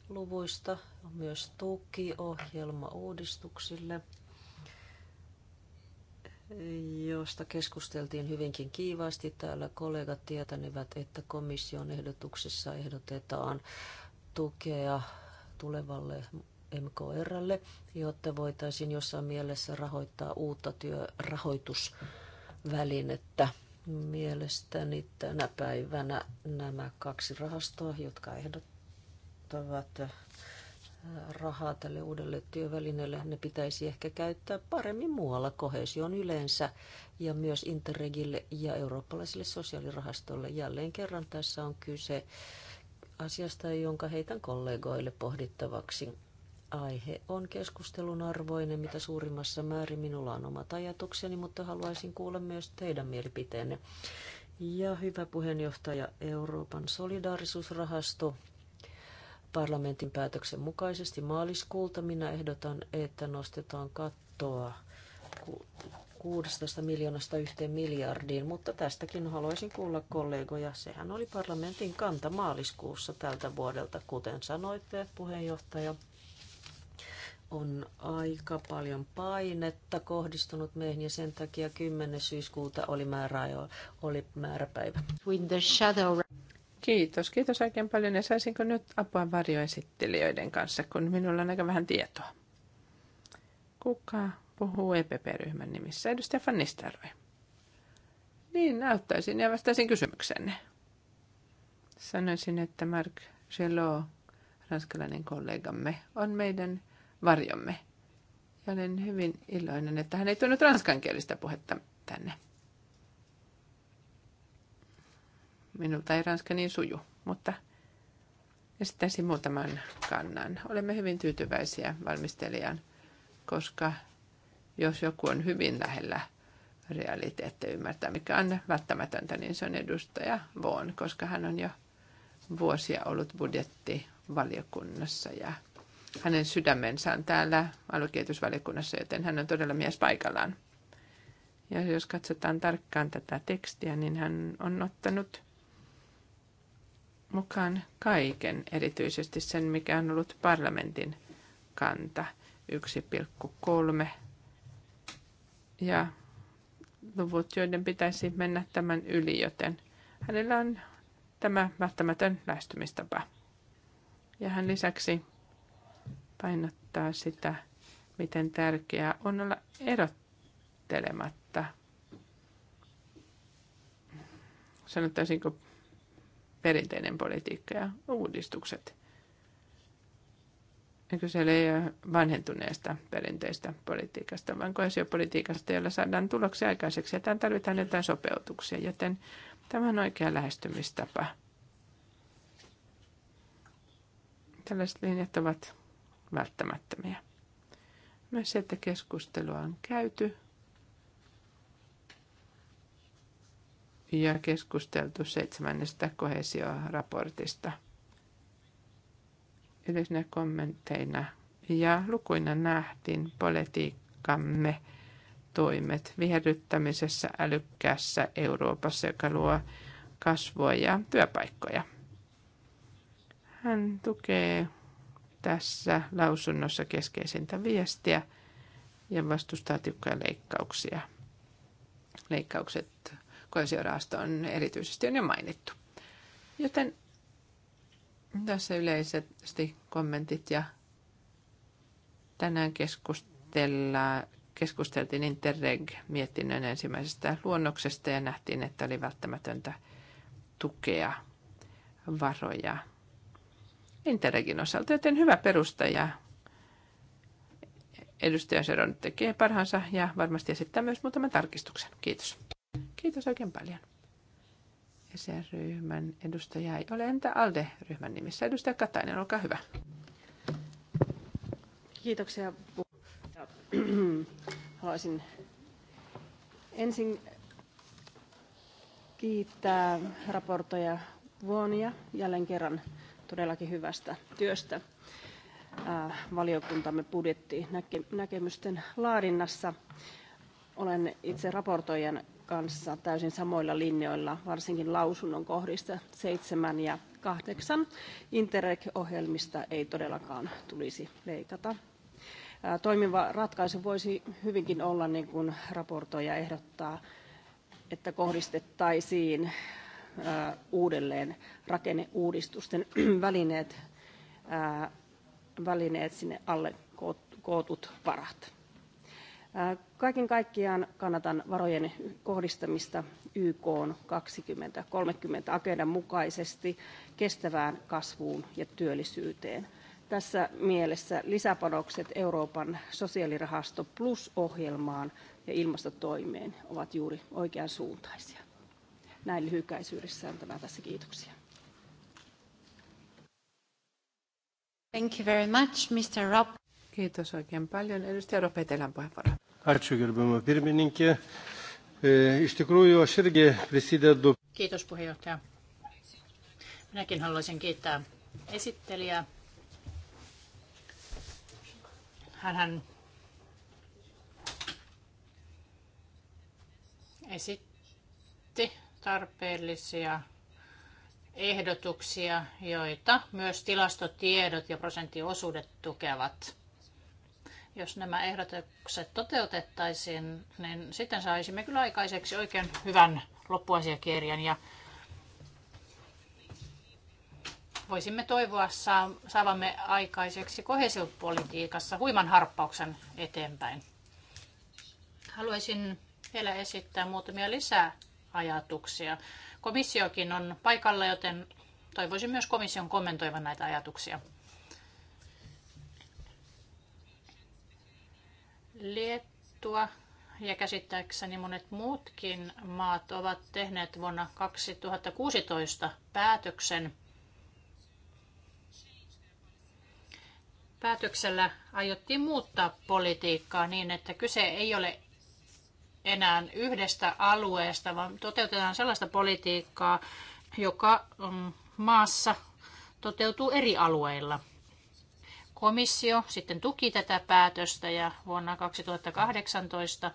luvuista on myös tukiohjelma uudistuksille, josta keskusteltiin hyvinkin kiivaasti. Täällä kollegat tietänevät, että komission ehdotuksessa ehdotetaan tukea tulevalle MKRlle, jotta voitaisiin jossain mielessä rahoittaa uutta työrahoitusvälinettä. Mielestäni tänä päivänä nämä kaksi rahastoa, jotka ehdot, käyttävät äh, rahaa tälle uudelle työvälineelle, ne pitäisi ehkä käyttää paremmin muualla kohesioon yleensä ja myös Interregille ja eurooppalaiselle sosiaalirahastolle. Jälleen kerran tässä on kyse asiasta, jonka heitän kollegoille pohdittavaksi. Aihe on keskustelun arvoinen, mitä suurimmassa määrin minulla on omat ajatukseni, mutta haluaisin kuulla myös teidän mielipiteenne. Ja hyvä puheenjohtaja, Euroopan solidaarisuusrahasto parlamentin päätöksen mukaisesti maaliskuulta. Minä ehdotan, että nostetaan kattoa 16 miljoonasta yhteen miljardiin, mutta tästäkin haluaisin kuulla kollegoja. Sehän oli parlamentin kanta maaliskuussa tältä vuodelta, kuten sanoitte, puheenjohtaja. On aika paljon painetta kohdistunut meihin ja sen takia 10. syyskuuta oli, määrä, oli määräpäivä. With the shadow... Kiitos, kiitos oikein paljon. Ja saisinko nyt apua varjoesittelijöiden kanssa, kun minulla on aika vähän tietoa? Kuka puhuu EPP-ryhmän nimissä? Edustaja Van Niin, auttaisin ja vastaisin kysymyksenne. Sanoisin, että Mark Gelot, ranskalainen kollegamme, on meidän varjomme. Ja olen hyvin iloinen, että hän ei tuonut ranskankielistä puhetta tänne. minulta ei ranska niin suju, mutta esittäisin muutaman kannan. Olemme hyvin tyytyväisiä valmistelijan, koska jos joku on hyvin lähellä realiteetteja ymmärtää, mikä on välttämätöntä, niin se on edustaja Voon, koska hän on jo vuosia ollut budjettivaliokunnassa ja hänen sydämensä on täällä alukehitysvaliokunnassa, joten hän on todella mies paikallaan. Ja jos katsotaan tarkkaan tätä tekstiä, niin hän on ottanut mukaan kaiken, erityisesti sen, mikä on ollut parlamentin kanta 1,3 ja luvut, joiden pitäisi mennä tämän yli, joten hänellä on tämä välttämätön lähestymistapa. Ja hän lisäksi painottaa sitä, miten tärkeää on olla erottelematta. Sanottaisinko perinteinen politiikka ja uudistukset. Kyse ei ole vanhentuneesta perinteistä politiikasta, vaan koesiopolitiikasta, jolla saadaan tuloksia aikaiseksi. Ja tämän tarvitaan jotain sopeutuksia, joten tämä on oikea lähestymistapa. Tällaiset linjat ovat välttämättömiä. Myös se, että keskustelua on käyty ja keskusteltu seitsemännestä kohesioraportista yleisinä kommentteina ja lukuina nähtiin politiikkamme toimet viherryttämisessä älykkäässä Euroopassa, joka luo kasvua ja työpaikkoja. Hän tukee tässä lausunnossa keskeisintä viestiä ja vastustaa tiukkoja leikkauksia. Leikkaukset on erityisesti on jo mainittu. Joten tässä yleisesti kommentit ja tänään keskustellaan keskusteltiin Interreg-mietinnön ensimmäisestä luonnoksesta ja nähtiin, että oli välttämätöntä tukea varoja Interregin osalta, joten hyvä perusta ja edustaja Seron tekee parhaansa ja varmasti esittää myös muutaman tarkistuksen. Kiitos. Kiitos oikein paljon. SR-ryhmän edustaja ei ole. Entä ALDE-ryhmän nimissä? Edustaja Katainen, olkaa hyvä. Kiitoksia. Haluaisin ensin kiittää raportoja Vuonia jälleen kerran todellakin hyvästä työstä valiokuntamme budjettinäkemysten laadinnassa. Olen itse raportoijan kanssa täysin samoilla linjoilla, varsinkin lausunnon kohdista 7 ja 8. Interreg-ohjelmista ei todellakaan tulisi leikata. Toimiva ratkaisu voisi hyvinkin olla, niin kuin raportoija ehdottaa, että kohdistettaisiin uudelleen rakenneuudistusten välineet, välineet sinne alle kootut varat. Kaiken kaikkiaan kannatan varojen kohdistamista YK 2030 agendan mukaisesti kestävään kasvuun ja työllisyyteen. Tässä mielessä lisäpanokset Euroopan sosiaalirahasto Plus-ohjelmaan ja ilmastotoimeen ovat juuri oikean suuntaisia. Näin lyhykäisyydessään tämä tässä. Kiitoksia. Thank you very much, Mr. Rob. Kiitos oikein paljon. Edustaja Ropetelän puheenvuoro. Ačiū gerbama pirmininkė. E, iš tikrųjų, aš irgi prisidedu. Kiitos puheenjohtaja. Minäkin haluaisin kiittää esittelijää. Hänhän esitti tarpeellisia ehdotuksia, joita myös tilastotiedot ja prosenttiosuudet tukevat. Jos nämä ehdotukset toteutettaisiin, niin sitten saisimme kyllä aikaiseksi oikein hyvän loppuasiakirjan ja voisimme toivoa saavamme aikaiseksi kohesiopolitiikassa huiman harppauksen eteenpäin. Haluaisin vielä esittää muutamia lisää ajatuksia. Komissiokin on paikalla, joten toivoisin myös komission kommentoivan näitä ajatuksia. Liettua ja käsittääkseni monet muutkin maat ovat tehneet vuonna 2016 päätöksen. Päätöksellä aiottiin muuttaa politiikkaa niin, että kyse ei ole enää yhdestä alueesta, vaan toteutetaan sellaista politiikkaa, joka mm, maassa toteutuu eri alueilla – Komissio sitten tuki tätä päätöstä ja vuonna 2018,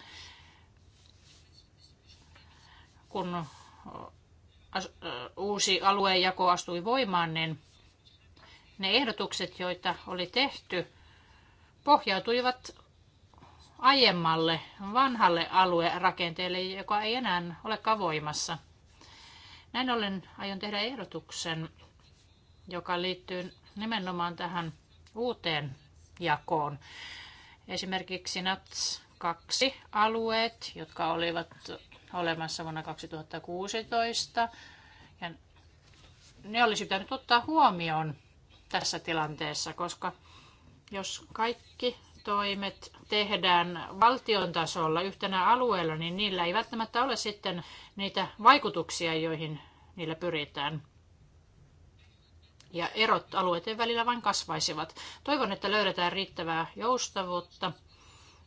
kun uusi aluejako astui voimaan, niin ne ehdotukset, joita oli tehty, pohjautuivat aiemmalle vanhalle aluerakenteelle, joka ei enää olekaan voimassa. Näin ollen aion tehdä ehdotuksen, joka liittyy nimenomaan tähän uuteen jakoon. Esimerkiksi NATS 2 alueet, jotka olivat olemassa vuonna 2016, ja ne olisi pitänyt ottaa huomioon tässä tilanteessa, koska jos kaikki toimet tehdään valtion tasolla yhtenä alueella, niin niillä ei välttämättä ole sitten niitä vaikutuksia, joihin niillä pyritään ja erot alueiden välillä vain kasvaisivat. Toivon, että löydetään riittävää joustavuutta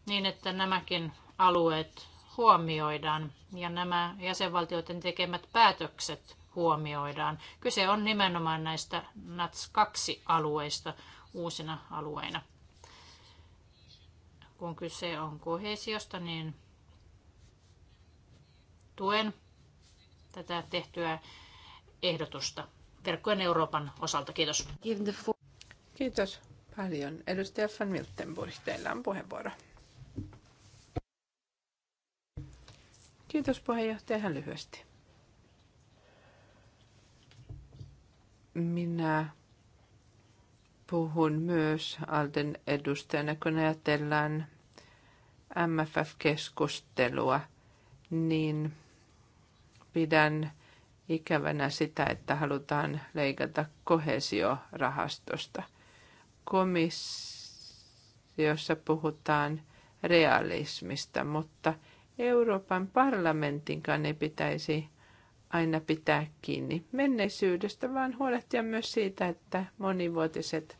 niin, että nämäkin alueet huomioidaan ja nämä jäsenvaltioiden tekemät päätökset huomioidaan. Kyse on nimenomaan näistä NATS 2-alueista uusina alueina. Kun kyse on kohesiosta, niin tuen tätä tehtyä ehdotusta verkkojen Euroopan osalta. Kiitos. Kiitos paljon. Edustaja Van Miltenburg, teillä on puheenvuoro. Kiitos puheenjohtaja, hän lyhyesti. Minä puhun myös Alden edustajana, kun ajatellaan MFF-keskustelua, niin pidän ikävänä sitä, että halutaan leikata kohesiorahastosta. Komissiossa puhutaan realismista, mutta Euroopan parlamentinkaan ei pitäisi aina pitää kiinni menneisyydestä, vaan huolehtia myös siitä, että monivuotiset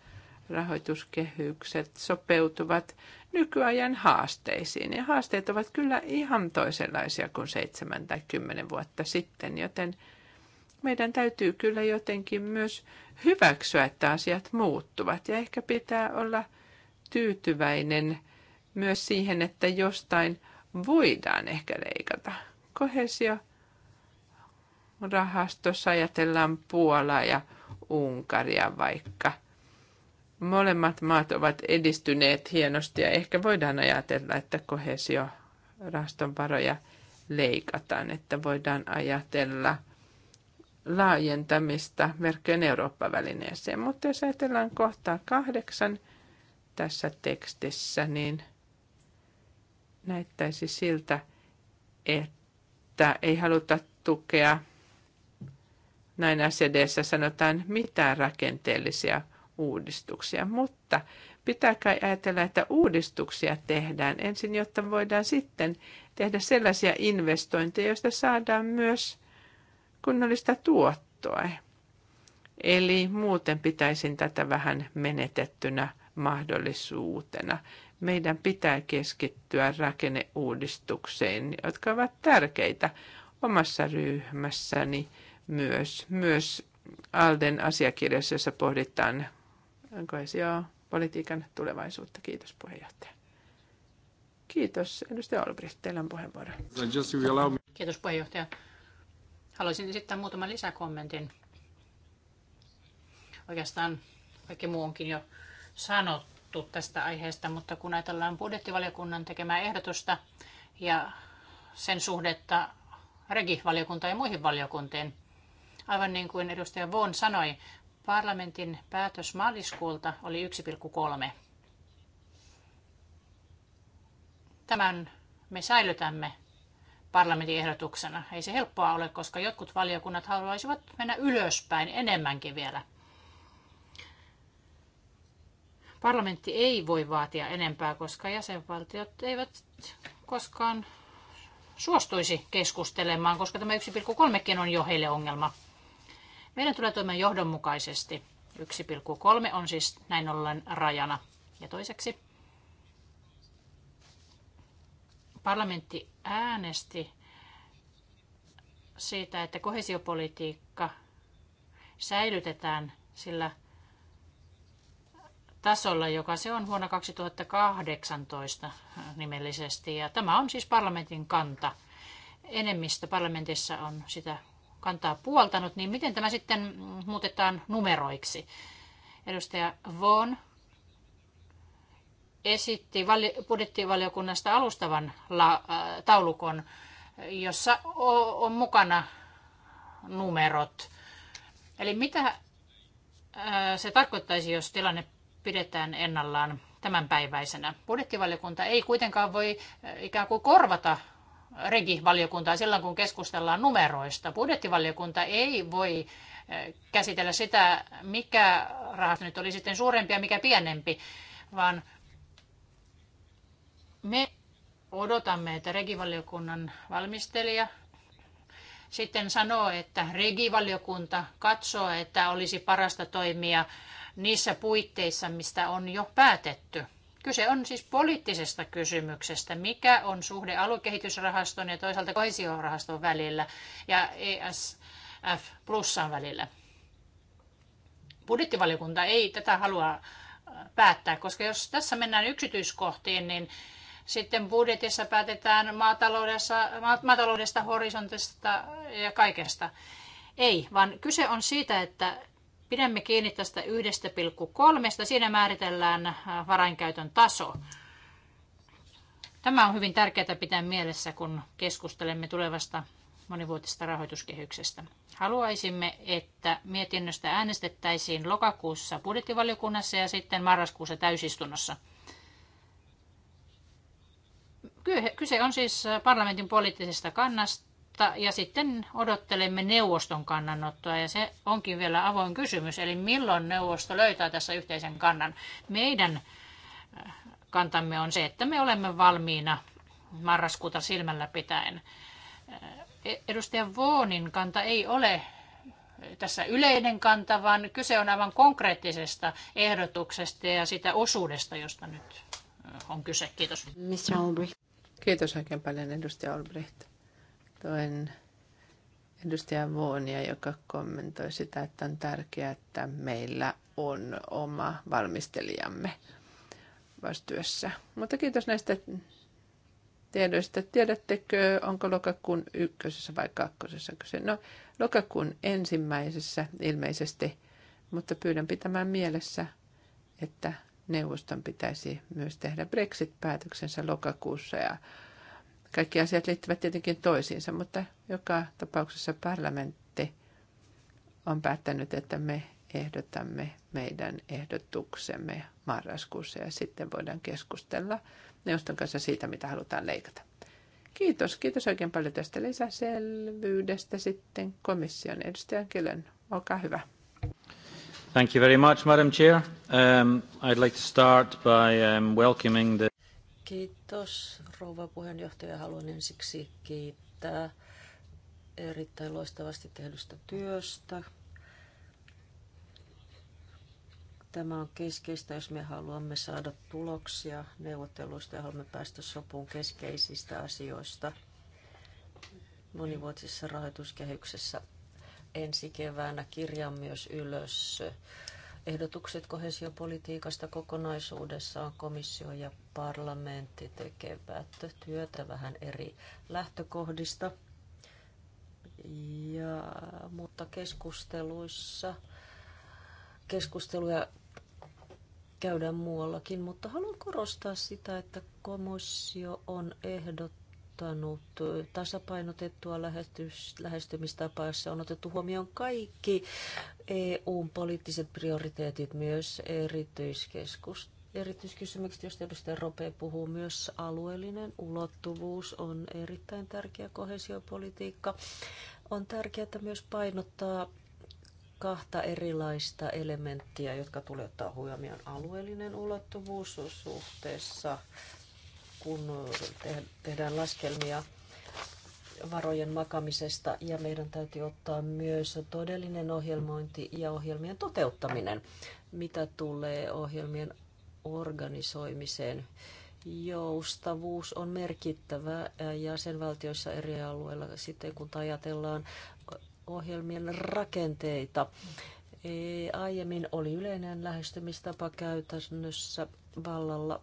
rahoituskehykset sopeutuvat nykyajan haasteisiin. Ja haasteet ovat kyllä ihan toisenlaisia kuin 70 vuotta sitten, joten meidän täytyy kyllä jotenkin myös hyväksyä, että asiat muuttuvat. Ja ehkä pitää olla tyytyväinen myös siihen, että jostain voidaan ehkä leikata. Kohesio rahastossa ajatellaan Puolaa ja Unkaria vaikka. Molemmat maat ovat edistyneet hienosti ja ehkä voidaan ajatella, että kohesio rahaston varoja leikataan, että voidaan ajatella – laajentamista verkkojen Eurooppa-välineeseen. Mutta jos ajatellaan kohtaa kahdeksan tässä tekstissä, niin näyttäisi siltä, että ei haluta tukea, näin SEDssä sanotaan, mitään rakenteellisia uudistuksia, mutta pitää kai ajatella, että uudistuksia tehdään ensin, jotta voidaan sitten tehdä sellaisia investointeja, joista saadaan myös – kunnollista tuottoa. Eli muuten pitäisin tätä vähän menetettynä mahdollisuutena. Meidän pitää keskittyä rakenneuudistukseen, jotka ovat tärkeitä omassa ryhmässäni myös. Myös Alden asiakirjassa, jossa pohditaan politiikan tulevaisuutta. Kiitos puheenjohtaja. Kiitos. Edustaja Olbrich, teillä on puheenvuoro. Kiitos puheenjohtaja Haluaisin esittää muutaman lisäkommentin. Oikeastaan kaikki muu onkin jo sanottu tästä aiheesta, mutta kun ajatellaan budjettivaliokunnan tekemää ehdotusta ja sen suhdetta regivaliokuntaan ja muihin valiokuntiin, aivan niin kuin edustaja Von sanoi, parlamentin päätös maaliskuulta oli 1,3. Tämän me säilytämme parlamentin ehdotuksena. Ei se helppoa ole, koska jotkut valiokunnat haluaisivat mennä ylöspäin enemmänkin vielä. Parlamentti ei voi vaatia enempää, koska jäsenvaltiot eivät koskaan suostuisi keskustelemaan, koska tämä 1,3kin on jo heille ongelma. Meidän tulee toimia johdonmukaisesti. 1,3 on siis näin ollen rajana. Ja toiseksi parlamentti äänesti siitä, että kohesiopolitiikka säilytetään sillä tasolla, joka se on vuonna 2018 nimellisesti. Ja tämä on siis parlamentin kanta. Enemmistö parlamentissa on sitä kantaa puoltanut, niin miten tämä sitten muutetaan numeroiksi? Edustaja Vaughan esitti budjettivaliokunnasta alustavan äh, taulukon, jossa on mukana numerot. Eli mitä äh, se tarkoittaisi, jos tilanne pidetään ennallaan tämänpäiväisenä? Budjettivaliokunta ei kuitenkaan voi äh, ikään kuin korvata regivaliokuntaa silloin, kun keskustellaan numeroista. Budjettivaliokunta ei voi käsitellä sitä, mikä rahasto nyt oli sitten suurempi ja mikä pienempi, vaan me odotamme, että regivaliokunnan valmistelija sitten sanoo, että regivaliokunta katsoo, että olisi parasta toimia niissä puitteissa, mistä on jo päätetty. Kyse on siis poliittisesta kysymyksestä, mikä on suhde aluekehitysrahaston ja toisaalta koisiorahaston välillä ja ESF plussan välillä. Budjettivaliokunta ei tätä halua päättää, koska jos tässä mennään yksityiskohtiin, niin sitten budjetissa päätetään maataloudessa, maataloudesta, horisontista ja kaikesta. Ei, vaan kyse on siitä, että pidämme kiinni tästä 1,3. Siinä määritellään äh, varainkäytön taso. Tämä on hyvin tärkeää pitää mielessä, kun keskustelemme tulevasta monivuotisesta rahoituskehyksestä. Haluaisimme, että mietinnöstä äänestettäisiin lokakuussa budjettivaliokunnassa ja sitten marraskuussa täysistunnossa. Kyse on siis parlamentin poliittisesta kannasta ja sitten odottelemme neuvoston kannanottoa ja se onkin vielä avoin kysymys. Eli milloin neuvosto löytää tässä yhteisen kannan? Meidän kantamme on se, että me olemme valmiina marraskuuta silmällä pitäen. E, edustaja Voonin kanta ei ole tässä yleinen kanta, vaan kyse on aivan konkreettisesta ehdotuksesta ja sitä osuudesta, josta nyt on kyse. Kiitos. Mr. Albrecht. Kiitos oikein paljon edustaja Olbricht. Toin edustaja Vuonia, joka kommentoi sitä, että on tärkeää, että meillä on oma valmistelijamme vastuussa. Mutta kiitos näistä tiedoista. Tiedättekö, onko lokakuun ykkösessä vai kakkosessa kyse? No, lokakuun ensimmäisessä ilmeisesti, mutta pyydän pitämään mielessä, että neuvoston pitäisi myös tehdä Brexit-päätöksensä lokakuussa ja kaikki asiat liittyvät tietenkin toisiinsa, mutta joka tapauksessa parlamentti on päättänyt, että me ehdotamme meidän ehdotuksemme marraskuussa ja sitten voidaan keskustella neuvoston kanssa siitä, mitä halutaan leikata. Kiitos, kiitos oikein paljon tästä lisäselvyydestä sitten komission edustajan Kilen. Olkaa hyvä. Kiitos, rouva puheenjohtaja. Haluan ensiksi kiittää erittäin loistavasti tehdystä työstä. Tämä on keskeistä, jos me haluamme saada tuloksia neuvotteluista ja haluamme päästä sopuun keskeisistä asioista monivuotisessa rahoituskehyksessä ensi keväänä kirjan myös ylös ehdotukset kohesiopolitiikasta kokonaisuudessaan komissio ja parlamentti tekevät työtä vähän eri lähtökohdista. Ja, mutta keskusteluissa keskusteluja käydään muuallakin, mutta haluan korostaa sitä, että komissio on ehdottanut ottanut tasapainotettua lähestymistapaa. jossa on otettu huomioon kaikki EUn poliittiset prioriteetit, myös erityiskeskus. Erityiskysymykset, joista edustaja Rope puhuu, myös alueellinen ulottuvuus on erittäin tärkeä kohesiopolitiikka. On tärkeää myös painottaa kahta erilaista elementtiä, jotka tulee ottaa huomioon. Alueellinen ulottuvuus suhteessa kun tehdään laskelmia varojen makamisesta ja meidän täytyy ottaa myös todellinen ohjelmointi ja ohjelmien toteuttaminen, mitä tulee ohjelmien organisoimiseen. Joustavuus on merkittävä jäsenvaltioissa eri alueilla sitten, kun ajatellaan ohjelmien rakenteita. Aiemmin oli yleinen lähestymistapa käytännössä vallalla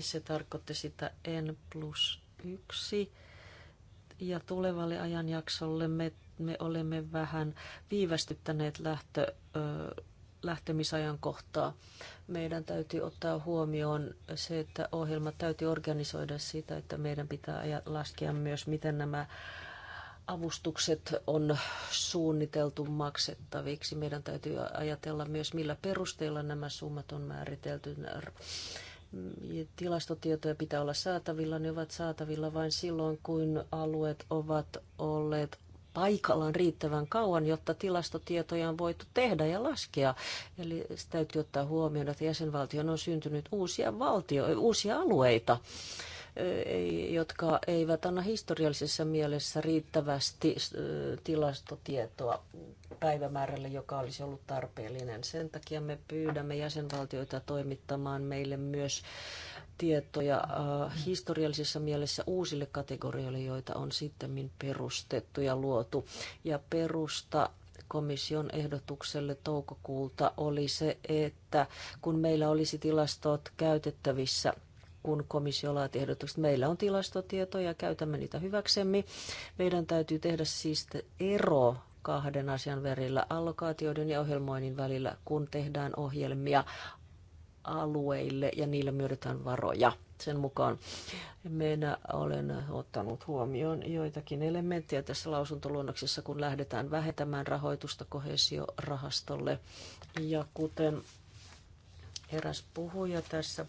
se tarkoitti sitä N plus 1. Ja tulevalle ajanjaksolle me, me olemme vähän viivästyttäneet lähtö, ö, lähtemisajan kohtaa. Meidän täytyy ottaa huomioon se, että ohjelma täytyy organisoida sitä, että meidän pitää laskea myös, miten nämä avustukset on suunniteltu maksettaviksi. Meidän täytyy ajatella myös, millä perusteella nämä summat on määritelty tilastotietoja pitää olla saatavilla. Ne ovat saatavilla vain silloin, kun alueet ovat olleet paikallaan riittävän kauan, jotta tilastotietoja on voitu tehdä ja laskea. Eli täytyy ottaa huomioon, että jäsenvaltioon on syntynyt uusia, valtio, uusia alueita jotka eivät anna historiallisessa mielessä riittävästi tilastotietoa päivämäärälle, joka olisi ollut tarpeellinen. Sen takia me pyydämme jäsenvaltioita toimittamaan meille myös tietoja äh, historiallisessa mielessä uusille kategorioille, joita on sitten perustettu ja luotu. Ja perusta komission ehdotukselle toukokuulta oli se, että kun meillä olisi tilastot käytettävissä – kun komissio laati ehdotukset. Meillä on tilastotietoja käytämme niitä hyväksemme. Meidän täytyy tehdä siis ero kahden asian verillä, allokaatioiden ja ohjelmoinnin välillä, kun tehdään ohjelmia alueille ja niillä myödytään varoja. Sen mukaan minä olen ottanut huomioon joitakin elementtejä tässä lausuntoluonnoksessa, kun lähdetään vähentämään rahoitusta kohesiorahastolle. Ja kuten eräs puhuja tässä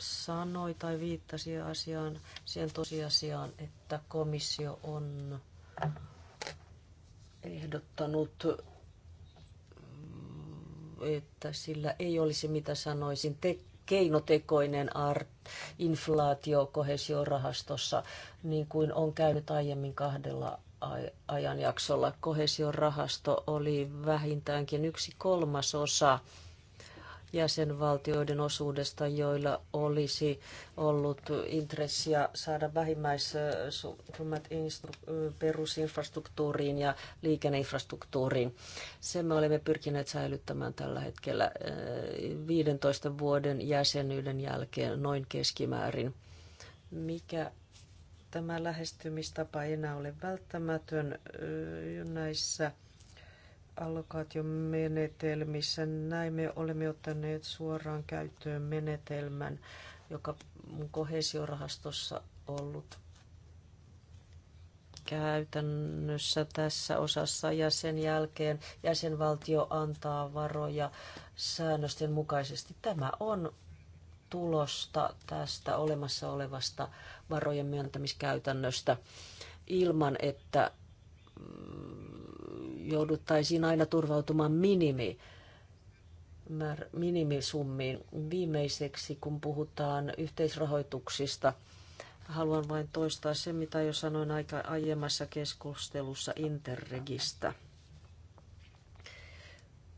sanoi tai viittasi asiaan, siihen tosiasiaan, että komissio on ehdottanut, että sillä ei olisi, mitä sanoisin, te- keinotekoinen art, inflaatio kohesiorahastossa, niin kuin on käynyt aiemmin kahdella ajanjaksolla. Kohesiorahasto oli vähintäänkin yksi kolmasosa jäsenvaltioiden osuudesta, joilla olisi ollut intressiä saada vähimmäissummat perusinfrastruktuuriin ja liikenneinfrastruktuuriin. Sen me olemme pyrkineet säilyttämään tällä hetkellä 15 eh, vuoden jäsenyyden jälkeen noin keskimäärin. Mikä tämä lähestymistapa ei enää ole välttämätön eh, näissä allokaatiomenetelmissä näin me olemme ottaneet suoraan käyttöön menetelmän, joka mun kohesiorahastossa ollut käytännössä tässä osassa ja sen jälkeen jäsenvaltio antaa varoja säännösten mukaisesti. Tämä on tulosta tästä olemassa olevasta varojen myöntämiskäytännöstä ilman, että jouduttaisiin aina turvautumaan minimi määr, minimisummiin. Viimeiseksi, kun puhutaan yhteisrahoituksista, haluan vain toistaa sen, mitä jo sanoin aika aiemmassa keskustelussa Interregistä.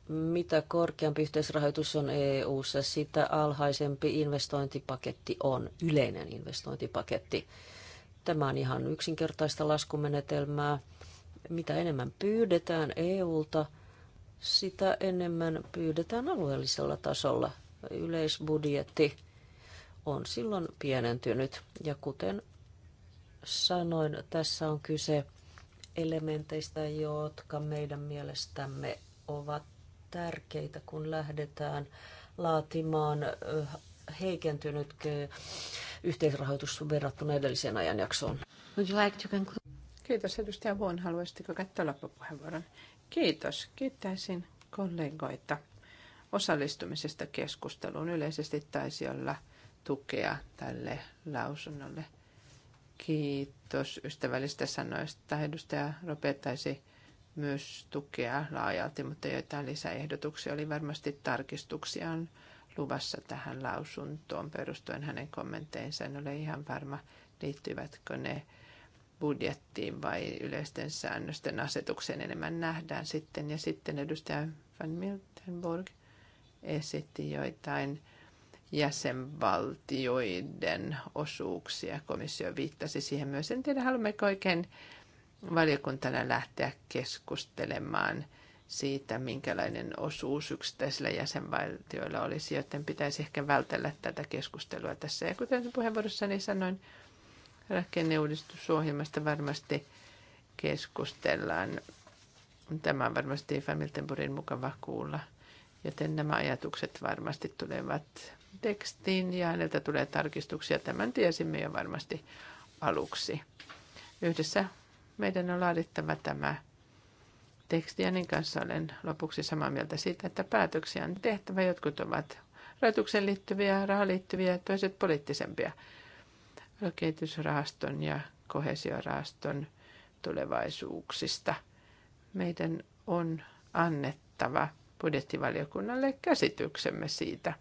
Mitä korkeampi yhteisrahoitus on EU:ssa, sitä alhaisempi investointipaketti on, yleinen investointipaketti. Tämä on ihan yksinkertaista laskumenetelmää mitä enemmän pyydetään EUlta, sitä enemmän pyydetään alueellisella tasolla. Yleisbudjetti on silloin pienentynyt. Ja kuten sanoin, tässä on kyse elementeistä, jotka meidän mielestämme ovat tärkeitä, kun lähdetään laatimaan heikentynyt yhteisrahoitus verrattuna edelliseen ajanjaksoon. Would you like to conclude? Kiitos edustaja Vuon. Haluaisitko käyttää loppupuheenvuoron? Kiitos. Kiittäisin kollegoita osallistumisesta keskusteluun. Yleisesti taisi olla tukea tälle lausunnolle. Kiitos ystävällistä sanoista. Edustaja Rope taisi myös tukea laajalti, mutta joitain lisäehdotuksia oli varmasti tarkistuksia on luvassa tähän lausuntoon perustuen hänen kommenteinsa En ole ihan varma, liittyvätkö ne budjettiin vai yleisten säännösten asetukseen enemmän nähdään sitten. Ja sitten edustaja Van Miltenborg esitti joitain jäsenvaltioiden osuuksia. Komissio viittasi siihen myös. En tiedä, haluammeko oikein valiokuntana lähteä keskustelemaan siitä, minkälainen osuus yksittäisillä jäsenvaltioilla olisi, joten pitäisi ehkä vältellä tätä keskustelua tässä. Ja kuten puheenvuorossani sanoin, rakenneuudistusohjelmasta varmasti keskustellaan. Tämä on varmasti Familtenburin mukava kuulla, joten nämä ajatukset varmasti tulevat tekstiin ja häneltä tulee tarkistuksia. Tämän tiesimme jo varmasti aluksi. Yhdessä meidän on laadittava tämä teksti. Janin kanssa olen lopuksi samaa mieltä siitä, että päätöksiä on tehtävä. Jotkut ovat rajoitukseen liittyviä, rahaan liittyviä, toiset poliittisempia kehitysrahaston ja kohesiorahaston tulevaisuuksista. Meidän on annettava budjettivaliokunnalle käsityksemme siitä,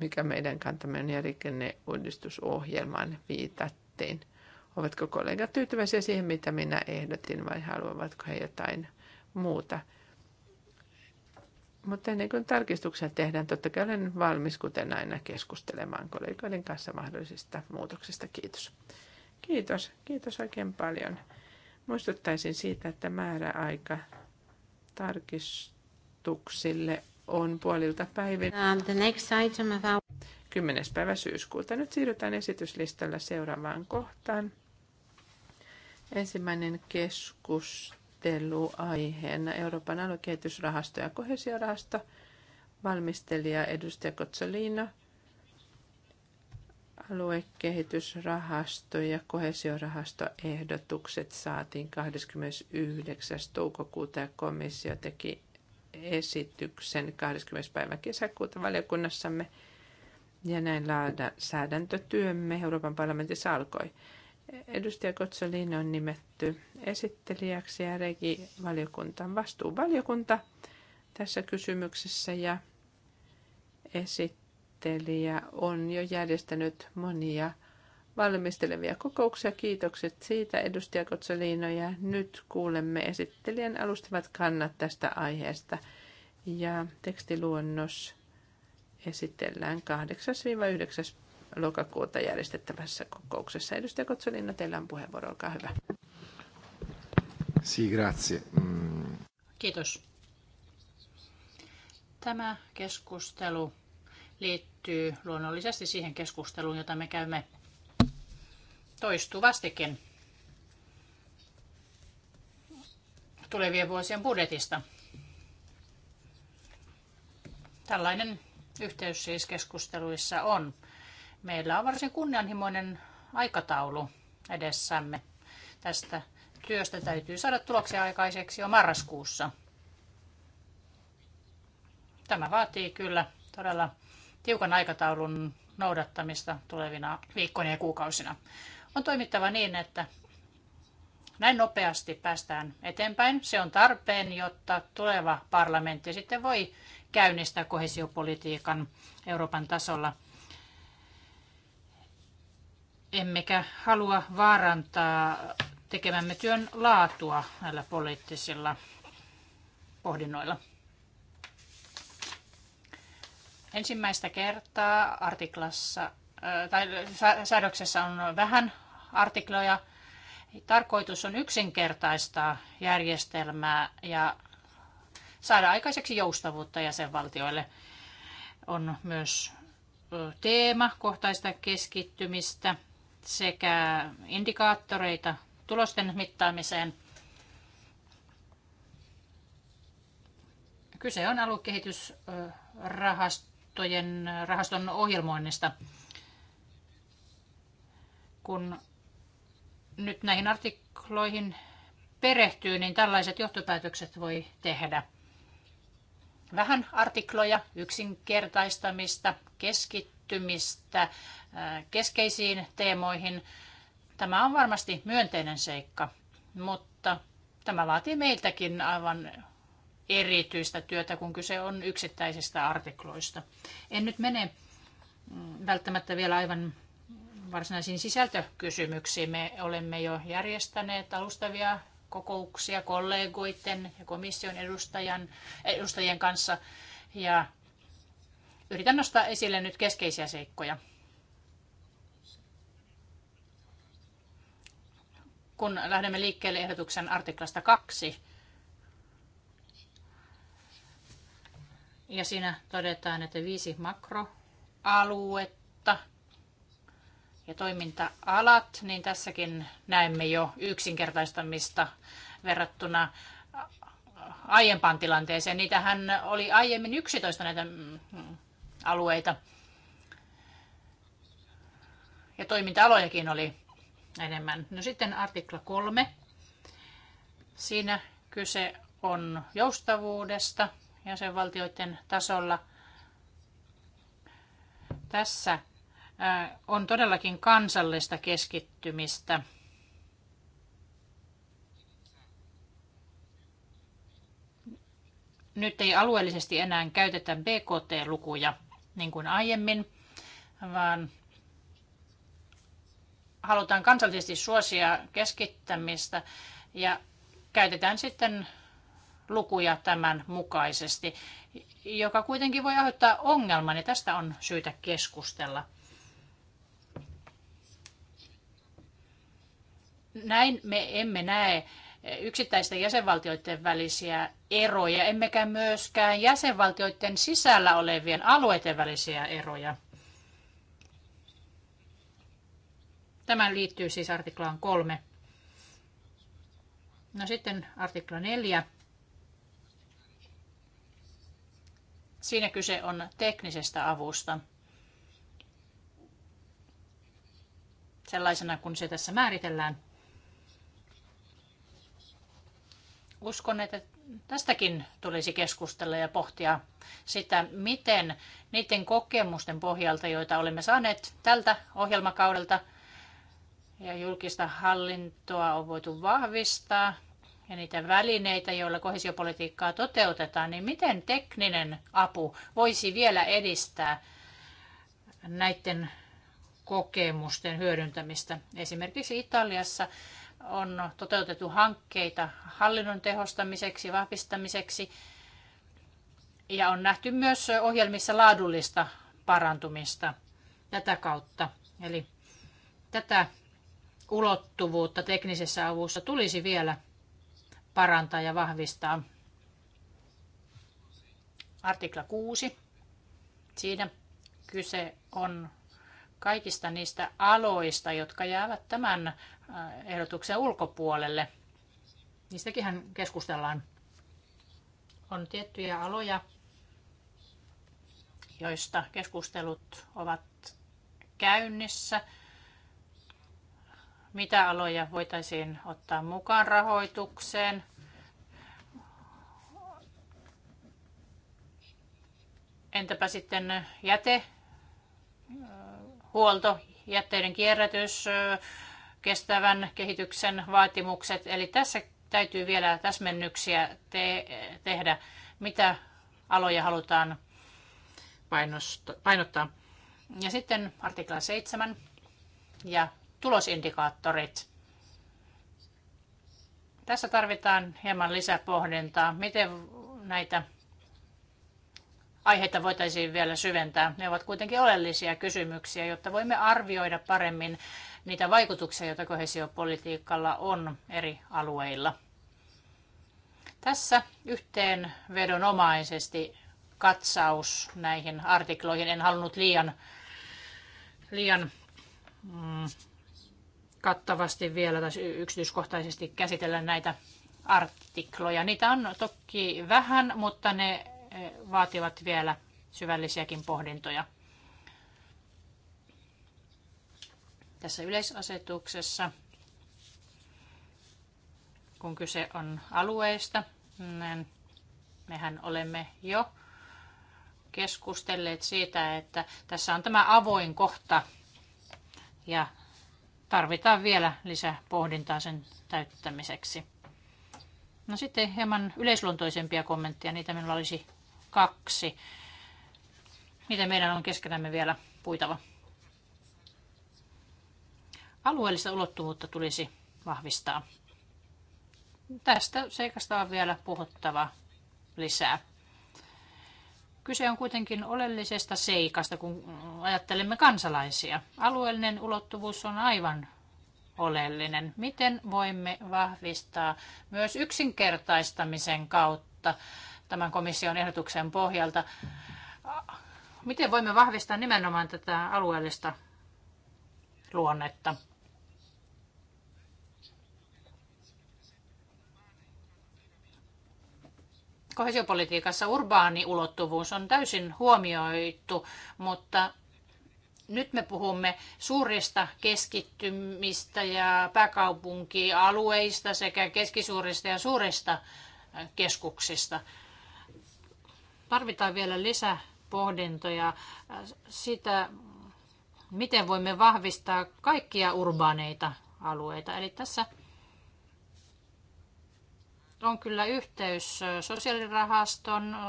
mikä meidän kantamme on ja rikenneuudistusohjelmaan viitattiin. Ovatko kollegat tyytyväisiä siihen, mitä minä ehdotin vai haluavatko he jotain muuta? Mutta ennen kuin tarkistuksia tehdään, totta kai olen valmis, kuten aina, keskustelemaan kollegoiden kanssa mahdollisista muutoksista. Kiitos. Kiitos. Kiitos oikein paljon. Muistuttaisin siitä, että määräaika tarkistuksille on puolilta päivin. Um, the next item of our... 10. päivä syyskuuta. Nyt siirrytään esityslistalla seuraavaan kohtaan. Ensimmäinen keskustelu valmistelu aiheena Euroopan aluekehitysrahasto ja kohesiorahasto. Valmistelija edustaja Kotsolino. Aluekehitysrahasto ja kohesiorahastoehdotukset saatiin 29. toukokuuta ja komissio teki esityksen 20. päivä kesäkuuta valiokunnassamme. Ja näin laada säädäntötyömme Euroopan parlamentissa alkoi. Edustaja Kotsolin on nimetty esittelijäksi ja regi vastuuvaliokunta tässä kysymyksessä ja esittelijä on jo järjestänyt monia valmistelevia kokouksia. Kiitokset siitä edustaja Kotsoliino ja nyt kuulemme esittelijän alustavat kannat tästä aiheesta ja tekstiluonnos esitellään 8-9 lokakuuta järjestettävässä kokouksessa. Edustaja Kotsolinna, teillä on puheenvuoro, olkaa hyvä. Si, grazie. Mm. Kiitos. Tämä keskustelu liittyy luonnollisesti siihen keskusteluun, jota me käymme toistuvastikin tulevien vuosien budjetista. Tällainen yhteys siis keskusteluissa on. Meillä on varsin kunnianhimoinen aikataulu edessämme. Tästä työstä täytyy saada tuloksia aikaiseksi jo marraskuussa. Tämä vaatii kyllä todella tiukan aikataulun noudattamista tulevina viikkoina ja kuukausina. On toimittava niin, että näin nopeasti päästään eteenpäin. Se on tarpeen, jotta tuleva parlamentti sitten voi käynnistää kohesiopolitiikan Euroopan tasolla – emmekä halua vaarantaa tekemämme työn laatua näillä poliittisilla pohdinnoilla. Ensimmäistä kertaa artiklassa, äh, tai säädöksessä on vähän artikloja. Tarkoitus on yksinkertaistaa järjestelmää ja saada aikaiseksi joustavuutta jäsenvaltioille. On myös teema kohtaista keskittymistä – sekä indikaattoreita tulosten mittaamiseen. Kyse on aluekehitysrahastojen rahaston ohjelmoinnista. Kun nyt näihin artikloihin perehtyy, niin tällaiset johtopäätökset voi tehdä vähän artikloja, yksinkertaistamista, keskittymistä äh, keskeisiin teemoihin. Tämä on varmasti myönteinen seikka, mutta tämä vaatii meiltäkin aivan erityistä työtä, kun kyse on yksittäisistä artikloista. En nyt mene mm, välttämättä vielä aivan varsinaisiin sisältökysymyksiin. Me olemme jo järjestäneet alustavia kokouksia kollegoiden ja komission edustajan, edustajien kanssa ja yritän nostaa esille nyt keskeisiä seikkoja. Kun lähdemme liikkeelle ehdotuksen artiklasta 2, ja siinä todetaan, että viisi makroaluetta ja toiminta-alat, niin tässäkin näemme jo yksinkertaistamista verrattuna aiempaan tilanteeseen. Niitähän oli aiemmin 11 näitä mm, mm, alueita. Ja toiminta-alojakin oli enemmän. No sitten artikla 3. Siinä kyse on joustavuudesta jäsenvaltioiden tasolla. Tässä on todellakin kansallista keskittymistä. Nyt ei alueellisesti enää käytetä BKT-lukuja niin kuin aiemmin, vaan halutaan kansallisesti suosia keskittämistä ja käytetään sitten lukuja tämän mukaisesti, joka kuitenkin voi aiheuttaa ongelman ja tästä on syytä keskustella. Näin me emme näe yksittäisten jäsenvaltioiden välisiä eroja, emmekä myöskään jäsenvaltioiden sisällä olevien alueiden välisiä eroja. Tämä liittyy siis artiklaan kolme. No sitten artikla neljä. Siinä kyse on teknisestä avusta. Sellaisena kuin se tässä määritellään. uskon, että tästäkin tulisi keskustella ja pohtia sitä, miten niiden kokemusten pohjalta, joita olemme saaneet tältä ohjelmakaudelta, ja julkista hallintoa on voitu vahvistaa ja niitä välineitä, joilla kohesiopolitiikkaa toteutetaan, niin miten tekninen apu voisi vielä edistää näiden kokemusten hyödyntämistä. Esimerkiksi Italiassa on toteutettu hankkeita hallinnon tehostamiseksi, vahvistamiseksi ja on nähty myös ohjelmissa laadullista parantumista tätä kautta. Eli tätä ulottuvuutta teknisessä avussa tulisi vielä parantaa ja vahvistaa. Artikla 6. Siinä kyse on kaikista niistä aloista, jotka jäävät tämän äh, ehdotuksen ulkopuolelle. Niistäkin keskustellaan. On tiettyjä aloja, joista keskustelut ovat käynnissä. Mitä aloja voitaisiin ottaa mukaan rahoitukseen? Entäpä sitten jäte huolto, jätteiden kierrätys, kestävän kehityksen vaatimukset. Eli tässä täytyy vielä täsmennyksiä te- tehdä, mitä aloja halutaan painottaa. Ja sitten artikla 7 ja tulosindikaattorit. Tässä tarvitaan hieman lisäpohdintaa, miten näitä aiheita voitaisiin vielä syventää. Ne ovat kuitenkin oleellisia kysymyksiä, jotta voimme arvioida paremmin niitä vaikutuksia, joita kohesiopolitiikalla on eri alueilla. Tässä yhteenvedonomaisesti katsaus näihin artikloihin. En halunnut liian, liian mm, kattavasti vielä tai yksityiskohtaisesti käsitellä näitä artikloja. Niitä on toki vähän, mutta ne vaativat vielä syvällisiäkin pohdintoja. Tässä yleisasetuksessa, kun kyse on alueista, niin mehän olemme jo keskustelleet siitä, että tässä on tämä avoin kohta ja tarvitaan vielä lisää pohdintaa sen täyttämiseksi. No sitten hieman yleisluontoisempia kommentteja, niitä minulla olisi kaksi. Mitä meidän on keskenämme vielä puitava. Alueellista ulottuvuutta tulisi vahvistaa. Tästä seikasta on vielä puhuttava lisää. Kyse on kuitenkin oleellisesta seikasta, kun ajattelemme kansalaisia. Alueellinen ulottuvuus on aivan oleellinen. Miten voimme vahvistaa myös yksinkertaistamisen kautta tämän komission ehdotuksen pohjalta. Miten voimme vahvistaa nimenomaan tätä alueellista luonnetta? kohesiopolitiikassa urbaani ulottuvuus on täysin huomioitu, mutta nyt me puhumme suurista keskittymistä ja pääkaupunkialueista sekä keskisuurista ja suurista keskuksista tarvitaan vielä lisäpohdintoja äh, sitä, miten voimme vahvistaa kaikkia urbaaneita alueita. Eli tässä on kyllä yhteys äh, sosiaalirahaston, äh,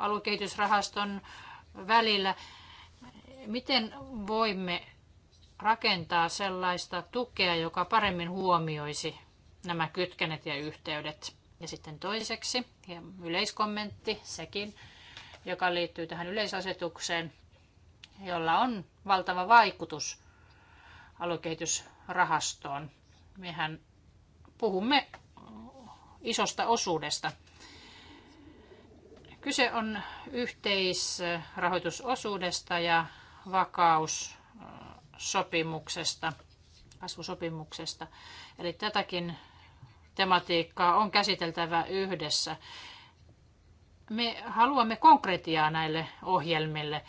aluekehitysrahaston välillä. Miten voimme rakentaa sellaista tukea, joka paremmin huomioisi nämä kytkenet ja yhteydet? Ja sitten toiseksi, ja yleiskommentti sekin, joka liittyy tähän yleisasetukseen, jolla on valtava vaikutus aluekehitysrahastoon. Mehän puhumme isosta osuudesta. Kyse on yhteisrahoitusosuudesta ja vakaussopimuksesta, kasvusopimuksesta. Eli tätäkin tematiikkaa on käsiteltävä yhdessä me haluamme konkretiaa näille ohjelmille.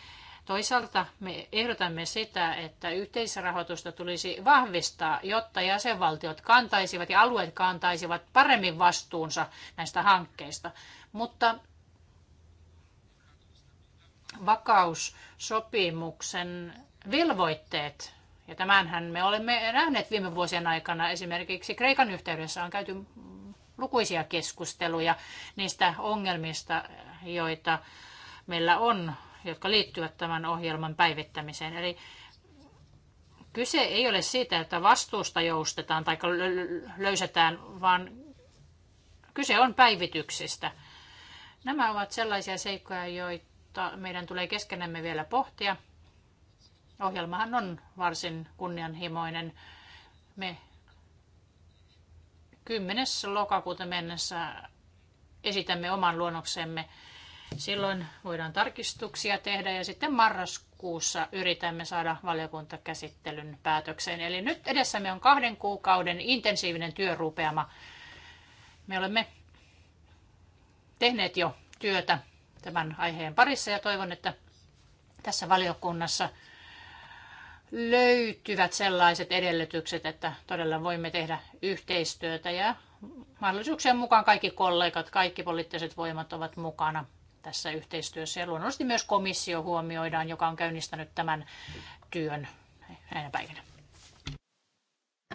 Toisaalta me ehdotamme sitä, että yhteisrahoitusta tulisi vahvistaa, jotta jäsenvaltiot kantaisivat ja alueet kantaisivat paremmin vastuunsa näistä hankkeista. Mutta vakaussopimuksen velvoitteet, ja tämänhän me olemme nähneet viime vuosien aikana, esimerkiksi Kreikan yhteydessä on käyty lukuisia keskusteluja niistä ongelmista, joita meillä on, jotka liittyvät tämän ohjelman päivittämiseen. Eli kyse ei ole siitä, että vastuusta joustetaan tai löysetään, vaan kyse on päivityksistä. Nämä ovat sellaisia seikkoja, joita meidän tulee keskenämme vielä pohtia. Ohjelmahan on varsin kunnianhimoinen. Me 10. lokakuuta mennessä esitämme oman luonnoksemme. Silloin voidaan tarkistuksia tehdä ja sitten marraskuussa yritämme saada valiokuntakäsittelyn päätökseen. Eli nyt edessämme on kahden kuukauden intensiivinen työrupeama. Me olemme tehneet jo työtä tämän aiheen parissa ja toivon, että tässä valiokunnassa – löytyvät sellaiset edellytykset, että todella voimme tehdä yhteistyötä ja mahdollisuuksien mukaan kaikki kollegat, kaikki poliittiset voimat ovat mukana tässä yhteistyössä ja luonnollisesti myös komissio huomioidaan, joka on käynnistänyt tämän työn näinä päivinä.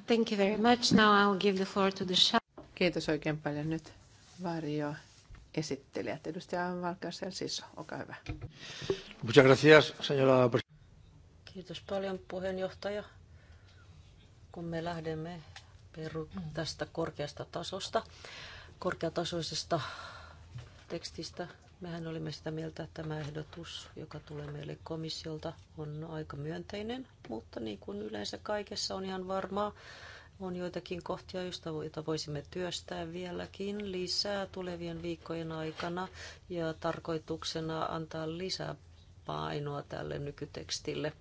Thank you very much. Now I'll give the floor to the shop. Kiitos oikein paljon nyt Varjo esittelijät. Edustaja Valkaisen Siso, olkaa hyvä. Muchas gracias, señora Kiitos paljon puheenjohtaja. Kun me lähdemme peru tästä korkeasta tasosta, korkeatasoisesta tekstistä, mehän olimme sitä mieltä, että tämä ehdotus, joka tulee meille komissiolta, on aika myönteinen, mutta niin kuin yleensä kaikessa on ihan varmaa, on joitakin kohtia, joita voisimme työstää vieläkin lisää tulevien viikkojen aikana ja tarkoituksena antaa lisää ainoa tälle nykytekstille.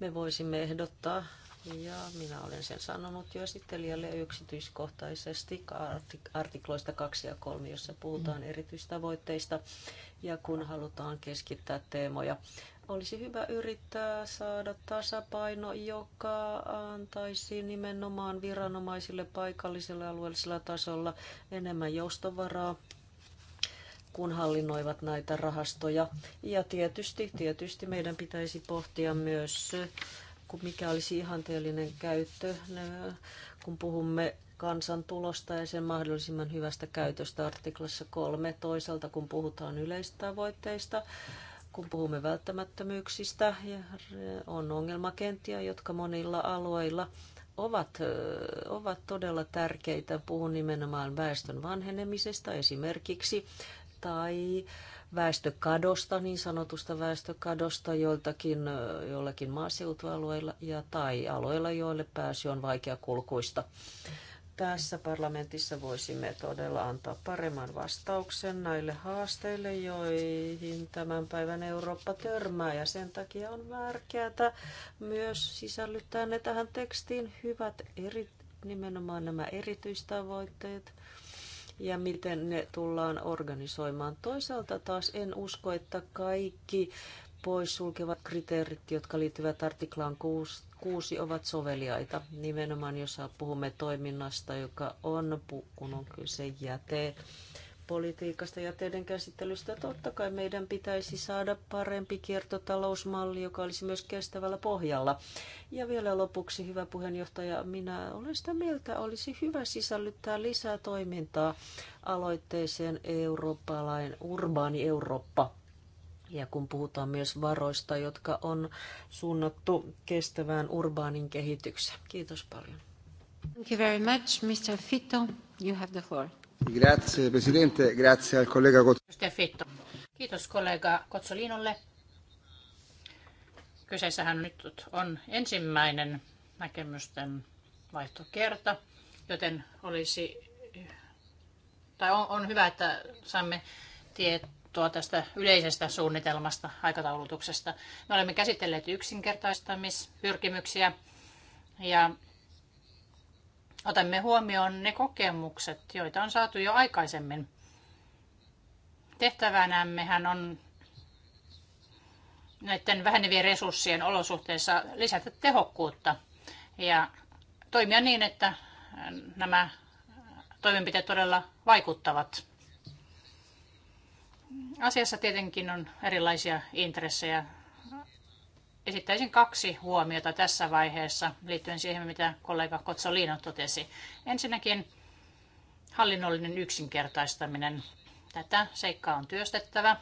Me voisimme ehdottaa, ja minä olen sen sanonut jo esittelijälle yksityiskohtaisesti artikloista 2 ja 3, jossa puhutaan mm. erityistavoitteista ja kun halutaan keskittää teemoja olisi hyvä yrittää saada tasapaino, joka antaisi nimenomaan viranomaisille paikallisella ja alueellisella tasolla enemmän joustovaraa kun hallinnoivat näitä rahastoja. Ja tietysti, tietysti meidän pitäisi pohtia myös, mikä olisi ihanteellinen käyttö, kun puhumme kansantulosta ja sen mahdollisimman hyvästä käytöstä artiklassa kolme Toisaalta kun puhutaan yleistavoitteista, kun puhumme välttämättömyyksistä, on ongelmakenttiä, jotka monilla alueilla ovat, ovat todella tärkeitä. Puhun nimenomaan väestön vanhenemisesta esimerkiksi tai väestökadosta, niin sanotusta väestökadosta joiltakin, joillakin maaseutualueilla ja tai aloilla, joille pääsy on vaikea kulkuista. Tässä parlamentissa voisimme todella antaa paremman vastauksen näille haasteille, joihin tämän päivän Eurooppa törmää. Ja sen takia on tärkeää myös sisällyttää ne tähän tekstiin hyvät eri, nimenomaan nämä erityistavoitteet – ja miten ne tullaan organisoimaan. Toisaalta taas en usko, että kaikki poissulkevat kriteerit, jotka liittyvät artiklaan 6, 6 ovat soveliaita. Nimenomaan jos puhumme toiminnasta, joka on, pukkunut, kyse jäte, politiikasta ja teidän käsittelystä. Totta kai meidän pitäisi saada parempi kiertotalousmalli, joka olisi myös kestävällä pohjalla. Ja vielä lopuksi, hyvä puheenjohtaja, minä olen sitä mieltä, olisi hyvä sisällyttää lisää toimintaa aloitteeseen eurooppalainen urbaani Eurooppa. Ja kun puhutaan myös varoista, jotka on suunnattu kestävään urbaanin kehitykseen. Kiitos paljon. Thank you very much, Mr. Fito. You have the floor. Grazie, presidente. Grazie al collega Kiitos kollega Kotsolinolle. Kyseessähän nyt on ensimmäinen näkemysten vaihtokerta, joten olisi, tai on, on hyvä, että saamme tietoa tästä yleisestä suunnitelmasta, aikataulutuksesta. Me olemme käsitelleet yksinkertaistamispyrkimyksiä ja otamme huomioon ne kokemukset, joita on saatu jo aikaisemmin. Tehtävänämmehän on näiden vähenevien resurssien olosuhteissa lisätä tehokkuutta ja toimia niin, että nämä toimenpiteet todella vaikuttavat. Asiassa tietenkin on erilaisia intressejä esittäisin kaksi huomiota tässä vaiheessa liittyen siihen, mitä kollega Kotsolino totesi. Ensinnäkin hallinnollinen yksinkertaistaminen. Tätä seikkaa on työstettävä.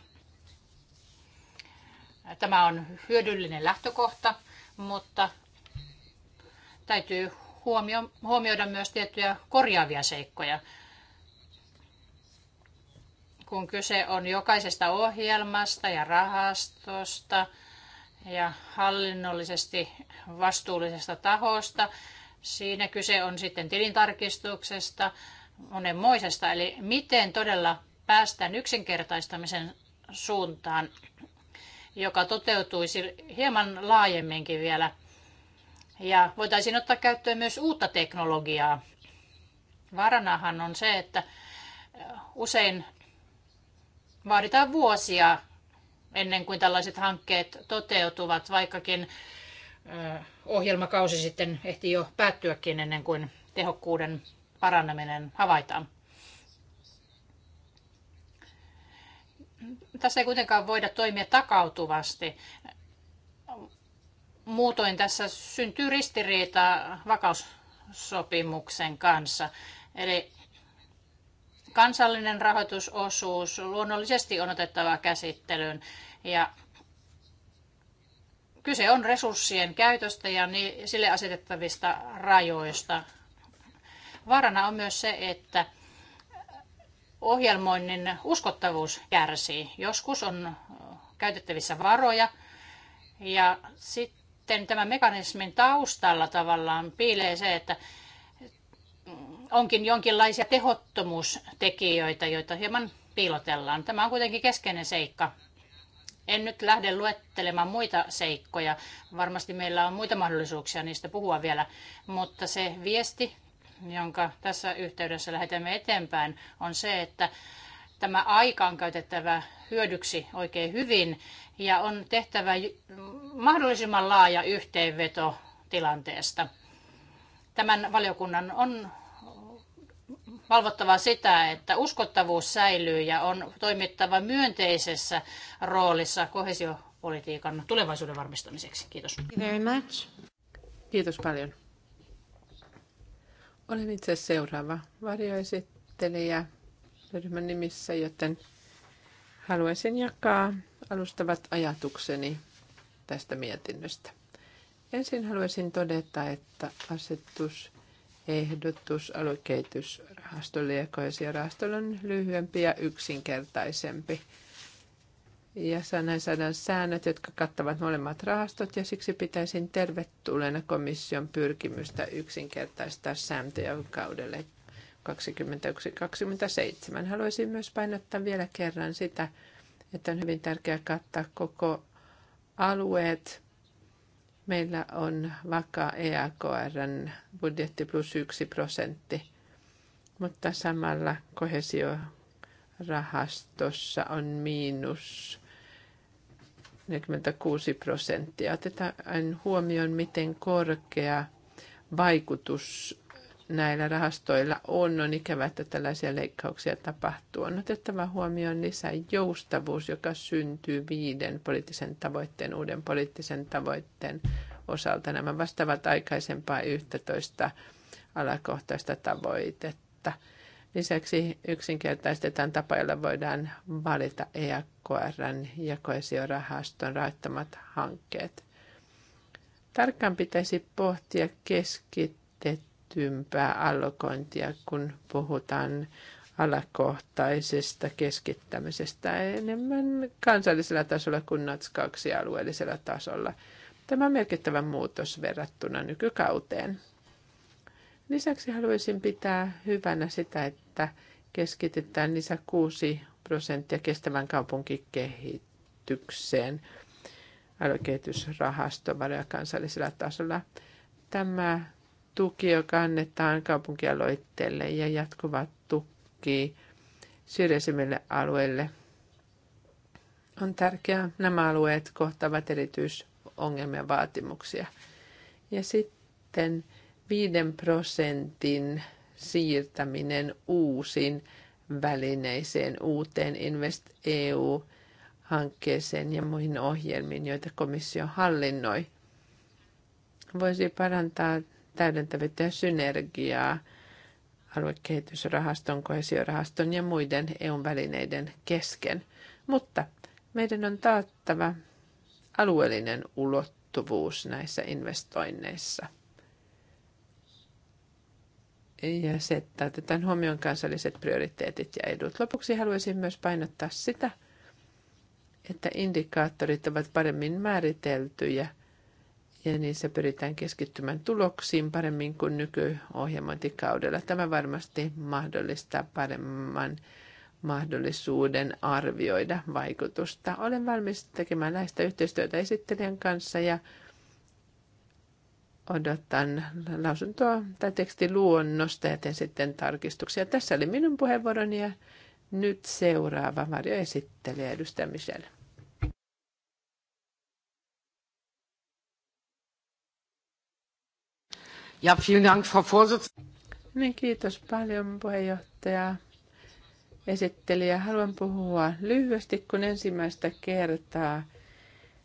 Tämä on hyödyllinen lähtökohta, mutta täytyy huomioida myös tiettyjä korjaavia seikkoja. Kun kyse on jokaisesta ohjelmasta ja rahastosta, ja hallinnollisesti vastuullisesta tahosta. Siinä kyse on sitten tilintarkistuksesta, monenmoisesta, eli miten todella päästään yksinkertaistamisen suuntaan, joka toteutuisi hieman laajemminkin vielä. Ja voitaisiin ottaa käyttöön myös uutta teknologiaa. Varanahan on se, että usein vaaditaan vuosia ennen kuin tällaiset hankkeet toteutuvat, vaikkakin ohjelmakausi sitten ehti jo päättyäkin ennen kuin tehokkuuden paranneminen havaitaan. Tässä ei kuitenkaan voida toimia takautuvasti. Muutoin tässä syntyy ristiriita vakaussopimuksen kanssa. Eli kansallinen rahoitusosuus luonnollisesti on otettava käsittelyyn ja kyse on resurssien käytöstä ja sille asetettavista rajoista. Vaarana on myös se, että ohjelmoinnin uskottavuus kärsii. Joskus on käytettävissä varoja ja sitten tämän mekanismin taustalla tavallaan piilee se, että onkin jonkinlaisia tehottomuustekijöitä, joita hieman piilotellaan. Tämä on kuitenkin keskeinen seikka. En nyt lähde luettelemaan muita seikkoja. Varmasti meillä on muita mahdollisuuksia niistä puhua vielä, mutta se viesti, jonka tässä yhteydessä lähetämme eteenpäin, on se, että tämä aika on käytettävä hyödyksi oikein hyvin ja on tehtävä mahdollisimman laaja yhteenveto tilanteesta. Tämän valiokunnan on valvottava sitä, että uskottavuus säilyy ja on toimittava myönteisessä roolissa kohesiopolitiikan tulevaisuuden varmistamiseksi. Kiitos. Very much. Kiitos paljon. Olen itse seuraava varjoesittelijä ryhmän nimissä, joten haluaisin jakaa alustavat ajatukseni tästä mietinnöstä. Ensin haluaisin todeta, että asetus, ehdotus, asetusehdotus rahastolle ja kohesiorahastolle on lyhyempi ja yksinkertaisempi. Ja näin saadaan säännöt, jotka kattavat molemmat rahastot, ja siksi pitäisin tervetulleena komission pyrkimystä yksinkertaistaa sääntöjä kaudelle 2021-2027. Haluaisin myös painottaa vielä kerran sitä, että on hyvin tärkeää kattaa koko alueet. Meillä on vakaa EAKRn budjetti plus yksi prosentti mutta samalla kohesiorahastossa on miinus 46 prosenttia. Otetaan huomioon, miten korkea vaikutus näillä rahastoilla on. On ikävä, että tällaisia leikkauksia tapahtuu. On otettava huomioon lisää joustavuus, joka syntyy viiden poliittisen tavoitteen, uuden poliittisen tavoitteen osalta. Nämä vastaavat aikaisempaa 11 alakohtaista tavoitetta kautta. Lisäksi yksinkertaistetaan tapa, jolla voidaan valita EAKRn ja koesiorahaston rahoittamat hankkeet. Tarkkaan pitäisi pohtia keskitettympää allokointia, kun puhutaan alakohtaisesta keskittämisestä enemmän kansallisella tasolla kuin natskauksia alueellisella tasolla. Tämä on merkittävä muutos verrattuna nykykauteen. Lisäksi haluaisin pitää hyvänä sitä, että keskitetään lisä 6 prosenttia kestävän kaupunkikehitykseen aluekehitysrahastovaroja kansallisella tasolla. Tämä tuki, joka annetaan kaupunkialoitteelle ja jatkuva tuki syrjäisimmille alueille, on tärkeää. Nämä alueet kohtaavat erityisongelmia vaatimuksia. Ja sitten viiden prosentin siirtäminen uusiin välineiseen, uuteen Invest EU-hankkeeseen ja muihin ohjelmiin, joita komissio hallinnoi, voisi parantaa täydentävyyttä synergiaa aluekehitysrahaston, kohesiorahaston ja muiden eu välineiden kesken. Mutta meidän on taattava alueellinen ulottuvuus näissä investoinneissa – ja se, että otetaan huomioon kansalliset prioriteetit ja edut. Lopuksi haluaisin myös painottaa sitä, että indikaattorit ovat paremmin määriteltyjä ja niissä pyritään keskittymään tuloksiin paremmin kuin nykyohjelmointikaudella. Tämä varmasti mahdollistaa paremman mahdollisuuden arvioida vaikutusta. Olen valmis tekemään näistä yhteistyötä esittelijän kanssa ja odotan lausuntoa tai tekstiluonnosta ja teen sitten tarkistuksia. Tässä oli minun puheenvuoroni ja nyt seuraava Marjo esittelee edustaja Michelle. Ja, vielen Dank, Frau Vorsitzende. Niin, kiitos paljon puheenjohtaja esittelijä. Haluan puhua lyhyesti, kun ensimmäistä kertaa –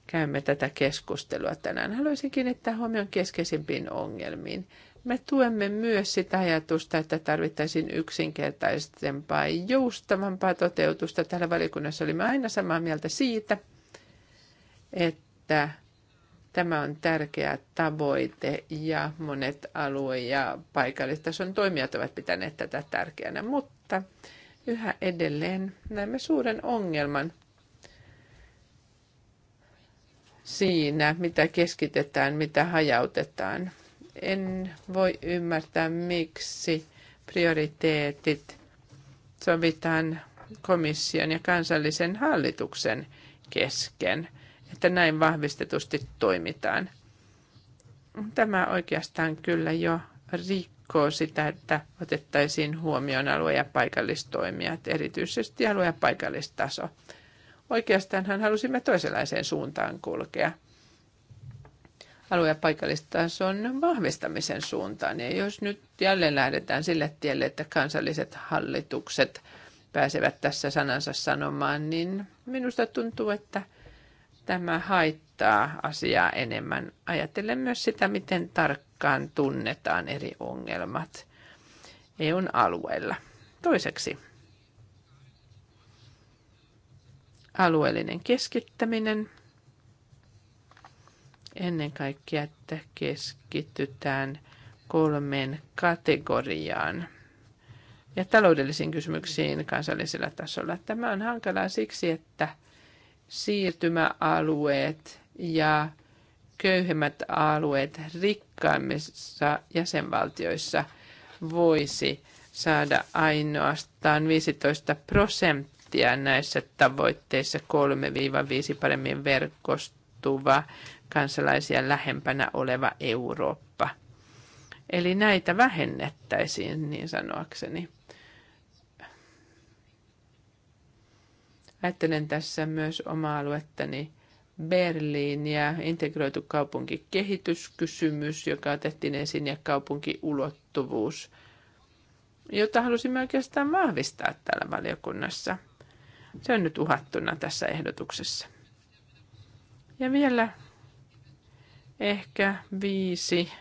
käymme tätä keskustelua tänään. Haluaisin kiinnittää huomion keskeisimpiin ongelmiin. Me tuemme myös sitä ajatusta, että tarvittaisiin yksinkertaisempaa ja joustavampaa toteutusta. Täällä valiokunnassa olimme aina samaa mieltä siitä, että tämä on tärkeä tavoite ja monet alue- ja paikallistason toimijat ovat pitäneet tätä tärkeänä, mutta yhä edelleen näemme suuren ongelman – siinä, mitä keskitetään, mitä hajautetaan. En voi ymmärtää, miksi prioriteetit sovitaan komission ja kansallisen hallituksen kesken, että näin vahvistetusti toimitaan. Tämä oikeastaan kyllä jo rikkoo sitä, että otettaisiin huomioon alue- ja paikallistoimijat, erityisesti alue- ja paikallistaso. Oikeastaanhan halusimme toisenlaiseen suuntaan kulkea alue- ja paikallistason vahvistamisen suuntaan. Ja jos nyt jälleen lähdetään sille tielle, että kansalliset hallitukset pääsevät tässä sanansa sanomaan, niin minusta tuntuu, että tämä haittaa asiaa enemmän. Ajattelen myös sitä, miten tarkkaan tunnetaan eri ongelmat EUn alueella. Toiseksi, alueellinen keskittäminen. Ennen kaikkea, että keskitytään kolmeen kategoriaan ja taloudellisiin kysymyksiin kansallisella tasolla. Tämä on hankalaa siksi, että siirtymäalueet ja köyhemmät alueet rikkaimmissa jäsenvaltioissa voisi saada ainoastaan 15 prosenttia prosenttia näissä tavoitteissa 3-5 paremmin verkostuva kansalaisia lähempänä oleva Eurooppa. Eli näitä vähennettäisiin niin sanoakseni. Ajattelen tässä myös omaa aluettani Berliin ja integroitu kaupunkikehityskysymys, joka otettiin esiin, ja kaupunkiulottuvuus, jota halusimme oikeastaan vahvistaa täällä valiokunnassa. Se on nyt uhattuna tässä ehdotuksessa. Ja vielä ehkä viisi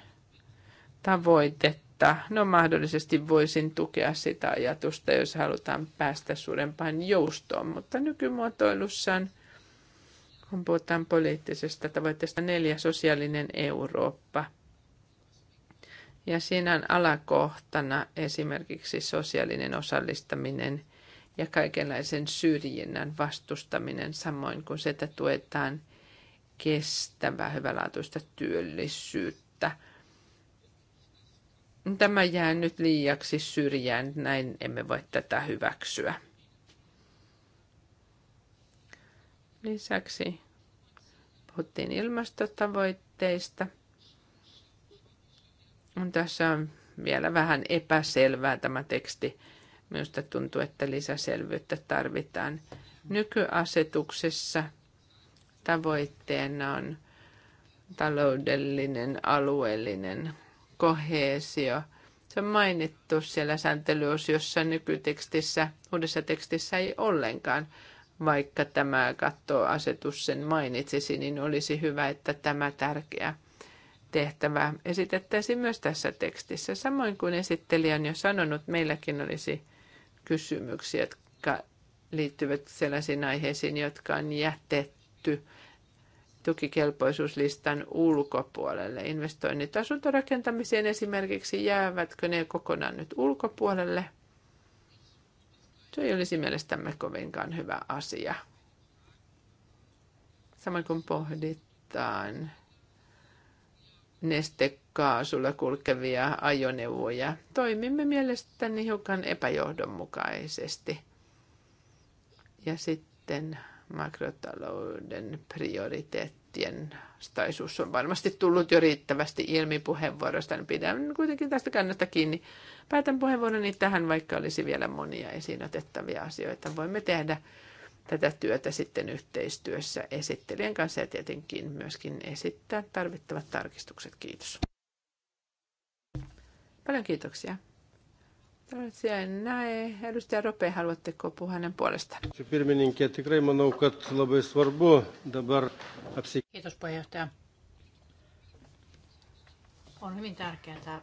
tavoitetta. No mahdollisesti voisin tukea sitä ajatusta, jos halutaan päästä suurempaan joustoon, mutta nykymuotoilussaan, kun puhutaan poliittisesta tavoitteesta neljä, sosiaalinen Eurooppa. Ja siinä on alakohtana esimerkiksi sosiaalinen osallistaminen – ja kaikenlaisen syrjinnän vastustaminen, samoin kuin se, että tuetaan kestävää, hyvälaatuista työllisyyttä. Tämä jää nyt liiaksi syrjään, näin emme voi tätä hyväksyä. Lisäksi puhuttiin ilmastotavoitteista. Tässä on vielä vähän epäselvää tämä teksti Minusta tuntuu, että lisäselvyyttä tarvitaan. Nykyasetuksessa tavoitteena on taloudellinen, alueellinen koheesio. Se on mainittu siellä sääntelyosiossa nykytekstissä, uudessa tekstissä ei ollenkaan. Vaikka tämä kattoasetus sen mainitsisi, niin olisi hyvä, että tämä tärkeä tehtävä esitettäisiin myös tässä tekstissä. Samoin kuin esittelijä on jo sanonut, meilläkin olisi – kysymyksiä, jotka liittyvät sellaisiin aiheisiin, jotka on jätetty tukikelpoisuuslistan ulkopuolelle. Investoinnit asuntorakentamiseen esimerkiksi jäävätkö ne kokonaan nyt ulkopuolelle? Se ei olisi mielestämme kovinkaan hyvä asia. Samoin kun pohditaan nestekaasulla kulkevia ajoneuvoja. Toimimme mielestäni hiukan epäjohdonmukaisesti. Ja sitten makrotalouden prioriteettien staisuus on varmasti tullut jo riittävästi ilmi puheenvuorosta. Niin pidän kuitenkin tästä kannasta kiinni. Päätän puheenvuoroni tähän, vaikka olisi vielä monia esiin otettavia asioita. Voimme tehdä tätä työtä sitten yhteistyössä esittelijän kanssa ja tietenkin myöskin esittää tarvittavat tarkistukset. Kiitos. Paljon kiitoksia. en näe. Edustaja Rope, haluatteko puhua hänen puolestaan? Kiitos puheenjohtaja. On hyvin tärkeää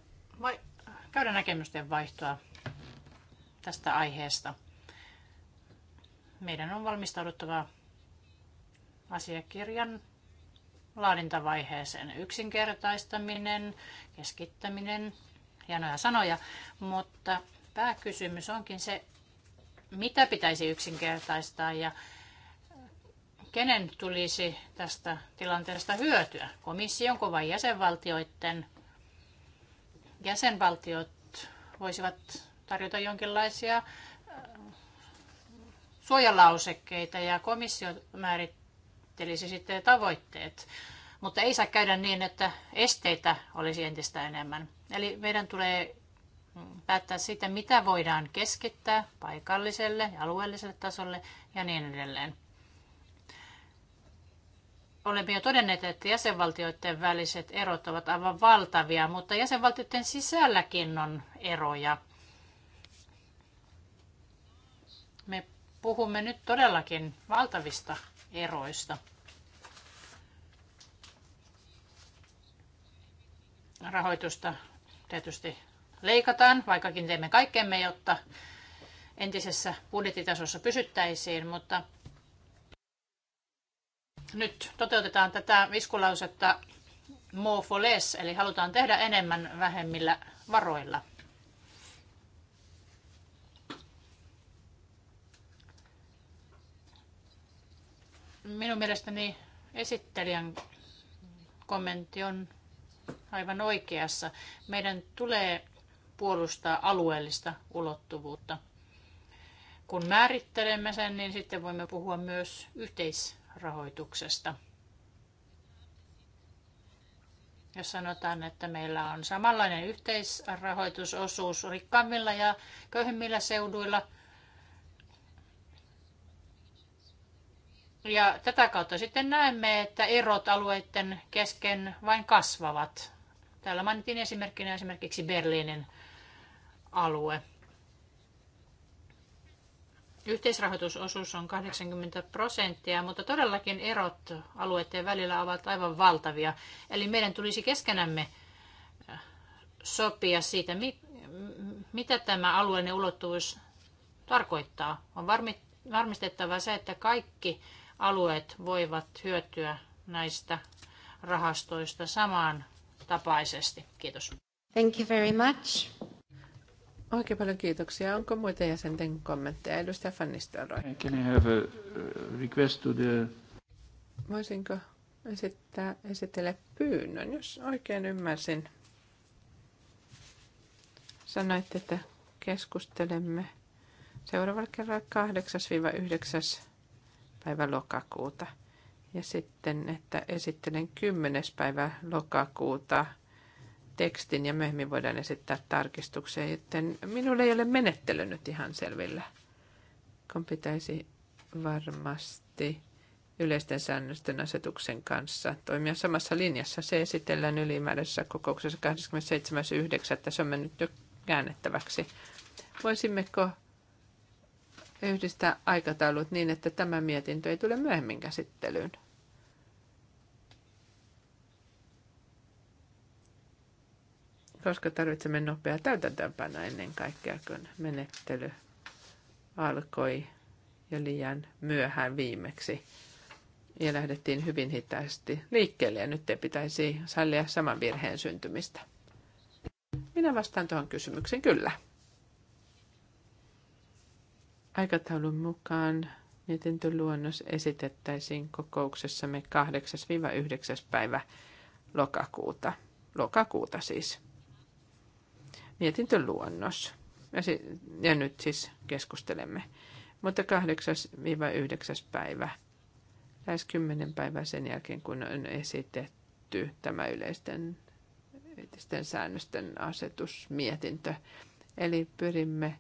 käydä näkemysten vaihtoa tästä aiheesta meidän on valmistauduttava asiakirjan laadintavaiheeseen. Yksinkertaistaminen, keskittäminen, hienoja sanoja, mutta pääkysymys onkin se, mitä pitäisi yksinkertaistaa ja kenen tulisi tästä tilanteesta hyötyä? Komissionko vai jäsenvaltioiden? Jäsenvaltiot voisivat tarjota jonkinlaisia suojalausekkeita ja komissio määrittelisi sitten tavoitteet. Mutta ei saa käydä niin, että esteitä olisi entistä enemmän. Eli meidän tulee mm, päättää siitä, mitä voidaan keskittää paikalliselle ja alueelliselle tasolle ja niin edelleen. Olemme jo todenneet, että jäsenvaltioiden väliset erot ovat aivan valtavia, mutta jäsenvaltioiden sisälläkin on eroja. puhumme nyt todellakin valtavista eroista. Rahoitusta tietysti leikataan, vaikkakin teemme kaikkemme, jotta entisessä budjettitasossa pysyttäisiin, mutta nyt toteutetaan tätä viskulausetta more for less, eli halutaan tehdä enemmän vähemmillä varoilla. Minun mielestäni esittelijän kommentti on aivan oikeassa. Meidän tulee puolustaa alueellista ulottuvuutta. Kun määrittelemme sen, niin sitten voimme puhua myös yhteisrahoituksesta. Jos sanotaan, että meillä on samanlainen yhteisrahoitusosuus rikkaimmilla ja köyhimmillä seuduilla – Ja tätä kautta sitten näemme, että erot alueiden kesken vain kasvavat. Täällä mainittiin esimerkkinä esimerkiksi Berliinin alue. Yhteisrahoitusosuus on 80 prosenttia, mutta todellakin erot alueiden välillä ovat aivan valtavia. Eli meidän tulisi keskenämme äh, sopia siitä, mitä tämä alueellinen ulottuvuus tarkoittaa. On varmistettava se, että kaikki alueet voivat hyötyä näistä rahastoista samaan tapaisesti. Kiitos. Thank you very much. Oikein paljon kiitoksia. Onko muita jäsenten kommentteja? Edustaja Fannistelroi. Can I have a uh, request to the... Voisinko esittää esitellä pyynnön, jos oikein ymmärsin? Sanoitte, että keskustelemme seuraavalla kerralla 8-9 päivä lokakuuta. Ja sitten, että esittelen 10. päivä lokakuuta tekstin ja myöhemmin voidaan esittää tarkistuksia, joten minulle ei ole menettely nyt ihan selvillä, kun pitäisi varmasti yleisten säännösten asetuksen kanssa toimia samassa linjassa. Se esitellään ylimääräisessä kokouksessa 27.9. Se on mennyt jo käännettäväksi. Voisimmeko yhdistää aikataulut niin, että tämä mietintö ei tule myöhemmin käsittelyyn. Koska tarvitsemme nopeaa täytäntöönpanoa ennen kaikkea, kun menettely alkoi jo liian myöhään viimeksi. Ja lähdettiin hyvin hitaasti liikkeelle ja nyt ei pitäisi sallia saman virheen syntymistä. Minä vastaan tuohon kysymykseen kyllä. Aikataulun mukaan mietintöluonnos esitettäisiin kokouksessamme 8-9. päivä lokakuuta. Lokakuuta siis. Mietintöluonnos. Ja, si- ja nyt siis keskustelemme. Mutta 8-9. päivä, lähes 10 päivää sen jälkeen, kun on esitetty tämä yleisten, yleisten säännösten asetusmietintö. Eli pyrimme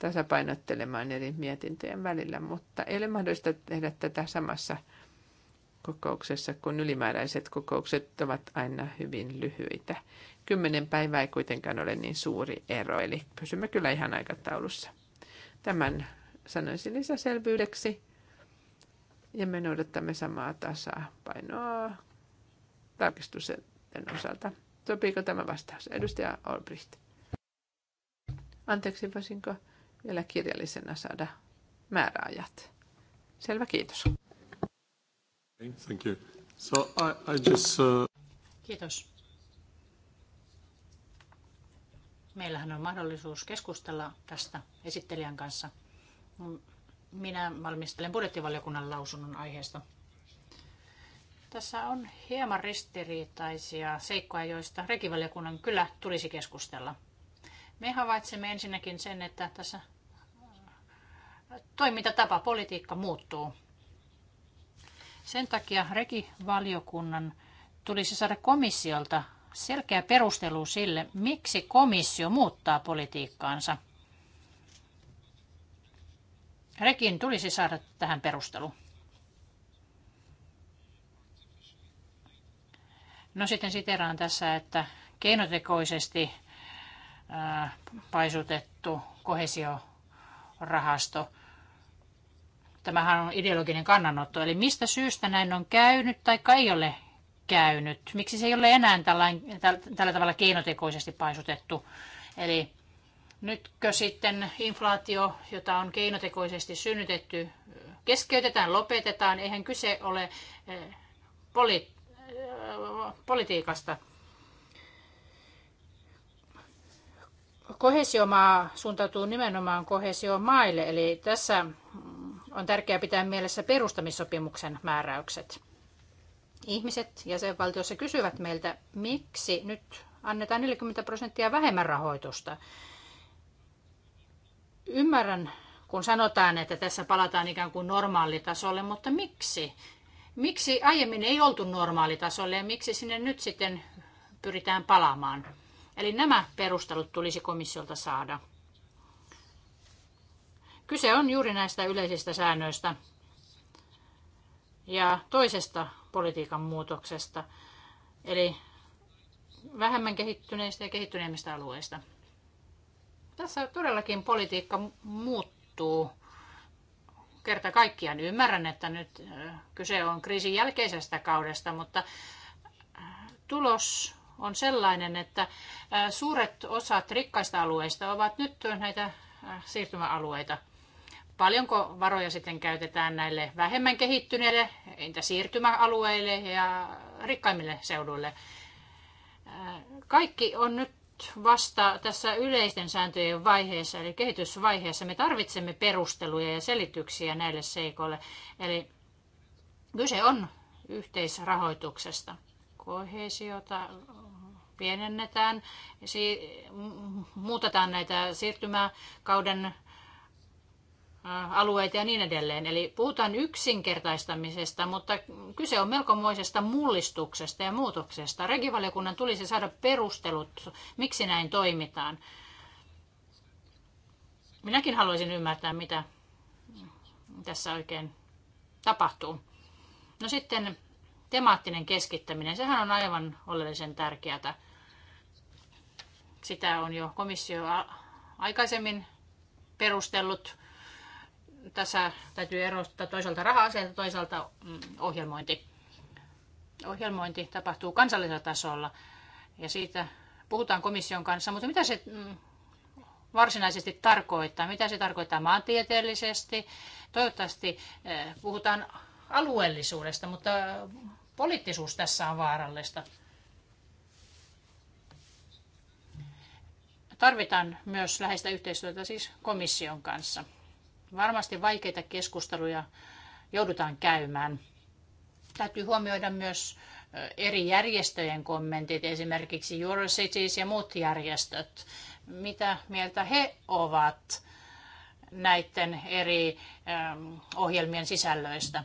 tasapainottelemaan eri mietintöjen välillä, mutta ei ole mahdollista tehdä tätä samassa kokouksessa, kun ylimääräiset kokoukset ovat aina hyvin lyhyitä. Kymmenen päivää ei kuitenkaan ole niin suuri ero, eli pysymme kyllä ihan aikataulussa. Tämän sanoisin lisäselvyydeksi. Ja me noudattamme samaa tasapainoa tarkistusten osalta. Sopiiko tämä vastaus? Edustaja Olbricht. Anteeksi, voisinko vielä kirjallisena saada määräajat. Selvä, kiitos. Thank you. So I, I just, uh... Kiitos. Meillähän on mahdollisuus keskustella tästä esittelijän kanssa. Minä valmistelen budjettivaliokunnan lausunnon aiheesta. Tässä on hieman ristiriitaisia seikkoja, joista rekivaliokunnan kyllä tulisi keskustella. Me havaitsemme ensinnäkin sen, että tässä toimintatapa, politiikka muuttuu. Sen takia rekivaliokunnan tulisi saada komissiolta selkeä perustelu sille, miksi komissio muuttaa politiikkaansa. Rekin tulisi saada tähän perustelu. No sitten siteraan tässä, että keinotekoisesti äh, paisutettu kohesiorahasto Tämähän on ideologinen kannanotto. Eli mistä syystä näin on käynyt tai ei ole käynyt? Miksi se ei ole enää tällain, tällä tavalla keinotekoisesti paisutettu? Eli nytkö sitten inflaatio, jota on keinotekoisesti synnytetty, keskeytetään, lopetetaan? Eihän kyse ole eh, poli, eh, politiikasta. Kohesiomaa suuntautuu nimenomaan kohesiomaille, eli tässä on tärkeää pitää mielessä perustamissopimuksen määräykset. Ihmiset jäsenvaltiossa kysyvät meiltä, miksi nyt annetaan 40 prosenttia vähemmän rahoitusta. Ymmärrän, kun sanotaan, että tässä palataan ikään kuin normaalitasolle, mutta miksi? Miksi aiemmin ei oltu normaalitasolle ja miksi sinne nyt sitten pyritään palaamaan? Eli nämä perustelut tulisi komissiolta saada. Kyse on juuri näistä yleisistä säännöistä ja toisesta politiikan muutoksesta, eli vähemmän kehittyneistä ja kehittyneemmistä alueista. Tässä todellakin politiikka muuttuu kerta kaikkiaan. Ymmärrän, että nyt kyse on kriisin jälkeisestä kaudesta, mutta tulos on sellainen, että suuret osat rikkaista alueista ovat nyt näitä siirtymäalueita. Paljonko varoja sitten käytetään näille vähemmän kehittyneille, entä siirtymäalueille ja rikkaimmille seuduille? Kaikki on nyt vasta tässä yleisten sääntöjen vaiheessa, eli kehitysvaiheessa. Me tarvitsemme perusteluja ja selityksiä näille seikoille. Eli kyse on yhteisrahoituksesta. Kohesiota pienennetään, muutetaan näitä siirtymäkauden alueita ja niin edelleen. Eli puhutaan yksinkertaistamisesta, mutta kyse on melkomoisesta mullistuksesta ja muutoksesta. Regivaliokunnan tulisi saada perustelut, miksi näin toimitaan. Minäkin haluaisin ymmärtää, mitä tässä oikein tapahtuu. No sitten temaattinen keskittäminen, sehän on aivan oleellisen tärkeää. Sitä on jo komissio aikaisemmin perustellut tässä täytyy erottaa toisaalta raha-asiat ja toisaalta mm, ohjelmointi. Ohjelmointi tapahtuu kansallisella tasolla ja siitä puhutaan komission kanssa, mutta mitä se mm, varsinaisesti tarkoittaa, mitä se tarkoittaa maantieteellisesti. Toivottavasti eh, puhutaan alueellisuudesta, mutta poliittisuus tässä on vaarallista. Tarvitaan myös läheistä yhteistyötä siis komission kanssa. Varmasti vaikeita keskusteluja joudutaan käymään. Täytyy huomioida myös eri järjestöjen kommentit, esimerkiksi Eurocities ja muut järjestöt. Mitä mieltä he ovat näiden eri ohjelmien sisällöistä?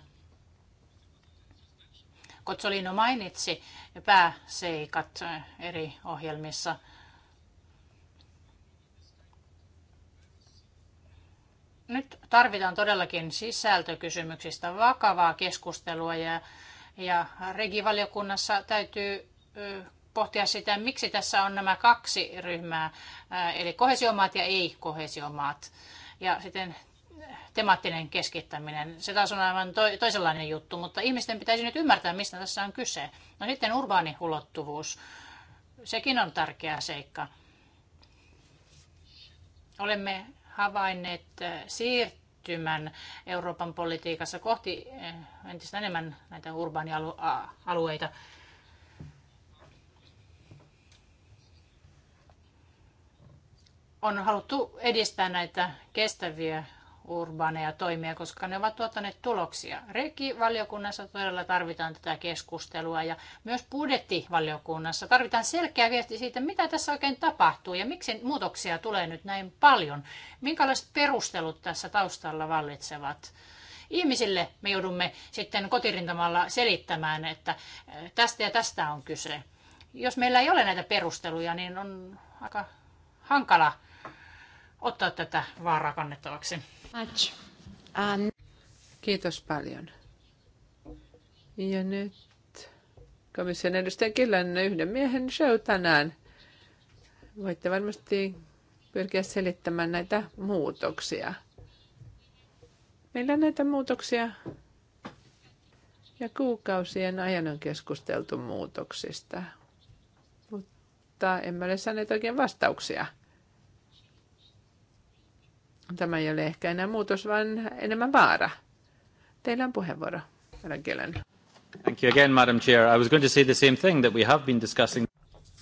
Kotsolino mainitsi pääseikat eri ohjelmissa – Nyt tarvitaan todellakin sisältökysymyksistä vakavaa keskustelua ja, ja regivaliokunnassa täytyy pohtia sitä, miksi tässä on nämä kaksi ryhmää, eli kohesiomaat ja ei-kohesiomaat. Ja sitten temaattinen keskittäminen. Se taas on aivan to- toisenlainen juttu, mutta ihmisten pitäisi nyt ymmärtää, mistä tässä on kyse. No sitten urbaani ulottuvuus. Sekin on tärkeä seikka. Olemme havainneet eh, siirtymän Euroopan politiikassa kohti eh, entistä enemmän näitä urbaanialueita. On haluttu edistää näitä kestäviä urbaaneja toimia, koska ne ovat tuottaneet tuloksia. Rekivaliokunnassa valiokunnassa todella tarvitaan tätä keskustelua ja myös budjettivaliokunnassa tarvitaan selkeä viesti siitä, mitä tässä oikein tapahtuu ja miksi muutoksia tulee nyt näin paljon. Minkälaiset perustelut tässä taustalla vallitsevat? Ihmisille me joudumme sitten kotirintamalla selittämään, että eh, tästä ja tästä on kyse. Jos meillä ei ole näitä perusteluja, niin on aika hankala ottaa tätä vaaraa kannettavaksi. Much. Um, Kiitos paljon. Ja nyt komission edustaja Killan yhden miehen show tänään. Voitte varmasti pyrkiä selittämään näitä muutoksia. Meillä on näitä muutoksia ja kuukausien ajan on keskusteltu muutoksista, mutta emme ole saaneet oikein vastauksia. Tämä ei ole ehkä enää muutos, vaan enemmän vaara. Teillä on puheenvuoro, Rangelen. Thank you again, Madam Chair. I was going to say the same thing that we have been discussing.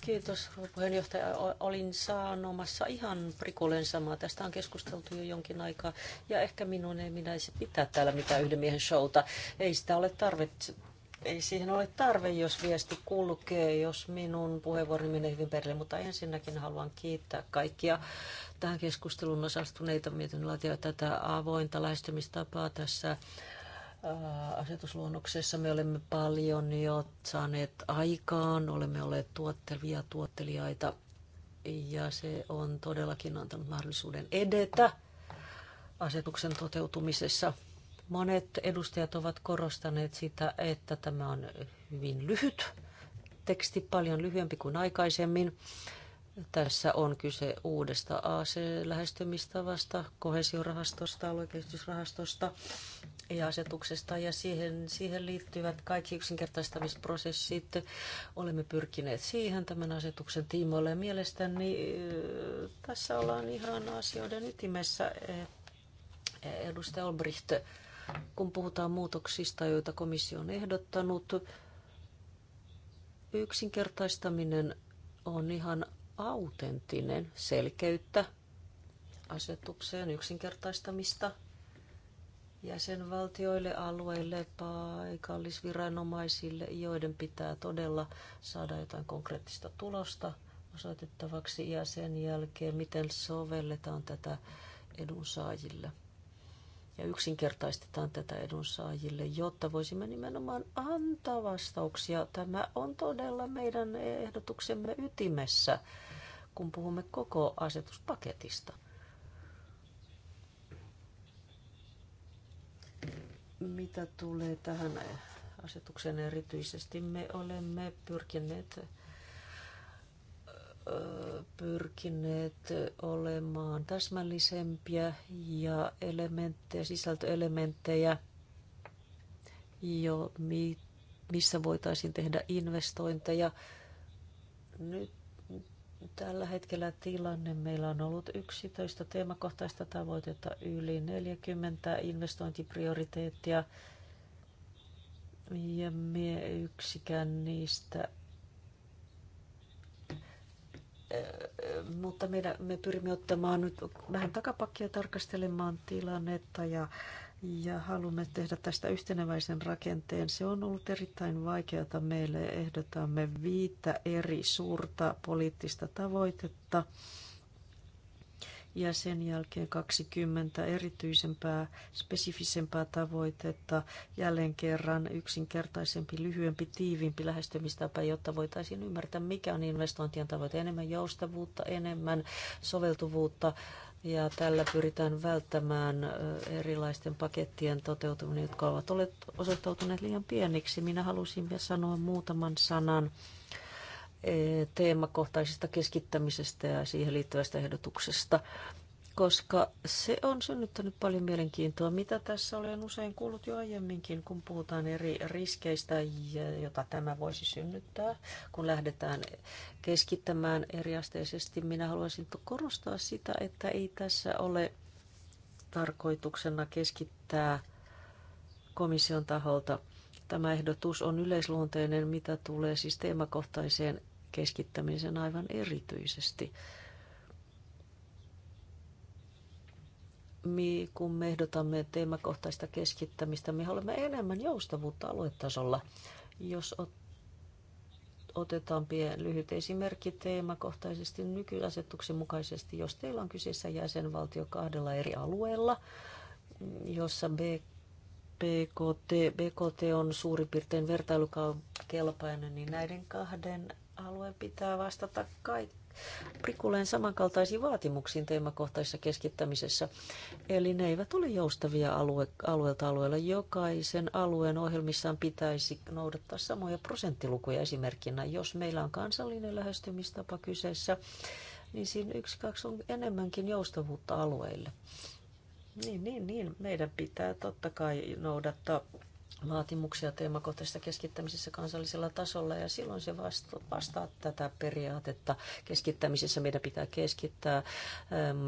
Kiitos, puheenjohtaja. Olin saanomassa ihan prikulleen samaa. Tästä on keskusteltu jo jonkin aikaa. Ja ehkä minun ei minä pitää täällä mitään yhden miehen showta. Ei sitä ole tarvetta ei siihen ole tarve, jos viesti kulkee, jos minun puheenvuoroni menee hyvin perille, mutta ensinnäkin haluan kiittää kaikkia tähän keskusteluun osallistuneita mietinlaatioita tätä avointa lähestymistapaa tässä äh, asetusluonnoksessa. Me olemme paljon jo saaneet aikaan, olemme olleet tuottelvia tuottelijaita ja se on todellakin antanut mahdollisuuden edetä asetuksen toteutumisessa – Monet edustajat ovat korostaneet sitä, että tämä on hyvin lyhyt teksti, paljon lyhyempi kuin aikaisemmin. Tässä on kyse uudesta AC-lähestymistavasta, kohesiorahastosta, aluekehitysrahastosta ja asetuksesta ja siihen, siihen liittyvät kaikki yksinkertaistamisprosessit. Olemme pyrkineet siihen tämän asetuksen tiimoille. Mielestäni äh, tässä ollaan ihan asioiden ytimessä. Eh, edustaja Olbricht kun puhutaan muutoksista, joita komissio on ehdottanut. Yksinkertaistaminen on ihan autenttinen selkeyttä asetukseen yksinkertaistamista jäsenvaltioille, alueille, paikallisviranomaisille, joiden pitää todella saada jotain konkreettista tulosta osoitettavaksi ja sen jälkeen, miten sovelletaan tätä edunsaajille ja yksinkertaistetaan tätä edunsaajille, jotta voisimme nimenomaan antaa vastauksia. Tämä on todella meidän ehdotuksemme ytimessä, kun puhumme koko asetuspaketista. Mitä tulee tähän asetukseen erityisesti, me olemme pyrkineet pyrkineet olemaan täsmällisempiä ja elementtejä, sisältöelementtejä, jo, missä voitaisiin tehdä investointeja. Nyt tällä hetkellä tilanne. Meillä on ollut 11 teemakohtaista tavoitetta, yli 40 investointiprioriteettia ja me yksikään niistä mutta meidän, me pyrimme ottamaan nyt vähän takapakkia tarkastelemaan tilannetta ja, ja haluamme tehdä tästä yhteneväisen rakenteen. Se on ollut erittäin vaikeata meille. Ehdotamme viittä eri suurta poliittista tavoitetta ja sen jälkeen 20 erityisempää, spesifisempää tavoitetta, jälleen kerran yksinkertaisempi, lyhyempi, tiiviimpi lähestymistapa, jotta voitaisiin ymmärtää, mikä on investointien tavoite, enemmän joustavuutta, enemmän soveltuvuutta, ja tällä pyritään välttämään erilaisten pakettien toteutuminen, jotka ovat osoittautuneet liian pieniksi. Minä halusin vielä sanoa muutaman sanan teemakohtaisesta keskittämisestä ja siihen liittyvästä ehdotuksesta, koska se on synnyttänyt paljon mielenkiintoa, mitä tässä olen usein kuullut jo aiemminkin, kun puhutaan eri riskeistä, jota tämä voisi synnyttää, kun lähdetään keskittämään eriasteisesti. Minä haluaisin korostaa sitä, että ei tässä ole tarkoituksena keskittää komission taholta Tämä ehdotus on yleisluonteinen, mitä tulee siis teemakohtaiseen keskittämisen aivan erityisesti. Me, kun me ehdotamme teemakohtaista keskittämistä, me haluamme enemmän joustavuutta aluetasolla. Jos ot, otetaan pien, lyhyt esimerkki teemakohtaisesti nykyasetuksen mukaisesti, jos teillä on kyseessä jäsenvaltio kahdella eri alueella, jossa B, BKT, BKT on suurin piirtein vertailukelpainen, niin näiden kahden alueen pitää vastata kaik- prikulleen samankaltaisiin vaatimuksiin teemakohtaisessa keskittämisessä. Eli ne eivät ole joustavia alue, alueelta alueella. Jokaisen alueen ohjelmissaan pitäisi noudattaa samoja prosenttilukuja esimerkkinä. Jos meillä on kansallinen lähestymistapa kyseessä, niin siinä yksi, kaksi on enemmänkin joustavuutta alueille. Niin, niin, niin. Meidän pitää totta kai noudattaa vaatimuksia teemakohtaisesta keskittämisessä kansallisella tasolla ja silloin se vasta, vastaa tätä periaatetta. Keskittämisessä meidän pitää keskittää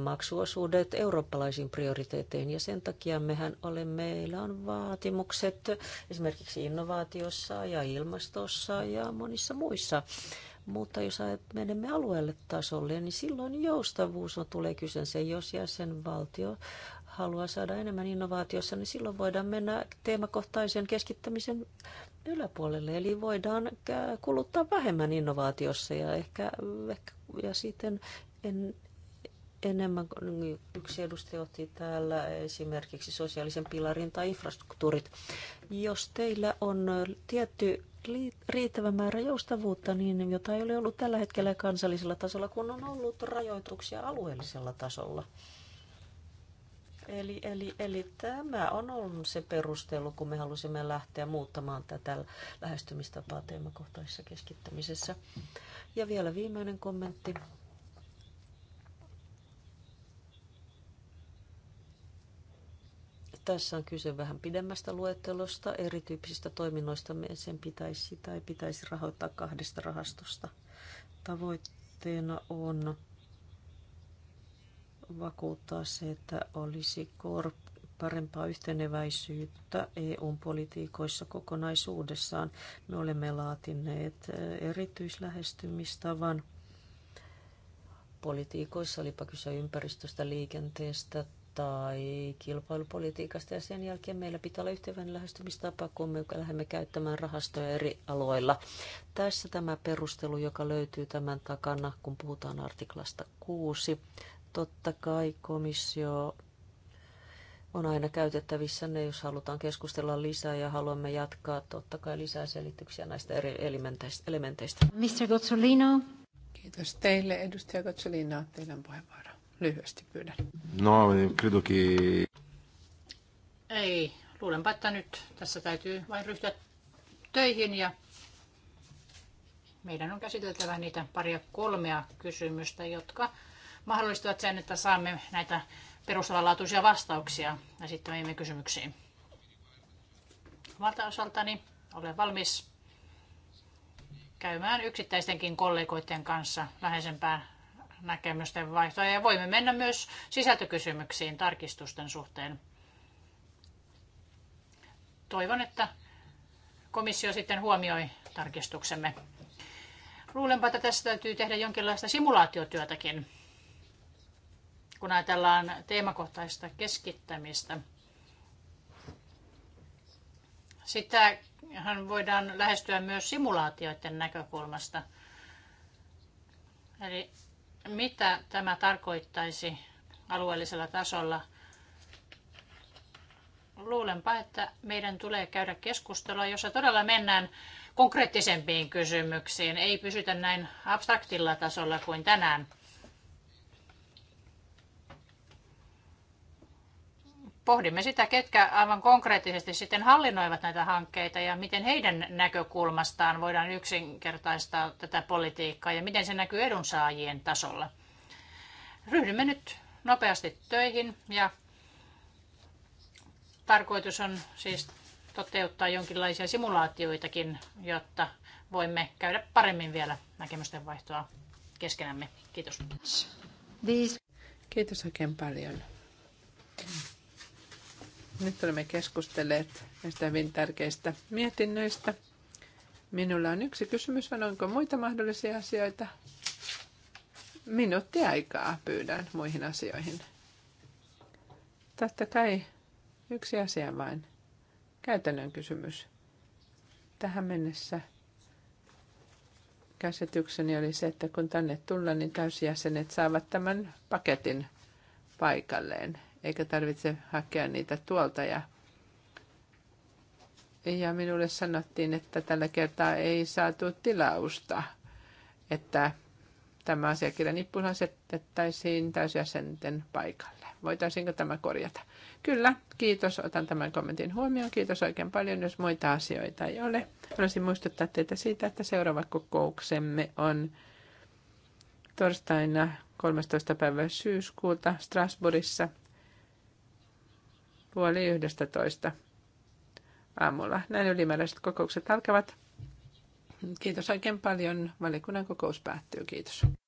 maksuosuudet eurooppalaisiin prioriteetteihin ja sen takia mehän olemme, meillä on vaatimukset esimerkiksi innovaatiossa ja ilmastossa ja monissa muissa. Mutta jos menemme alueelle tasolle, niin silloin joustavuus on tulee kyseensä, jos jäsenvaltio haluaa saada enemmän innovaatiossa, niin silloin voidaan mennä teemakohtaisen keskittämisen yläpuolelle. Eli voidaan kuluttaa vähemmän innovaatiossa ja ehkä, ehkä ja sitten en, enemmän, yksi edustaja otti täällä esimerkiksi sosiaalisen pilarin tai infrastruktuurit. Jos teillä on tietty riittävä määrä joustavuutta, niin jota ei ole ollut tällä hetkellä kansallisella tasolla, kun on ollut rajoituksia alueellisella tasolla – Eli, eli, eli tämä on ollut se perustelu, kun me halusimme lähteä muuttamaan tätä lähestymistapaa teemakohtaisessa keskittämisessä. Ja vielä viimeinen kommentti. Tässä on kyse vähän pidemmästä luettelosta, erityyppisistä toiminnoista. Me sen pitäisi tai pitäisi rahoittaa kahdesta rahastosta. Tavoitteena on vakuuttaa se, että olisi parempaa yhteneväisyyttä EU-politiikoissa kokonaisuudessaan. Me olemme laatineet erityislähestymistavan politiikoissa, olipa kyse ympäristöstä, liikenteestä tai kilpailupolitiikasta. Ja sen jälkeen meillä pitää olla yhtenäinen lähestymistapa, kun me lähdemme käyttämään rahastoja eri aloilla. Tässä tämä perustelu, joka löytyy tämän takana, kun puhutaan artiklasta 6 Totta kai komissio on aina käytettävissä ne, jos halutaan keskustella lisää ja haluamme jatkaa totta kai lisää selityksiä näistä eri elementeistä. Mr. Gozzolino. Kiitos teille, edustaja Gozzolino, teidän puheenvuoro. Lyhyesti pyydän. No, kritoki. Niin Ei, luulenpa, että nyt tässä täytyy vain ryhtyä töihin ja meidän on käsiteltävä niitä paria kolmea kysymystä, jotka mahdollistavat sen, että saamme näitä perustavanlaatuisia vastauksia esittämiimme kysymyksiin. Valta osaltani olen valmis käymään yksittäistenkin kollegoiden kanssa läheisempää näkemysten vaihtoa ja voimme mennä myös sisältökysymyksiin tarkistusten suhteen. Toivon, että komissio sitten huomioi tarkistuksemme. Luulenpa, että tässä täytyy tehdä jonkinlaista simulaatiotyötäkin kun ajatellaan teemakohtaista keskittämistä. Sitähän voidaan lähestyä myös simulaatioiden näkökulmasta. Eli mitä tämä tarkoittaisi alueellisella tasolla? Luulenpa, että meidän tulee käydä keskustelua, jossa todella mennään konkreettisempiin kysymyksiin. Ei pysytä näin abstraktilla tasolla kuin tänään. pohdimme sitä, ketkä aivan konkreettisesti sitten hallinnoivat näitä hankkeita ja miten heidän näkökulmastaan voidaan yksinkertaistaa tätä politiikkaa ja miten se näkyy edunsaajien tasolla. Ryhdymme nyt nopeasti töihin ja tarkoitus on siis toteuttaa jonkinlaisia simulaatioitakin, jotta voimme käydä paremmin vielä näkemysten vaihtoa keskenämme. Kiitos. Kiitos oikein paljon nyt olemme keskustelleet näistä hyvin tärkeistä mietinnöistä. Minulla on yksi kysymys, vaan onko muita mahdollisia asioita? Minuutti aikaa pyydän muihin asioihin. Totta kai yksi asia vain. Käytännön kysymys. Tähän mennessä käsitykseni oli se, että kun tänne tullaan, niin täysjäsenet saavat tämän paketin paikalleen eikä tarvitse hakea niitä tuolta. Ja, ja minulle sanottiin, että tällä kertaa ei saatu tilausta, että tämä asiakirja nippuun asetettaisiin täysjäsenten paikalle. Voitaisiinko tämä korjata? Kyllä, kiitos. Otan tämän kommentin huomioon. Kiitos oikein paljon, jos muita asioita ei ole. Haluaisin muistuttaa teitä siitä, että seuraava kokouksemme on torstaina 13. päivä syyskuuta Strasbourgissa – puoli yhdestä toista aamulla. Näin ylimääräiset kokoukset alkavat. Kiitos oikein paljon. Valikunnan kokous päättyy. Kiitos.